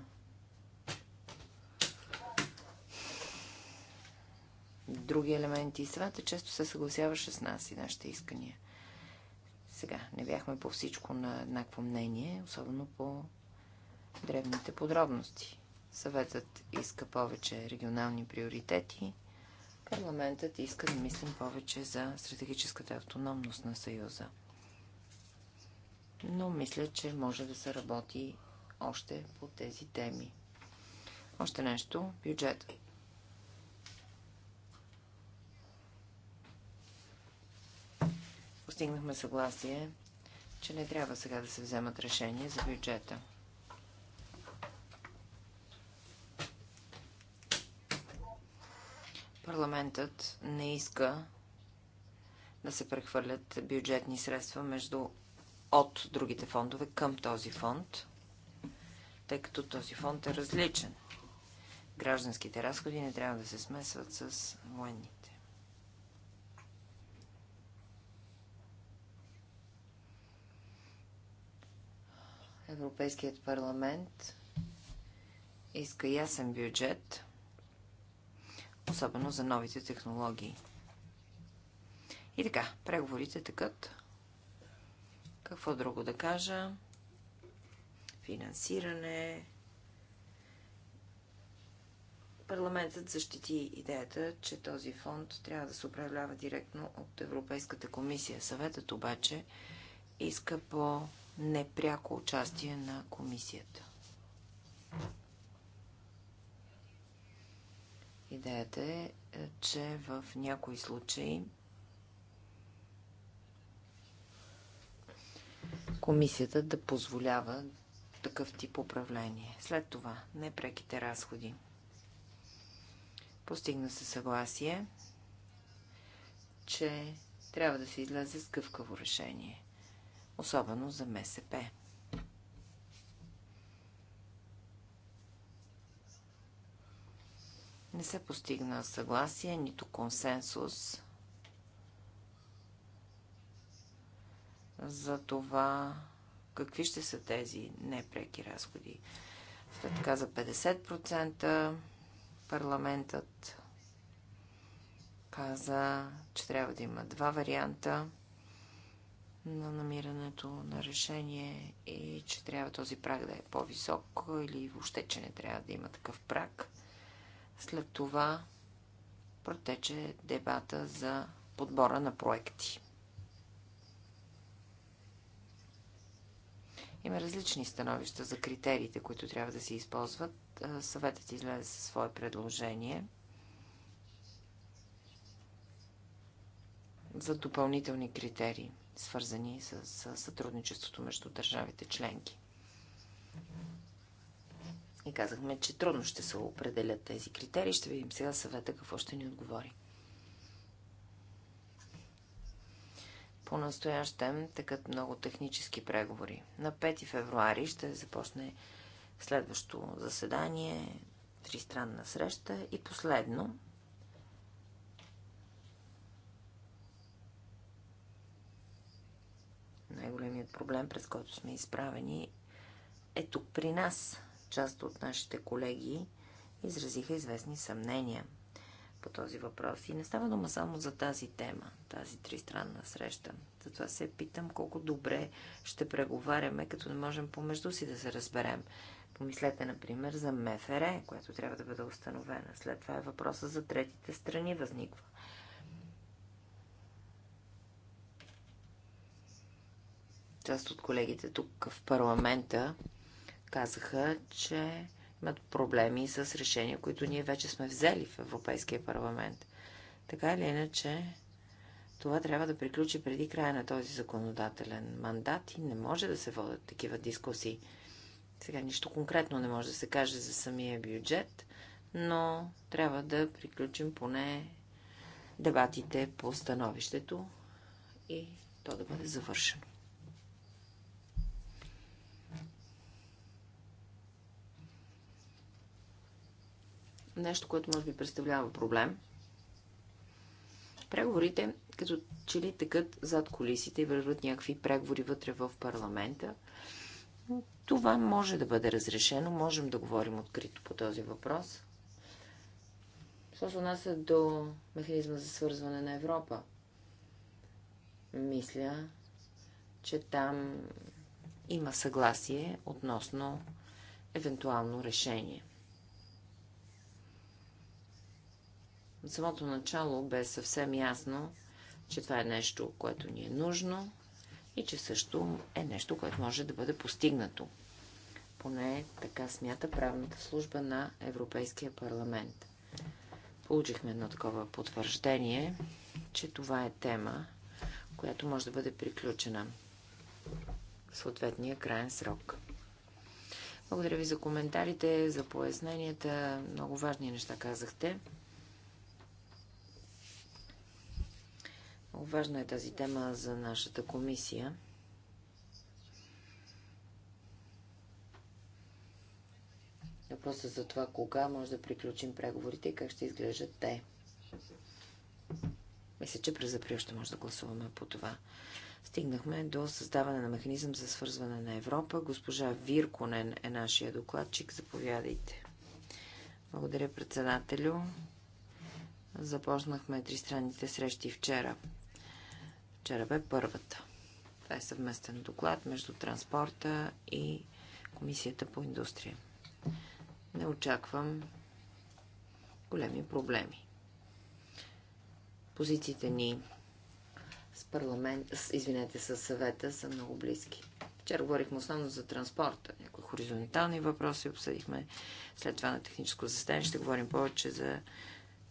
други елементи. И съвета често се съгласяваше с нас и нашите искания. Сега, не бяхме по всичко на еднакво мнение, особено по древните подробности. Съветът иска повече регионални приоритети – Парламентът иска да мислим повече за стратегическата автономност на Съюза. Но мисля, че може да се работи още по тези теми. Още нещо – бюджет. Постигнахме съгласие, че не трябва сега да се вземат решения за бюджета – Парламентът не иска да се прехвърлят бюджетни средства между от другите фондове към този фонд, тъй като този фонд е различен. Гражданските разходи не трябва да се смесват с военните. Европейският парламент иска ясен бюджет – особено за новите технологии. И така, преговорите такът. Какво друго да кажа? Финансиране. Парламентът защити идеята, че този фонд трябва да се управлява директно от Европейската комисия. Съветът обаче иска по непряко участие на комисията. Идеята е, е, че в някои случаи комисията да позволява такъв тип управление. След това непреките разходи. Постигна се съгласие, че трябва да се излезе с гъвкаво решение, особено за МСП. Не се постигна съгласие, нито консенсус за това какви ще са тези непреки разходи. След така за 50% парламентът каза, че трябва да има два варианта на намирането на решение и че трябва този праг да е по-висок или въобще, че не трябва да има такъв праг. След това протече дебата за подбора на проекти. Има различни становища за критериите, които трябва да се използват. Съветът излезе със свое предложение за допълнителни критерии, свързани с сътрудничеството между държавите членки. И казахме, че трудно ще се определят тези критерии. Ще видим сега съвета какво ще ни отговори. По-настоящем текат много технически преговори. На 5 февруари ще започне следващото заседание, тристранна среща и последно. Най-големият проблем, през който сме изправени, е тук при нас – част от нашите колеги изразиха известни съмнения по този въпрос. И не става дума само за тази тема, тази тристранна среща. Затова се питам колко добре ще преговаряме, като не можем помежду си да се разберем. Помислете, например, за МФР, която трябва да бъде установена. След това е въпроса за третите страни възниква. Част от колегите тук в парламента казаха, че имат проблеми с решения, които ние вече сме взели в Европейския парламент. Така или иначе, това трябва да приключи преди края на този законодателен мандат и не може да се водят такива дискусии. Сега нищо конкретно не може да се каже за самия бюджет, но трябва да приключим поне дебатите по становището и то да бъде завършено. нещо, което може би представлява проблем. Преговорите, като че ли тъкат зад колисите и върват някакви преговори вътре в парламента, това може да бъде разрешено. Можем да говорим открито по този въпрос. Що се отнася до механизма за свързване на Европа? Мисля, че там има съгласие относно евентуално решение. От самото начало бе съвсем ясно, че това е нещо, което ни е нужно и че също е нещо, което може да бъде постигнато. Поне така смята правната служба на Европейския парламент. Получихме едно такова потвърждение, че това е тема, която може да бъде приключена в съответния крайен срок. Благодаря ви за коментарите, за поясненията. Много важни неща казахте. Важна е тази тема за нашата комисия. Въпросът за това кога може да приключим преговорите и как ще изглеждат те. Мисля, че през април ще може да гласуваме по това. Стигнахме до създаване на механизъм за свързване на Европа. Госпожа Вирконен е нашия докладчик. Заповядайте. Благодаря, председателю. Започнахме тристранните срещи вчера. Вчера бе първата. Това е съвместен доклад между транспорта и Комисията по индустрия. Не очаквам големи проблеми. Позициите ни с парламент, с, извинете, с съвета са много близки. Вчера говорихме основно за транспорта, някои хоризонтални въпроси обсъдихме. След това на техническо заседание ще говорим повече за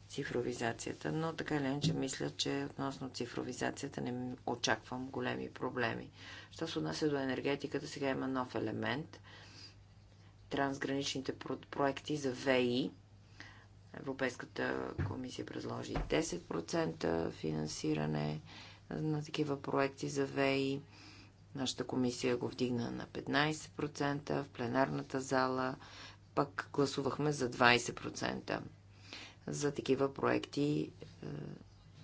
цифровизацията, но така ли иначе мисля, че относно цифровизацията не очаквам големи проблеми. Що се отнася до енергетиката, сега има нов елемент. Трансграничните проекти за ВИ. Европейската комисия предложи 10% финансиране на такива проекти за ВИ. Нашата комисия го вдигна на 15%, в пленарната зала пък гласувахме за 20% за такива проекти, е,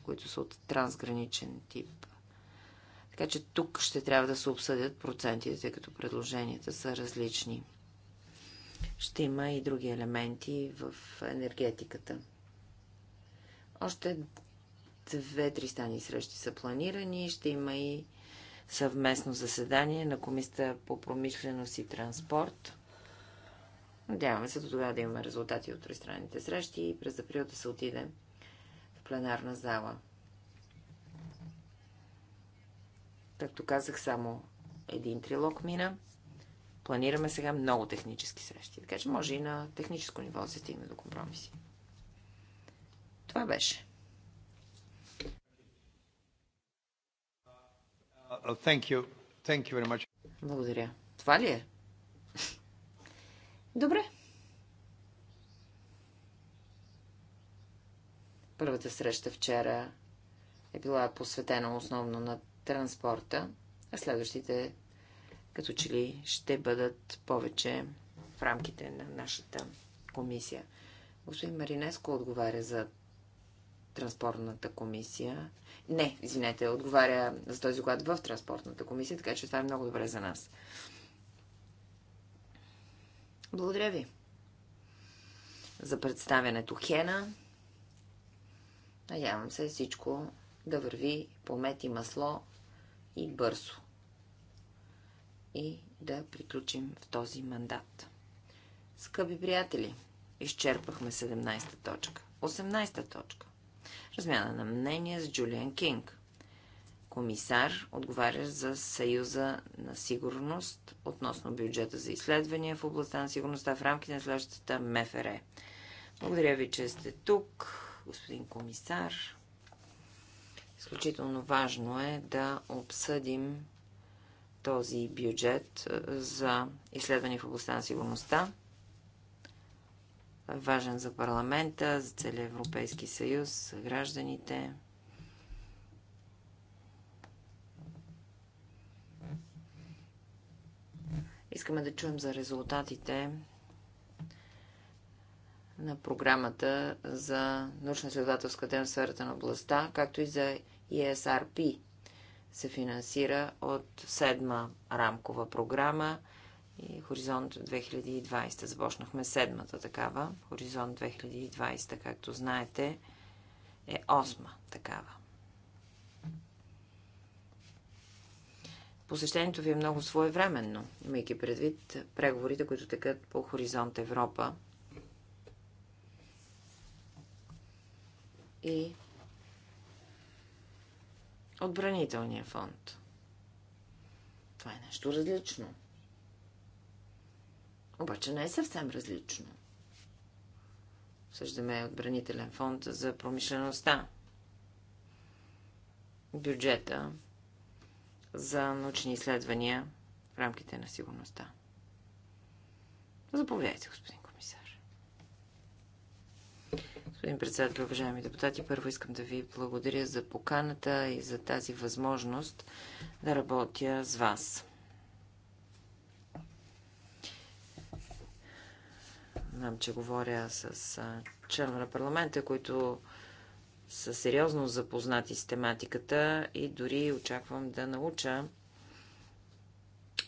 които са от трансграничен тип. Така че тук ще трябва да се обсъдят процентите, тъй като предложенията са различни. Ще има и други елементи в енергетиката. Още две-три стани срещи са планирани. Ще има и съвместно заседание на Комисията по промишленост и транспорт. Надяваме се до тогава да имаме резултати от тристранните срещи и през април да се отиде в пленарна зала. Както казах, само един трилог мина. Планираме сега много технически срещи, така че може и на техническо ниво да се стигне до компромиси. Това беше. Uh, uh, Благодаря. Това ли е? Добре. Първата среща вчера е била посветена основно на транспорта, а следващите като че ли ще бъдат повече в рамките на нашата комисия. Господин Маринеско отговаря за транспортната комисия. Не, извинете, отговаря за този доклад в транспортната комисия, така че това е много добре за нас. Благодаря ви за представянето Хена. Надявам се всичко да върви по мет и масло и бързо. И да приключим в този мандат. Скъпи приятели, изчерпахме 17-та точка. 18-та точка. Размяна на мнение с Джулиан Кинг комисар, отговарящ за Съюза на сигурност относно бюджета за изследвания в областта на сигурността в рамките на следващата МФР. Благодаря ви, че сте тук, господин комисар. Изключително важно е да обсъдим този бюджет е, за изследвания в областта на сигурността. Важен за парламента, за целия Европейски съюз, за гражданите. Искаме да чуем за резултатите на програмата за научно-следователска дейност в сферата на областта, както и за ESRP се финансира от седма рамкова програма и Хоризонт 2020. Започнахме седмата такава. Хоризонт 2020, както знаете, е осма такава. Посещението ви е много своевременно, имайки предвид преговорите, които текат по Хоризонт Европа и отбранителния фонд. Това е нещо различно. Обаче не е съвсем различно. Съждаме отбранителен фонд за промишлеността. Бюджета за научни изследвания в рамките на сигурността. Заповядайте, господин комисар. Господин председател, уважаеми депутати, първо искам да ви благодаря за поканата и за тази възможност да работя с вас. Знам, че говоря с членове на парламента, които са сериозно запознати с тематиката и дори очаквам да науча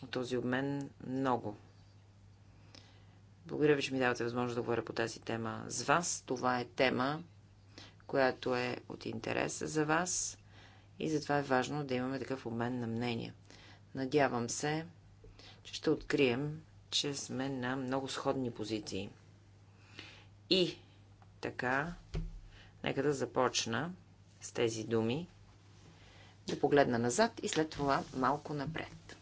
от този обмен много. Благодаря ви, че ми давате възможност да говоря по тази тема с вас. Това е тема, която е от интерес за вас и затова е важно да имаме такъв обмен на мнения. Надявам се, че ще открием, че сме на много сходни позиции. И така Нека да започна с тези думи, да погледна назад и след това малко напред.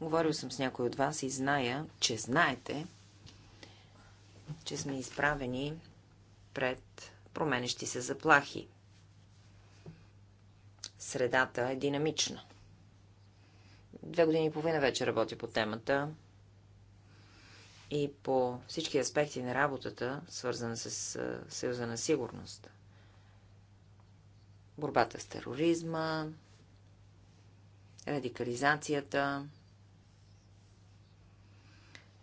Говорил съм с някой от вас и зная, че знаете, че сме изправени пред променещи се заплахи. Средата е динамична. Две години и половина вече работя по темата и по всички аспекти на работата, свързана с Съюза на сигурност. Борбата с тероризма, радикализацията,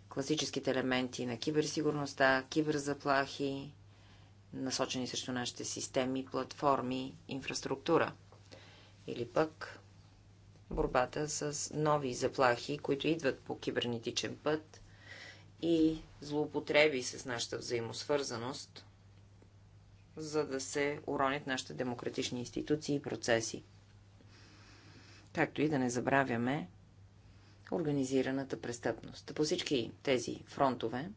класическите елементи на киберсигурността, киберзаплахи, насочени срещу нашите системи, платформи, инфраструктура. Или пък борбата с нови заплахи, които идват по кибернетичен път – и злоупотреби с нашата взаимосвързаност, за да се уронят нашите демократични институции и процеси. Както и да не забравяме организираната престъпност. По всички тези фронтове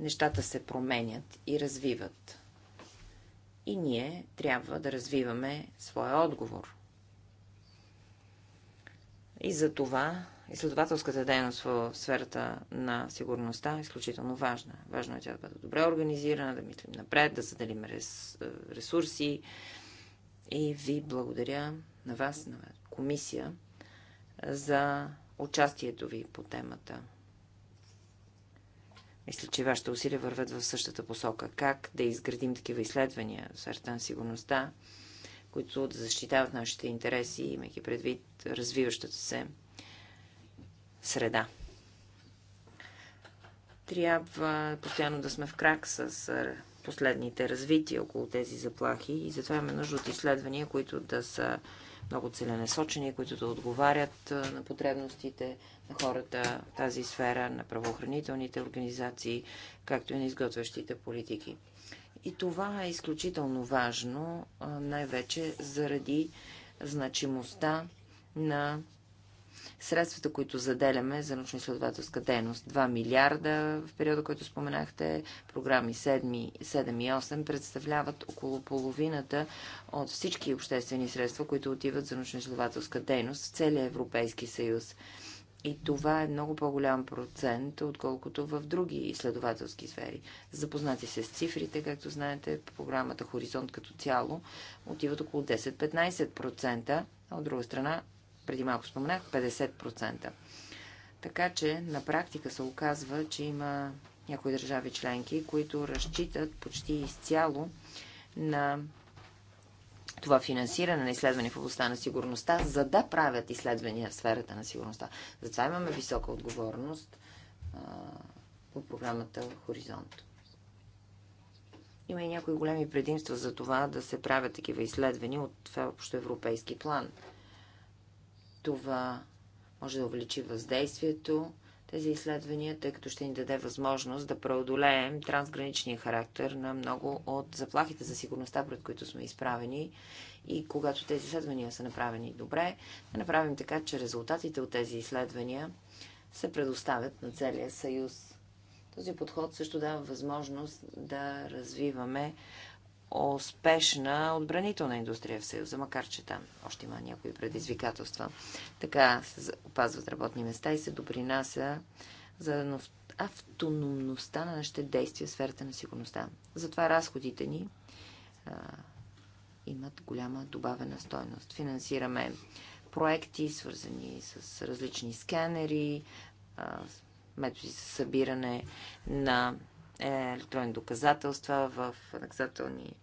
нещата се променят и развиват. И ние трябва да развиваме своя отговор. И за това изследователската дейност в сферата на сигурността е изключително важна. Важно е тя да бъде добре организирана, да мислим напред, да заделим ресурси. И ви благодаря на вас, на комисия, за участието ви по темата. Мисля, че вашите усилия вървят в същата посока. Как да изградим такива изследвания в сферата на сигурността, които да защитават нашите интереси, имайки предвид развиващата се среда. Трябва постоянно да сме в крак с последните развития около тези заплахи и затова имаме нужда от изследвания, които да са много целенасочени, които да отговарят на потребностите на хората в тази сфера, на правоохранителните организации, както и на изготвящите политики. И това е изключително важно, най-вече заради значимостта на средствата, които заделяме за научно-изследователска дейност. 2 милиарда в периода, който споменахте, програми 7, 7 и 8 представляват около половината от всички обществени средства, които отиват за научно-изследователска дейност в целия Европейски съюз. И това е много по-голям процент, отколкото в други изследователски сфери. Запознати се с цифрите, както знаете, по програмата Хоризонт като цяло отиват около 10-15%, а от друга страна преди малко споменах, 50%. Така че на практика се оказва, че има някои държави членки, които разчитат почти изцяло на това финансиране на изследвания в областта на сигурността, за да правят изследвания в сферата на сигурността. Затова имаме висока отговорност а, по програмата Хоризонт. Има и някои големи предимства за това да се правят такива изследвания от това общо европейски план – това може да увеличи въздействието, тези изследвания, тъй като ще ни даде възможност да преодолеем трансграничния характер на много от заплахите за сигурността, пред които сме изправени. И когато тези изследвания са направени добре, да направим така, че резултатите от тези изследвания се предоставят на целия съюз. Този подход също дава възможност да развиваме успешна отбранителна индустрия в Съюза, макар че там още има някои предизвикателства. Така се опазват работни места и се допринася за автономността на нашите действия в сферата на сигурността. Затова разходите ни а, имат голяма добавена стойност. Финансираме проекти, свързани с различни сканери, а, методи за събиране на е, електронни доказателства в наказателни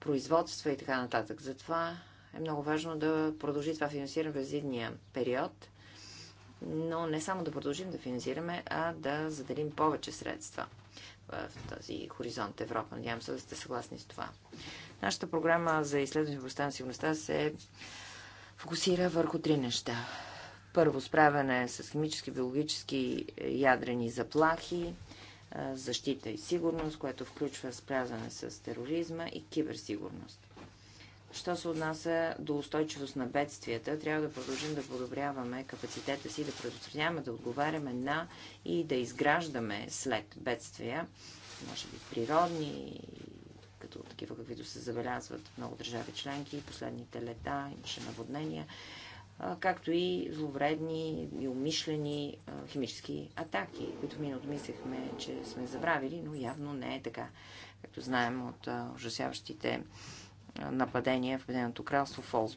производства и така нататък. Затова е много важно да продължи това финансиране през едния период, но не само да продължим да финансираме, а да заделим повече средства в този хоризонт Европа. Надявам се да сте съгласни с това. Нашата програма за изследване в областта на сигурността се фокусира върху три неща. Първо, справяне с химически, биологически, ядрени заплахи, защита и сигурност, което включва спрязане с тероризма и киберсигурност. Що се отнася до устойчивост на бедствията, трябва да продължим да подобряваме капацитета си, да предотвратяваме, да отговаряме на и да изграждаме след бедствия, може би природни, като такива, каквито се забелязват в много държави членки. Последните лета имаше наводнения както и зловредни и умишлени химически атаки, които в миналото мислехме, че сме забравили, но явно не е така. Както знаем от ужасяващите нападения в Обединеното кралство в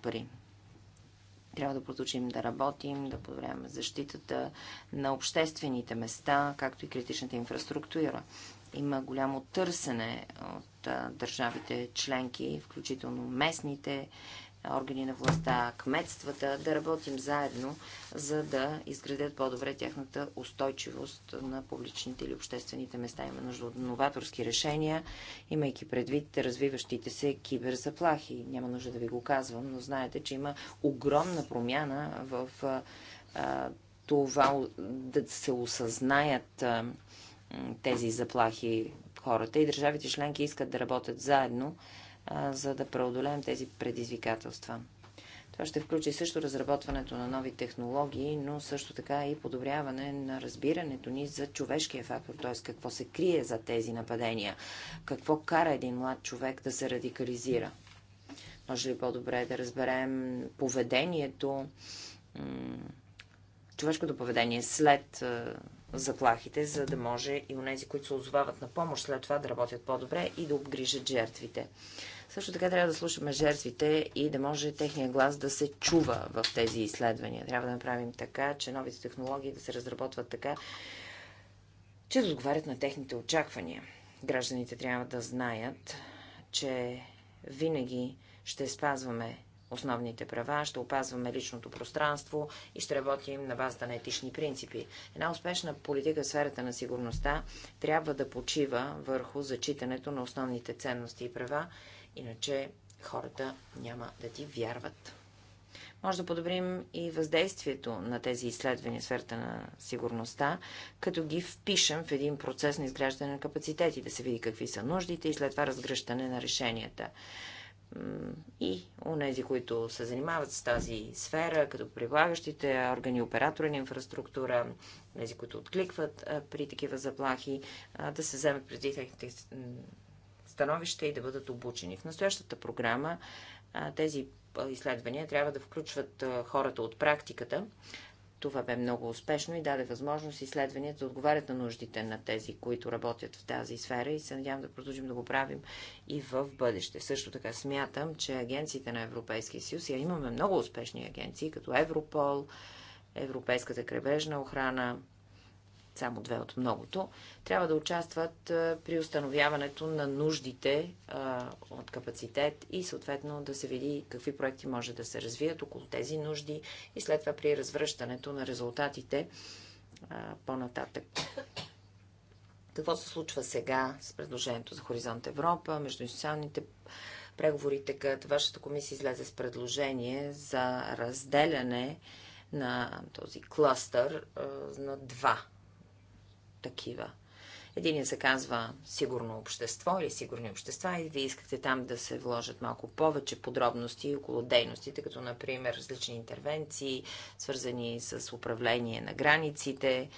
Трябва да продължим да работим, да подобряваме защитата на обществените места, както и критичната инфраструктура. Има голямо търсене от държавите членки, включително местните органи на властта, кметствата, да работим заедно, за да изградят по-добре тяхната устойчивост на публичните или обществените места. Има нужда от новаторски решения, имайки предвид развиващите се киберзаплахи. Няма нужда да ви го казвам, но знаете, че има огромна промяна в а, това да се осъзнаят а, тези заплахи хората и държавите членки искат да работят заедно, за да преодолеем тези предизвикателства. Това ще включи също разработването на нови технологии, но също така и подобряване на разбирането ни за човешкия фактор, т.е. какво се крие за тези нападения, какво кара един млад човек да се радикализира. Може ли по-добре да разберем поведението, човешкото поведение след заплахите, за да може и нези, които се озовават на помощ, след това да работят по-добре и да обгрижат жертвите. Също така трябва да слушаме жертвите и да може техния глас да се чува в тези изследвания. Трябва да направим така, че новите технологии да се разработват така, че да отговарят на техните очаквания. Гражданите трябва да знаят, че винаги ще спазваме основните права, ще опазваме личното пространство и ще работим на базата на етични принципи. Една успешна политика в сферата на сигурността трябва да почива върху зачитането на основните ценности и права, иначе хората няма да ти вярват. Може да подобрим и въздействието на тези изследвания в сферата на сигурността, като ги впишем в един процес на изграждане на капацитети, да се види какви са нуждите и след това разгръщане на решенията и онези, които се занимават с тази сфера, като прилагащите органи, оператори на инфраструктура, тези, които откликват при такива заплахи, да се вземат преди техните становища и да бъдат обучени. В настоящата програма тези изследвания трябва да включват хората от практиката, това бе много успешно и даде възможност изследванията да отговарят на нуждите на тези, които работят в тази сфера и се надявам да продължим да го правим и в бъдеще. Също така смятам, че агенциите на Европейския съюз, и имаме много успешни агенции, като Европол, Европейската крайбрежна охрана, само две от многото, трябва да участват при установяването на нуждите от капацитет и съответно да се види какви проекти може да се развият около тези нужди и след това при развръщането на резултатите по-нататък. Какво се случва сега с предложението за Хоризонт Европа, между институционалните преговори като Вашата комисия излезе с предложение за разделяне на този клъстър на два такива. Единият се казва сигурно общество или сигурни общества и вие искате там да се вложат малко повече подробности около дейностите, като например различни интервенции, свързани с управление на границите,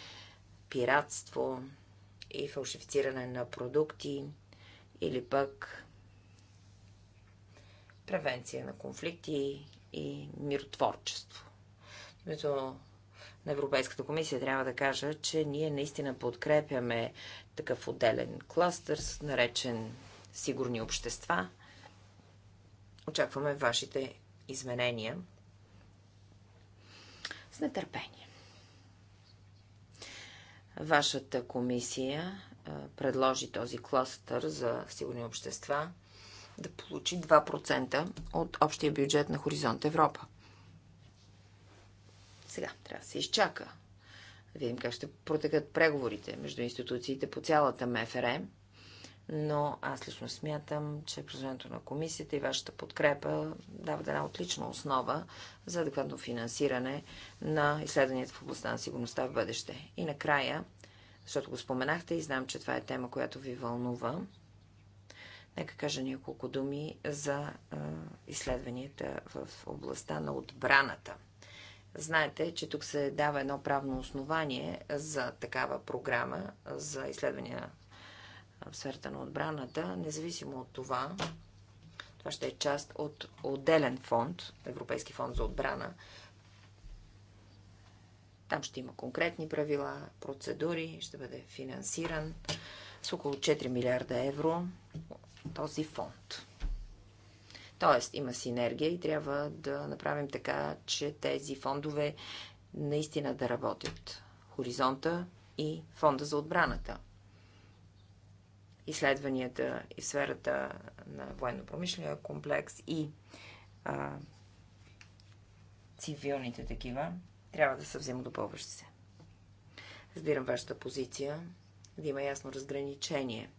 пиратство и фалшифициране на продукти или пък превенция на конфликти и миротворчество. Между на Европейската комисия трябва да кажа, че ние наистина подкрепяме такъв отделен кластър, наречен сигурни общества. Очакваме вашите изменения с нетърпение. Вашата комисия предложи този кластър за сигурни общества да получи 2% от общия бюджет на Хоризонт Европа. Сега трябва да се изчака. Да видим как ще протекат преговорите между институциите по цялата МФР. Но аз лично смятам, че президентът на комисията и вашата подкрепа дават една отлична основа за адекватно финансиране на изследванията в областта на сигурността в бъдеще. И накрая, защото го споменахте и знам, че това е тема, която ви вълнува, нека кажа няколко думи за изследванията в областта на отбраната. Знаете, че тук се дава едно правно основание за такава програма за изследвания в сферата на отбраната. Независимо от това, това ще е част от отделен фонд, Европейски фонд за отбрана. Там ще има конкретни правила, процедури, ще бъде финансиран с около 4 милиарда евро този фонд. Тоест, има синергия и трябва да направим така, че тези фондове наистина да работят. Хоризонта и фонда за отбраната. Изследванията и сферата на военно-промишления комплекс и а, цивилните такива трябва да са взаимодопълващи се. Разбирам вашата позиция да има ясно разграничение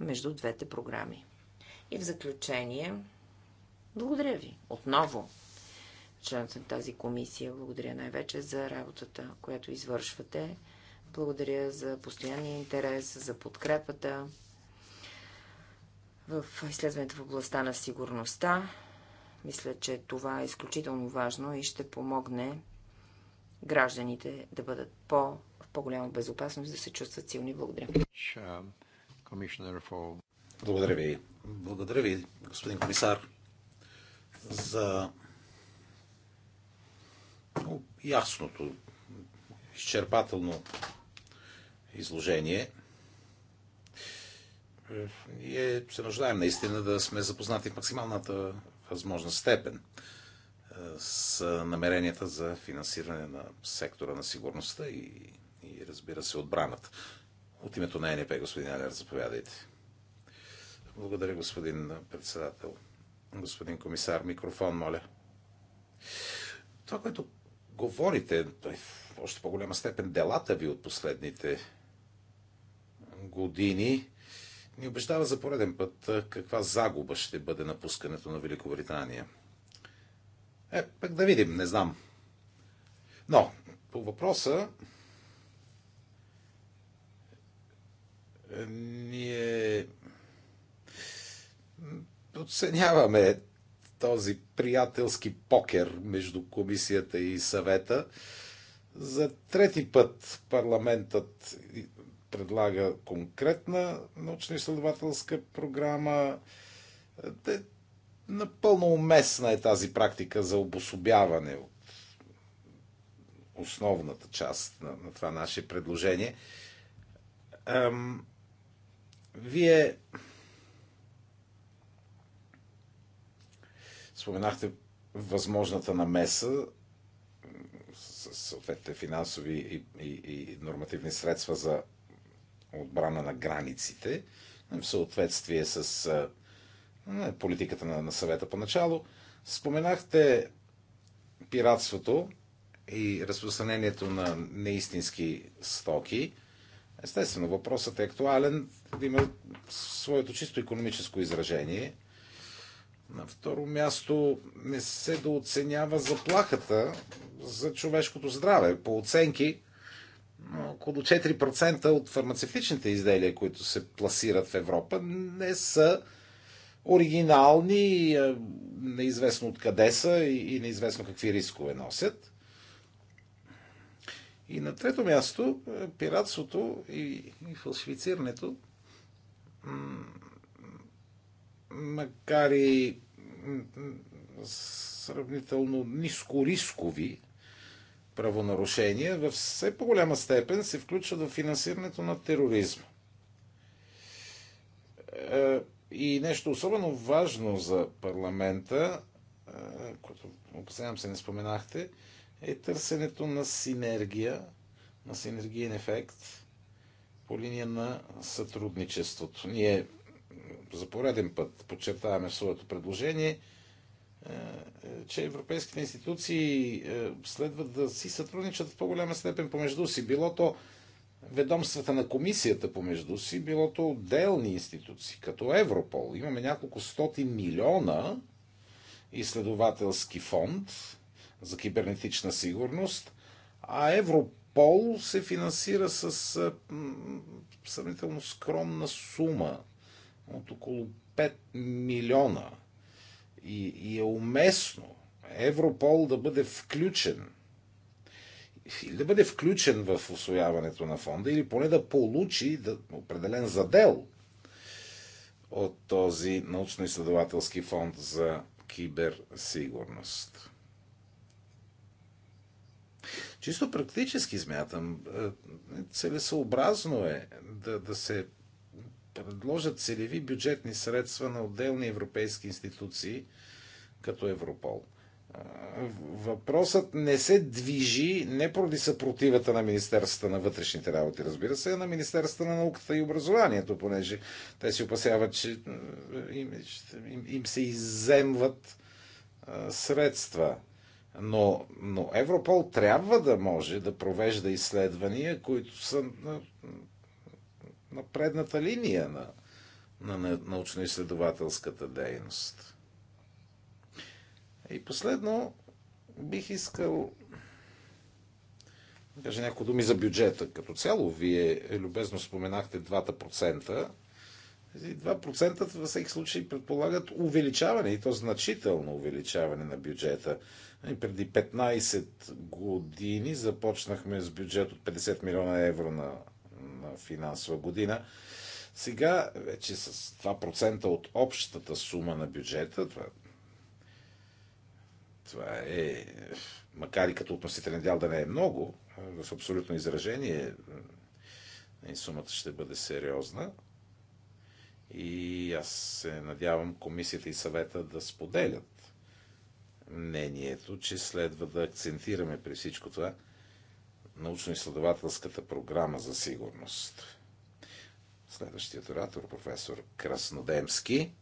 между двете програми. И в заключение, благодаря ви отново, членът на тази комисия. Благодаря най-вече за работата, която извършвате. Благодаря за постоянния интерес, за подкрепата в изследването в областта на сигурността. Мисля, че това е изключително важно и ще помогне гражданите да бъдат по, в по-голяма безопасност, да се чувстват силни. Благодаря. Благодаря ви. Благодаря ви, господин комисар, за ясното, изчерпателно изложение. Ние се нуждаем наистина да сме запознати в максималната възможна степен е, с намеренията за финансиране на сектора на сигурността и, и разбира се, отбраната. От името на НП, господин Алер, заповядайте. Благодаря, господин председател. Господин комисар, микрофон, моля. Това, което говорите, в още по-голяма степен делата ви от последните години, ни убеждава за пореден път каква загуба ще бъде напускането на Великобритания. Е, пък да видим, не знам. Но, по въпроса, е, ние Оценяваме този приятелски покер между комисията и съвета. За трети път парламентът предлага конкретна научно-изследователска програма. Напълно уместна е тази практика за обособяване от основната част на, на това наше предложение. Ам, вие Споменахте възможната намеса с съответните финансови и, и, и нормативни средства за отбрана на границите в съответствие с политиката на, на съвета поначало. Споменахте пиратството и разпространението на неистински стоки. Естествено, въпросът е актуален, има своето чисто економическо изражение. На второ място не се дооценява заплахата за човешкото здраве. По оценки, около 4% от фармацевтичните изделия, които се пласират в Европа, не са оригинални, е, неизвестно откъде са и неизвестно какви рискове носят. И на трето място, е, пиратството и, и фалшифицирането, макар и сравнително нискорискови правонарушения, в все по-голяма степен се включват в финансирането на тероризма. Е, и нещо особено важно за парламента, е, което опасявам се не споменахте, е търсенето на синергия, на синергиен ефект по линия на сътрудничеството. Ние за пореден път подчертаваме своето предложение, е, че европейските институции е, следва да си сътрудничат в по-голяма степен помежду си. Било то ведомствата на комисията помежду си, било то отделни институции, като Европол. Имаме няколко стоти милиона изследователски фонд за кибернетична сигурност, а Европол се финансира с е, сравнително скромна сума от около 5 милиона и, и е уместно Европол да бъде включен или да бъде включен в освояването на фонда, или поне да получи да, определен задел от този научно-изследователски фонд за киберсигурност. Чисто практически смятам, е, целесообразно е да, да се предложат целеви бюджетни средства на отделни европейски институции, като Европол. Въпросът не се движи не поради съпротивата на Министерството на вътрешните работи, разбира се, а на Министерството на науката и образованието, понеже те си опасяват, че им, им, им се иземват средства. Но, но Европол трябва да може да провежда изследвания, които са на предната линия на, на научно-изследователската дейност. И последно, бих искал да кажа някои думи за бюджета. Като цяло, вие любезно споменахте 2%. 2% във всеки случай предполагат увеличаване, и то значително увеличаване на бюджета. И преди 15 години започнахме с бюджет от 50 милиона евро на финансова година. Сега вече с 2% от общата сума на бюджета, това, това е, макар и като относителен дял да не е много, в абсолютно изражение сумата ще бъде сериозна. И аз се надявам комисията и съвета да споделят мнението, че следва да акцентираме при всичко това – научно-изследователската програма за сигурност. Следващият оратор, професор Краснодемски.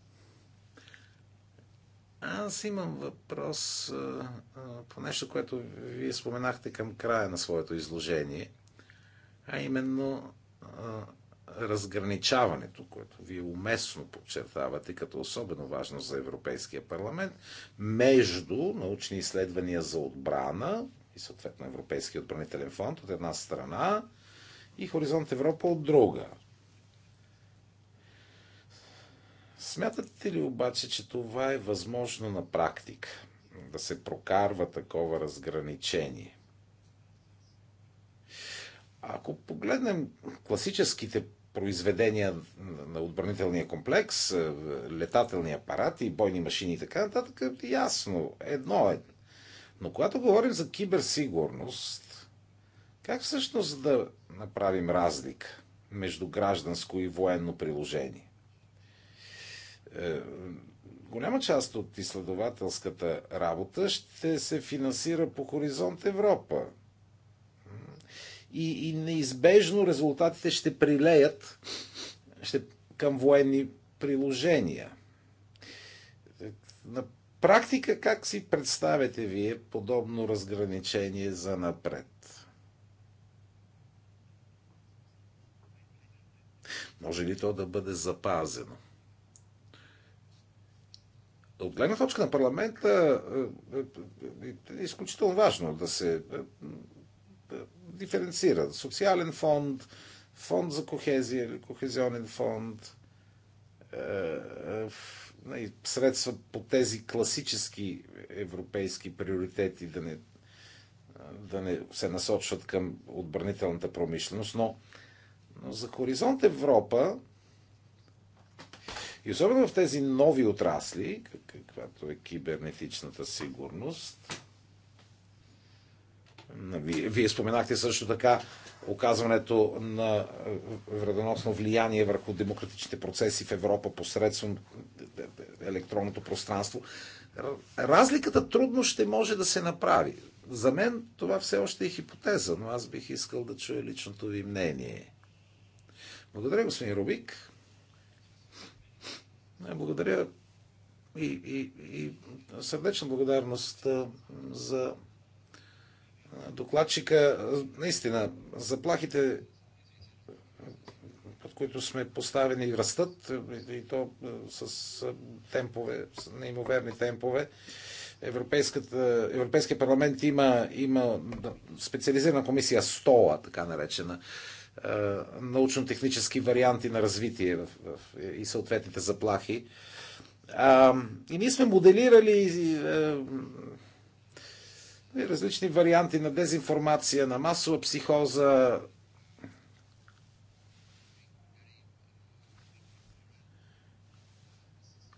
Аз имам въпрос по нещо, което вие споменахте към края на своето изложение, а именно разграничаването, което вие уместно подчертавате като особено важно за Европейския парламент, между научни изследвания за отбрана, и съответно Европейския отбранителен фонд от една страна и Хоризонт Европа от друга. Смятате ли обаче, че това е възможно на практика? Да се прокарва такова разграничение? Ако погледнем класическите произведения на отбранителния комплекс, е, летателни апарати, бойни машини и така нататък, е ясно, едно е но когато говорим за киберсигурност, как всъщност да направим разлика между гражданско и военно приложение? Е, голяма част от изследователската работа ще се финансира по Хоризонт Европа. И, и неизбежно резултатите ще прилеят ще, към военни приложения. Е, на практика как си представяте вие подобно разграничение за напред? Може ли то да бъде запазено? От гледна точка на парламента е, е, е, е изключително важно да се диференцира. Социален фонд, фонд за кохезия или кохезионен фонд, Нали, средства по тези класически европейски приоритети да не, да не се насочват към отбранителната промишленост, но, но за Хоризонт Европа и особено в тези нови отрасли, каквато е кибернетичната сигурност, вие, нали, вие споменахте също така оказването на е, вредоносно влияние върху демократичните процеси в Европа посредством е, е, електронното пространство. Разликата трудно ще може да се направи. За мен това все още е хипотеза, но аз бих искал да чуя личното ви мнение. Благодаря, господин Рубик. Благодаря и, и, и сърдечна благодарност за докладчика. Наистина, заплахите, под които сме поставени, растат и то е, с е, темпове, с неимоверни темпове. Европейския парламент има, има специализирана комисия СТОА, така наречена, е, научно-технически варианти на развитие в, в, и съответните заплахи. А, и ние сме моделирали а, различни варианти на дезинформация, на масова психоза.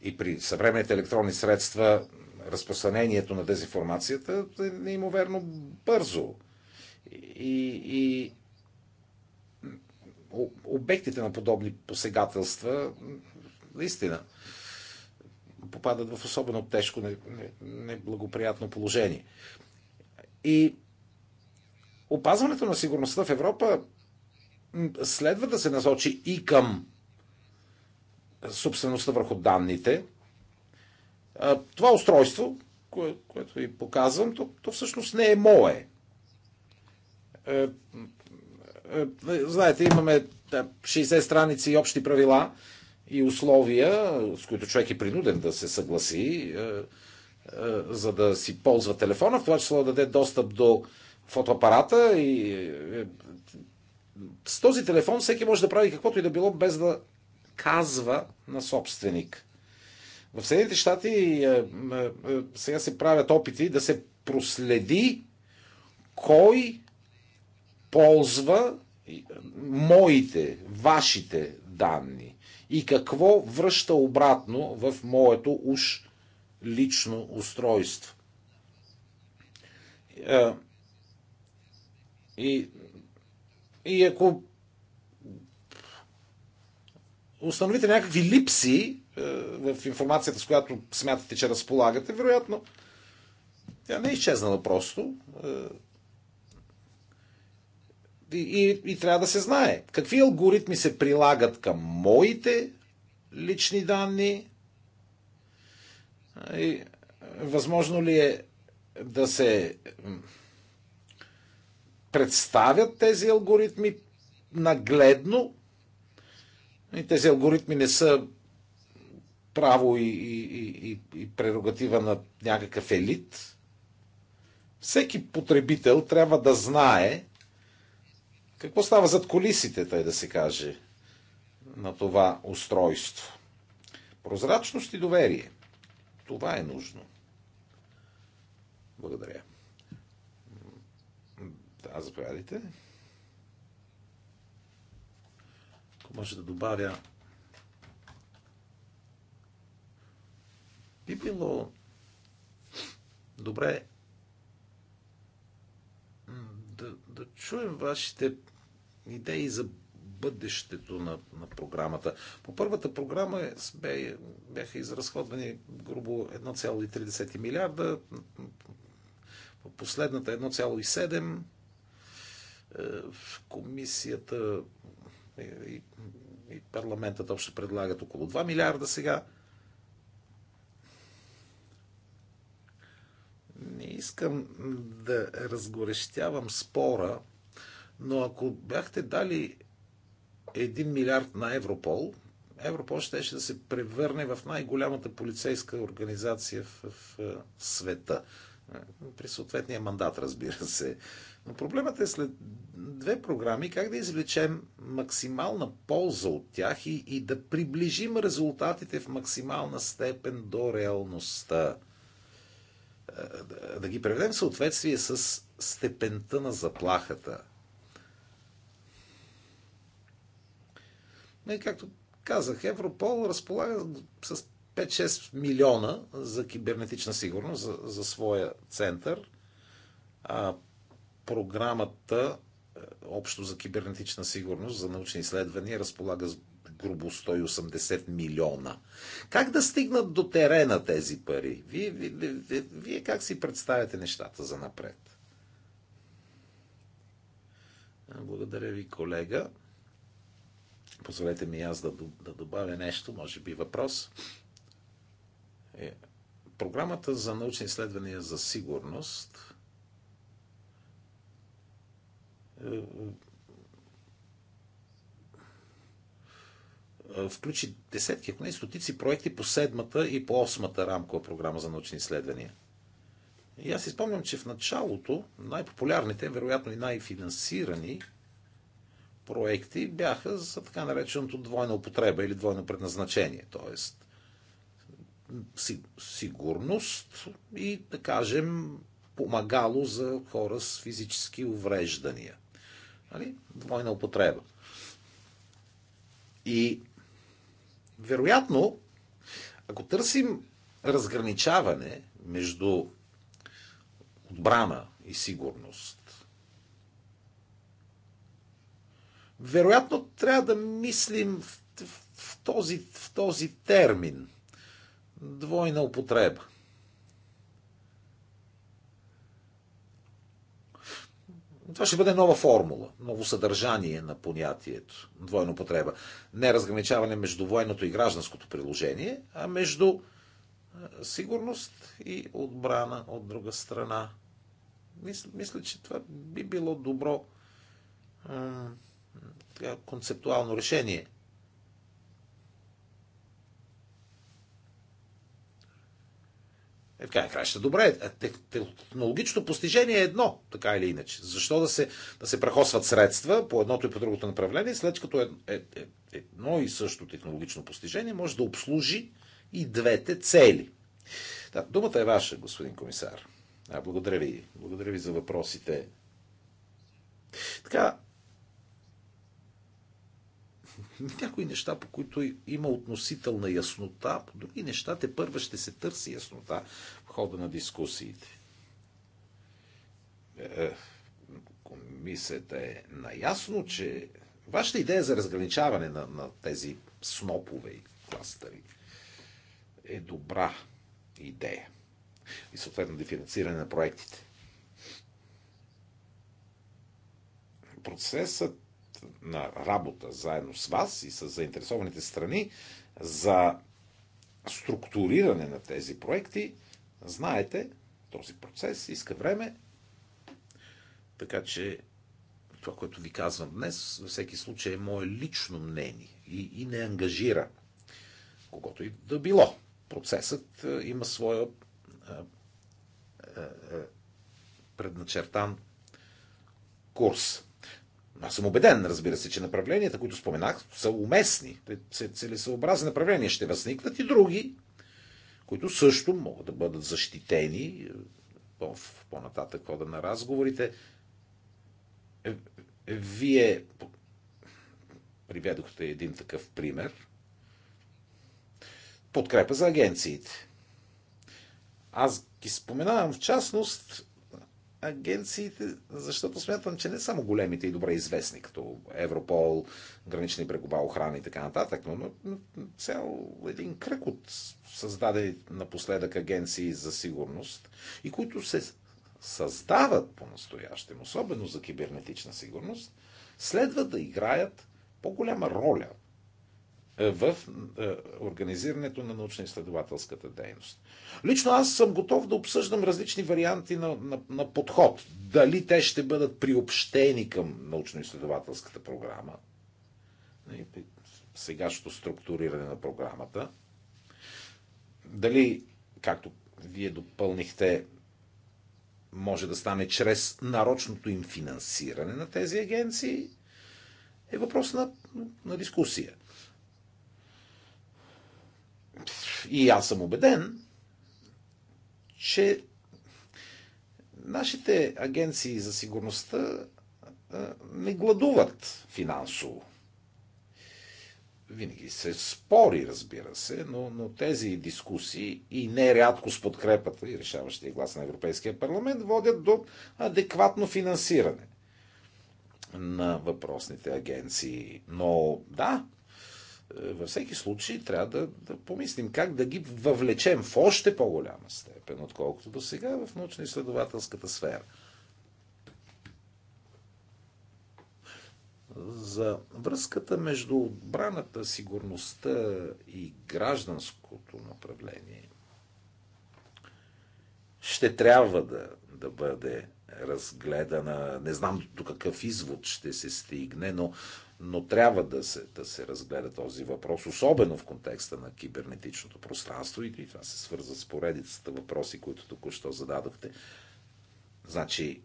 И при съвременните електронни средства разпространението на дезинформацията е неимоверно бързо. И, и обектите на подобни посегателства наистина попадат в особено тежко неблагоприятно положение. И опазването на сигурността в Европа следва да се насочи и към собствеността върху данните. Това устройство, което ви показвам, то, то всъщност не е мое. Е, е, е, знаете, имаме 60 страници и общи правила и условия, с които човек е принуден да се съгласи е, за да си ползва телефона, в това число да даде достъп до фотоапарата и е, с този телефон всеки може да прави каквото и да било, без да казва на собственик. В Съединените щати е, сега се правят опити да се проследи кой ползва моите, вашите данни и какво връща обратно в моето уж лично устройство. Е, и, и ако установите някакви липси е, в информацията, с която смятате, че разполагате, вероятно тя не е изчезнала просто. Е, и, и, и трябва да се знае какви алгоритми се прилагат към моите лични данни, и възможно ли е да се представят тези алгоритми нагледно? И тези алгоритми не са право и, и, и, и прерогатива на някакъв елит. Всеки потребител трябва да знае какво става зад колисите, тъй да се каже, на това устройство. Прозрачност и доверие. Това е нужно. Благодаря. Да, заповядайте. Ако може да добавя. Би било добре да, да чуем вашите идеи за бъдещето на, на програмата. По първата програма е бе, бяха изразходвани грубо 1,3 милиарда, по последната 1,7 е, в комисията е, и, и парламентът общо предлагат около 2 милиарда сега. Не искам да разгорещявам спора, но ако бяхте дали 1 милиард на Европол, Европол щеше да се превърне в най-голямата полицейска организация в, в е, света. Е, при съответния мандат, разбира се. Но проблемът е след две програми как да извлечем максимална полза от тях и, и да приближим резултатите в максимална степен до реалността. Е, да, да ги преведем в съответствие с степента на заплахата – И както казах, Европол разполага с 5-6 милиона за кибернетична сигурност, за, за своя център. А програмата е, общо за кибернетична сигурност, за научни изследвания, разполага с грубо 180 милиона. Как да стигнат до терена тези пари? Вие, вие, вие, вие как си представяте нещата за напред? Благодаря ви, колега. Позволете ми аз да, да добавя нещо, може би въпрос. Е, програмата за научни изследвания за сигурност е, е, е, включи десетки, ако не стотици проекти по седмата и по осмата рамкова програма за научни изследвания. И аз спомням, че в началото най-популярните, вероятно и най-финансирани проекти бяха за така нареченото двойна употреба или двойно предназначение, т.е. сигурност и, да кажем, помагало за хора с физически увреждания. Нали? Двойна употреба. И вероятно, ако търсим разграничаване между отбрана и сигурност, Вероятно трябва да мислим в, в, този, в този термин. Двойна употреба. Това ще бъде нова формула, ново съдържание на понятието двойна употреба. Не разграничаване между военното и гражданското приложение, а между е, сигурност и отбрана от друга страна. Мисля, мисля че това би било добро е, концептуално решение. Е, в край краща, добре, е, технологичното постижение е едно, така или иначе. Защо да се, да се прахосват средства по едното и по другото направление, след като е, е, е, едно и също технологично постижение може да обслужи и двете цели? Да, думата е ваша, господин комисар. А, благодаря ви. Благодаря ви за въпросите. Така, някои неща, по които има относителна яснота, по други неща те първа ще се търси яснота в хода на дискусиите. Е, е, комисията е наясно, че вашата идея за разграничаване на, на тези снопове и кластъри е добра идея. И съответно диференциране на проектите. Процесът на работа заедно с вас и с заинтересованите страни за структуриране на тези проекти. Знаете, този процес иска време, така че това, което ви казвам днес, във всеки случай е мое лично мнение и, и не ангажира когото и да било. Процесът е, има своя а, е, а, е, предначертан курс. Аз съм убеден, разбира се, че направленията, които споменах, са уместни. Целесъобразни направления ще възникнат и други, които също могат да бъдат защитени е, в по-нататък хода на разговорите. Е, е, вие приведохте един такъв пример. Подкрепа за агенциите. Аз ги споменавам в частност, агенциите, защото смятам, че не само големите и добре известни, като Европол, гранични брегова охрана и така нататък, но, но цял един кръг от създадени напоследък агенции за сигурност и които се създават по-настоящем, особено за кибернетична сигурност, следва да играят по-голяма роля е, в е, организирането на научно-изследователската дейност. Лично аз съм готов да обсъждам различни варианти на, на, на подход. Дали те ще бъдат приобщени към научно-изследователската програма, нали, сегашното структуриране на програмата, дали, както вие допълнихте, може да стане чрез нарочното им финансиране на тези агенции, е въпрос на, на дискусия. И аз съм убеден, че нашите агенции за сигурността не гладуват финансово. Винаги се спори, разбира се, но, но тези дискусии и нерядко с подкрепата и решаващия глас на Европейския парламент водят до адекватно финансиране на въпросните агенции. Но да, във всеки случай трябва да, да помислим как да ги въвлечем в още по-голяма степен, отколкото до сега в научно-изследователската сфера. За връзката между отбраната, сигурността и гражданското направление ще трябва да, да бъде разгледана. Не знам до какъв извод ще се стигне, но но трябва да се, да се разгледа този въпрос, особено в контекста на кибернетичното пространство и това се свърза с поредицата въпроси, които току-що зададохте. Значи,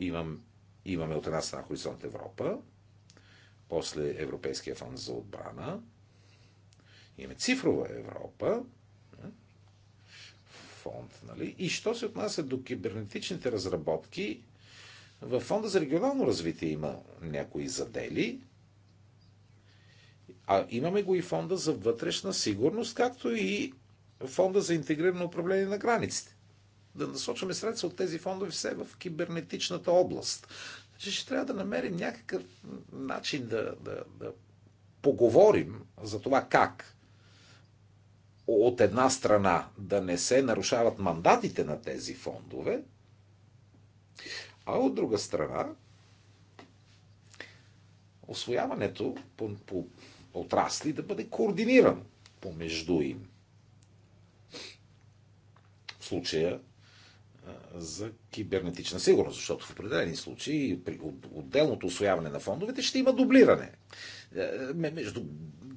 имам, имаме от една страна Хоризонт Европа, после Европейския фонд за отбрана, имаме Цифрова Европа, е, фонд, нали? И що се отнася до кибернетичните разработки, в Фонда за регионално развитие има някои задели, а имаме го и Фонда за вътрешна сигурност, както и Фонда за интегрирано управление на границите. Да насочваме средства от тези фондове все в кибернетичната област. Значи ще трябва да намерим някакъв начин да, да, да поговорим за това как от една страна да не се нарушават мандатите на тези фондове, а от друга страна, освояването по, по отрасли да бъде координирано помежду им. В случая за кибернетична сигурност, защото в определени случаи при отделното освояване на фондовете ще има дублиране между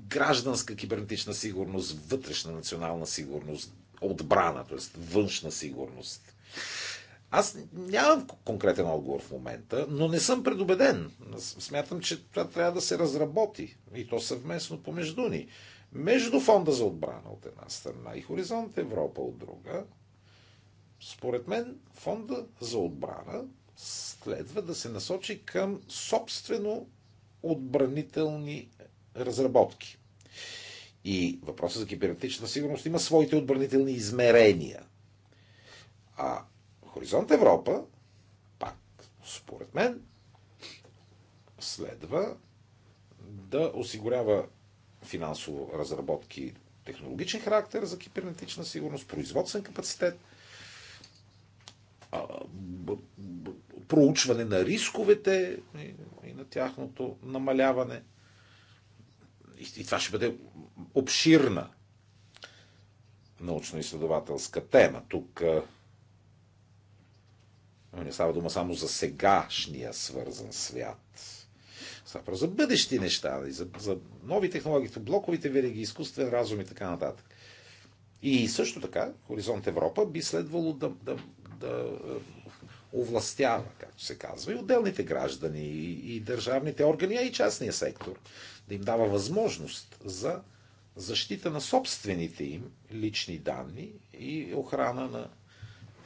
гражданска кибернетична сигурност, вътрешна национална сигурност, отбрана, т.е. външна сигурност. Аз нямам конкретен отговор в момента, но не съм предубеден. Смятам, че това трябва да се разработи и то съвместно помежду ни. Между Фонда за отбрана от една страна и Хоризонт Европа от друга, според мен Фонда за отбрана следва да се насочи към собствено отбранителни разработки. И въпросът за кибернетична сигурност има своите отбранителни измерения. А Хоризонт Европа, пак според мен, следва да осигурява финансово разработки технологичен характер за кибернетична сигурност, производствен капацитет, проучване на рисковете и на тяхното намаляване. И това ще бъде обширна научно-изследователска тема. Тук но не става дума само за сегашния свързан свят. Става просто за бъдещи неща, за, за нови технологии, блоковите вериги, изкуствен разум и така нататък. И също така, Хоризонт Европа би следвало да, да, да е, овластява, както се казва, и отделните граждани, и, и държавните органи, а и частния сектор. Да им дава възможност за защита на собствените им лични данни и охрана на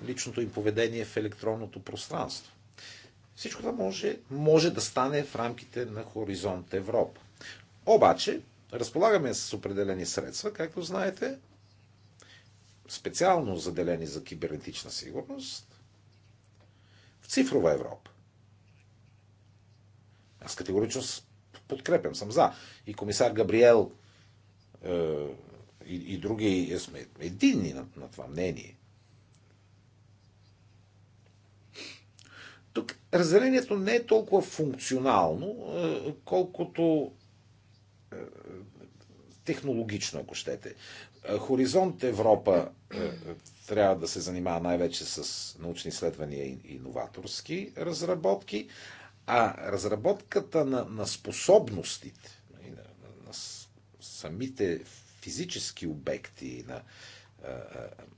личното им поведение в електронното пространство. Всичко това може, може да стане в рамките на Хоризонт Европа. Обаче, разполагаме с определени средства, както знаете, специално заделени за кибернетична сигурност в цифрова Европа. Аз категорично подкрепям, съм за. И комисар Габриел е, и, и други сме единни на, на това мнение. Тук разделението не е толкова функционално, е, колкото е, технологично, ако щете. Е, Хоризонт Европа трябва да се занимава най-вече с научни изследвания и иноваторски разработки, а разработката на, на способностите, нали, на, на, на самите физически обекти, на,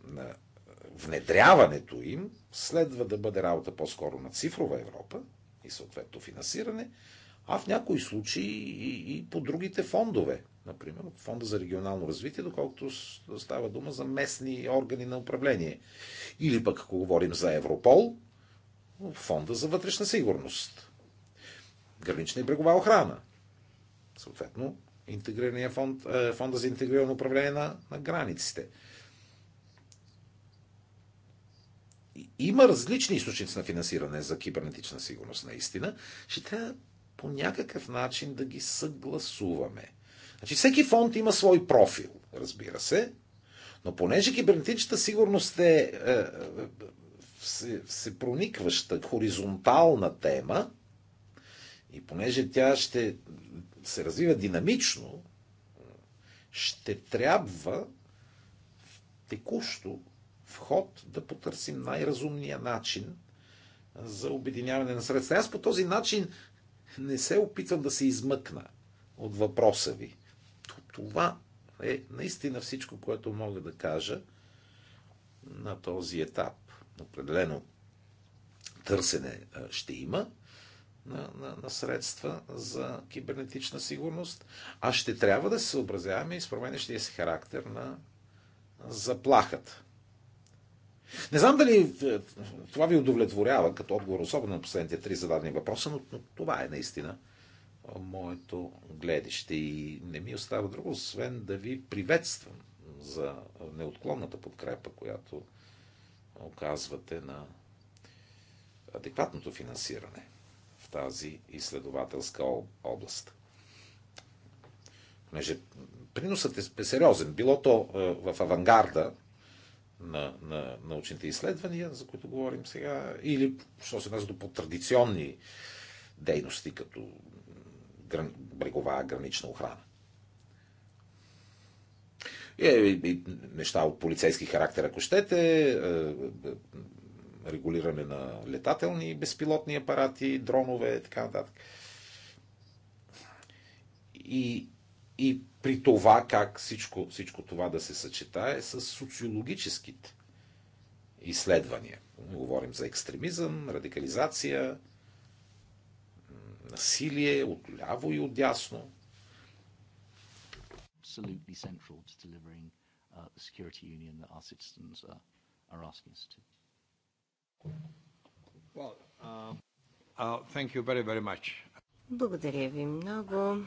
на внедряването им следва да бъде работа по-скоро на цифрова Европа и съответно финансиране, а в някои случаи и, и по другите фондове. Например, от Фонда за регионално развитие, доколкото става дума за местни органи на управление. Или пък, ако говорим за Европол, Фонда за вътрешна сигурност. Гранична и брегова охрана. Съответно, интегрирания фонд, е, фонда за интегрирано управление на, на границите. има различни източници на финансиране за кибернетична сигурност, наистина, ще трябва по някакъв начин да ги съгласуваме. Значи всеки фонд има свой профил, разбира се, но понеже кибернетичната сигурност е, е, е се, се проникваща, хоризонтална тема, и понеже тя ще се развива динамично, ще трябва текущо вход да потърсим най-разумния начин за обединяване на средства. Аз по този начин не се опитвам да се измъкна от въпроса ви. Това е наистина всичко, което мога да кажа на този етап. Определено търсене ще има на, на, на средства за кибернетична сигурност, а ще трябва да се съобразяваме и с променящия си характер на заплахата. Не знам дали е, това ви удовлетворява като отговор, особено на последните три зададени въпроса, но, но това е наистина моето гледище и не ми остава друго, освен да ви приветствам за неотклонната подкрепа, която оказвате на адекватното финансиране в тази изследователска област. Понеже приносът е сериозен. Било то е, в авангарда на, на научните изследвания, за които говорим сега, или, що се казва до по-традиционни дейности, като гран, брегова гранична охрана. И, е, и, и неща от полицейски характер, ако щете, е, е, регулиране на летателни безпилотни апарати, дронове и така нататък. И, и при това как всичко, всичко това да се съчетае с социологическите изследвания. Говорим за екстремизъм, радикализация, насилие от ляво и от дясно. Uh, uh, uh, Благодаря ви много.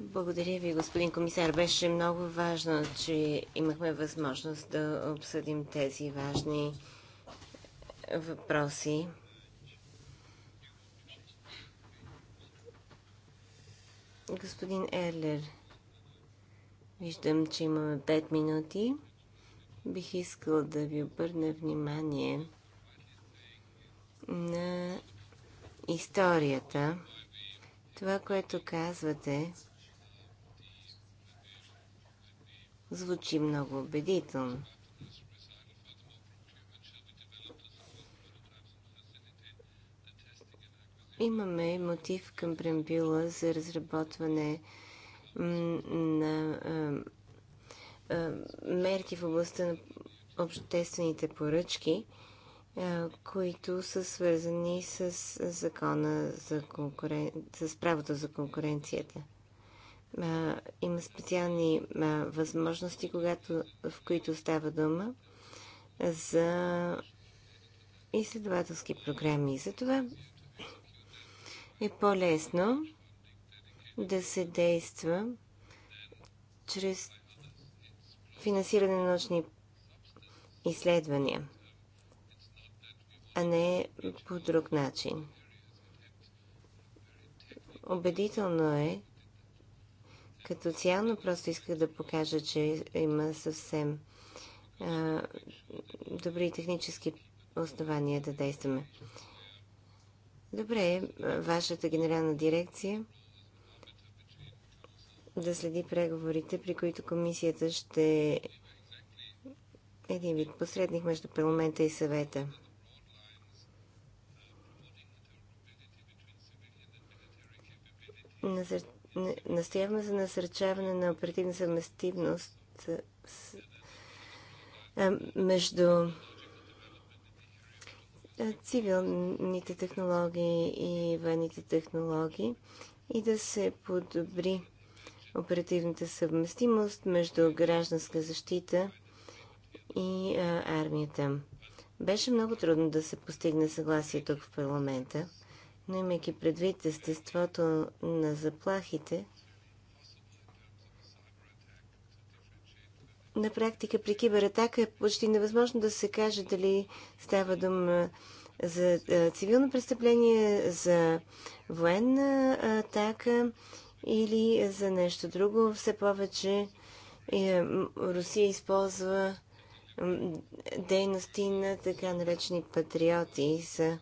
Благодаря ви, господин комисар. Беше много важно, че имахме възможност да обсъдим тези важни въпроси. Господин Ерлер, виждам, че имаме 5 минути. Бих искал да ви обърна внимание на историята. Това, което казвате, звучи много убедително. Имаме мотив към прембила за разработване на мерки в областта на обществените поръчки, които са свързани с закона за конкурен... с правото за конкуренцията а, има специални а, възможности, когато, в които става дума за изследователски програми. Затова е по-лесно да се действа чрез финансиране на научни изследвания, а не по друг начин. Убедително е, като цяло, просто исках да покажа, че има съвсем а, добри технически основания да действаме. Добре, вашата генерална дирекция да следи преговорите, при които комисията ще е един вид посредник между парламента и съвета. Насърчаване настояваме за насърчаване на оперативна съвместимост с, а, между цивилните технологии и военните технологии и да се подобри оперативната съвместимост между гражданска защита и а, армията. Беше много трудно да се постигне съгласие тук в парламента но имайки предвид естеството на заплахите, на практика при кибератака е почти невъзможно да се каже дали става дума за цивилно престъпление, за военна атака или за нещо друго. Все повече е, Русия използва дейности на така наречени патриоти са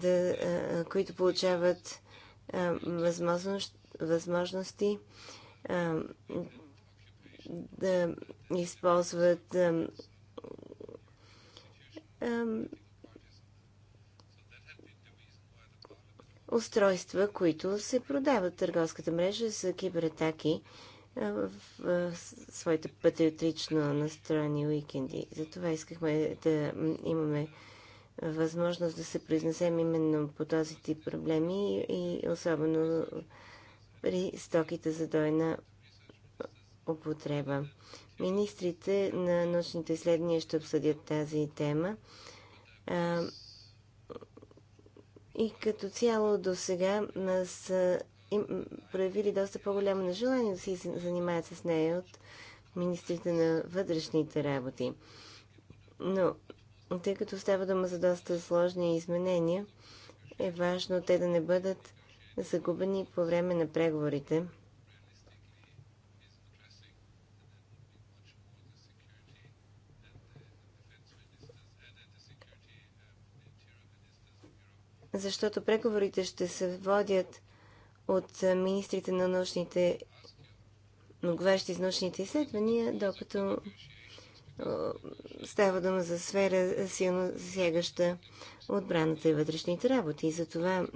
да, които получават възможност, възможности да използват устройства, които се продават в търговската мрежа за кибератаки в, своите патриотично настроени уикенди. Затова искахме да имаме възможност да се произнесем именно по този тип проблеми и особено при стоките за дойна употреба. Министрите на научните изследвания ще обсъдят тази тема. и като цяло до сега са им, проявили доста по-голямо нежелание да се занимаят с нея от министрите на вътрешните работи. Но тъй като става дума за доста сложни изменения, е важно те да не бъдат загубени по време на преговорите. Защото преговорите ще се водят от министрите на научните, отговарящи с научните изследвания, докато става дума за сфера, силно засягаща отбраната и вътрешните работи. И затова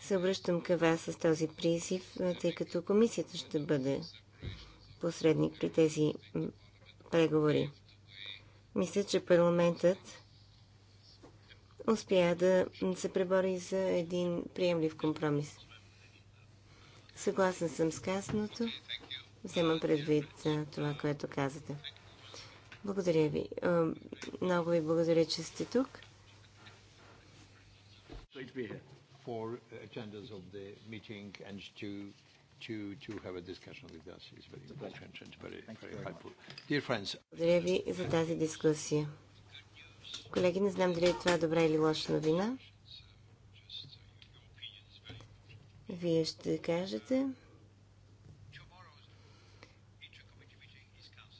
се обръщам към вас с този призив, тъй като комисията ще бъде посредник при тези преговори. Мисля, че парламентът успя да се пребори за един приемлив компромис. Съгласен съм с казаното. Вземам предвид това, което казвате. Благодаря ви. Много ви благодаря, че сте тук. Благодаря ви за тази дискусия. Колеги, не знам дали е това е добра или лоша новина. Вие ще кажете.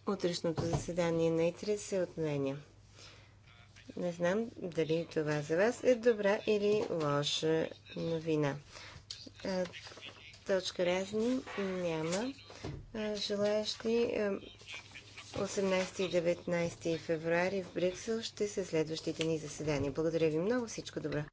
утрешното заседание на ИТРЕ се отменя. Не знам дали това за вас е добра или лоша новина. Точка разни няма. Желаящи 18 и 19 февруари в Брюксел ще са следващите ни заседания. Благодаря ви много. Всичко добро.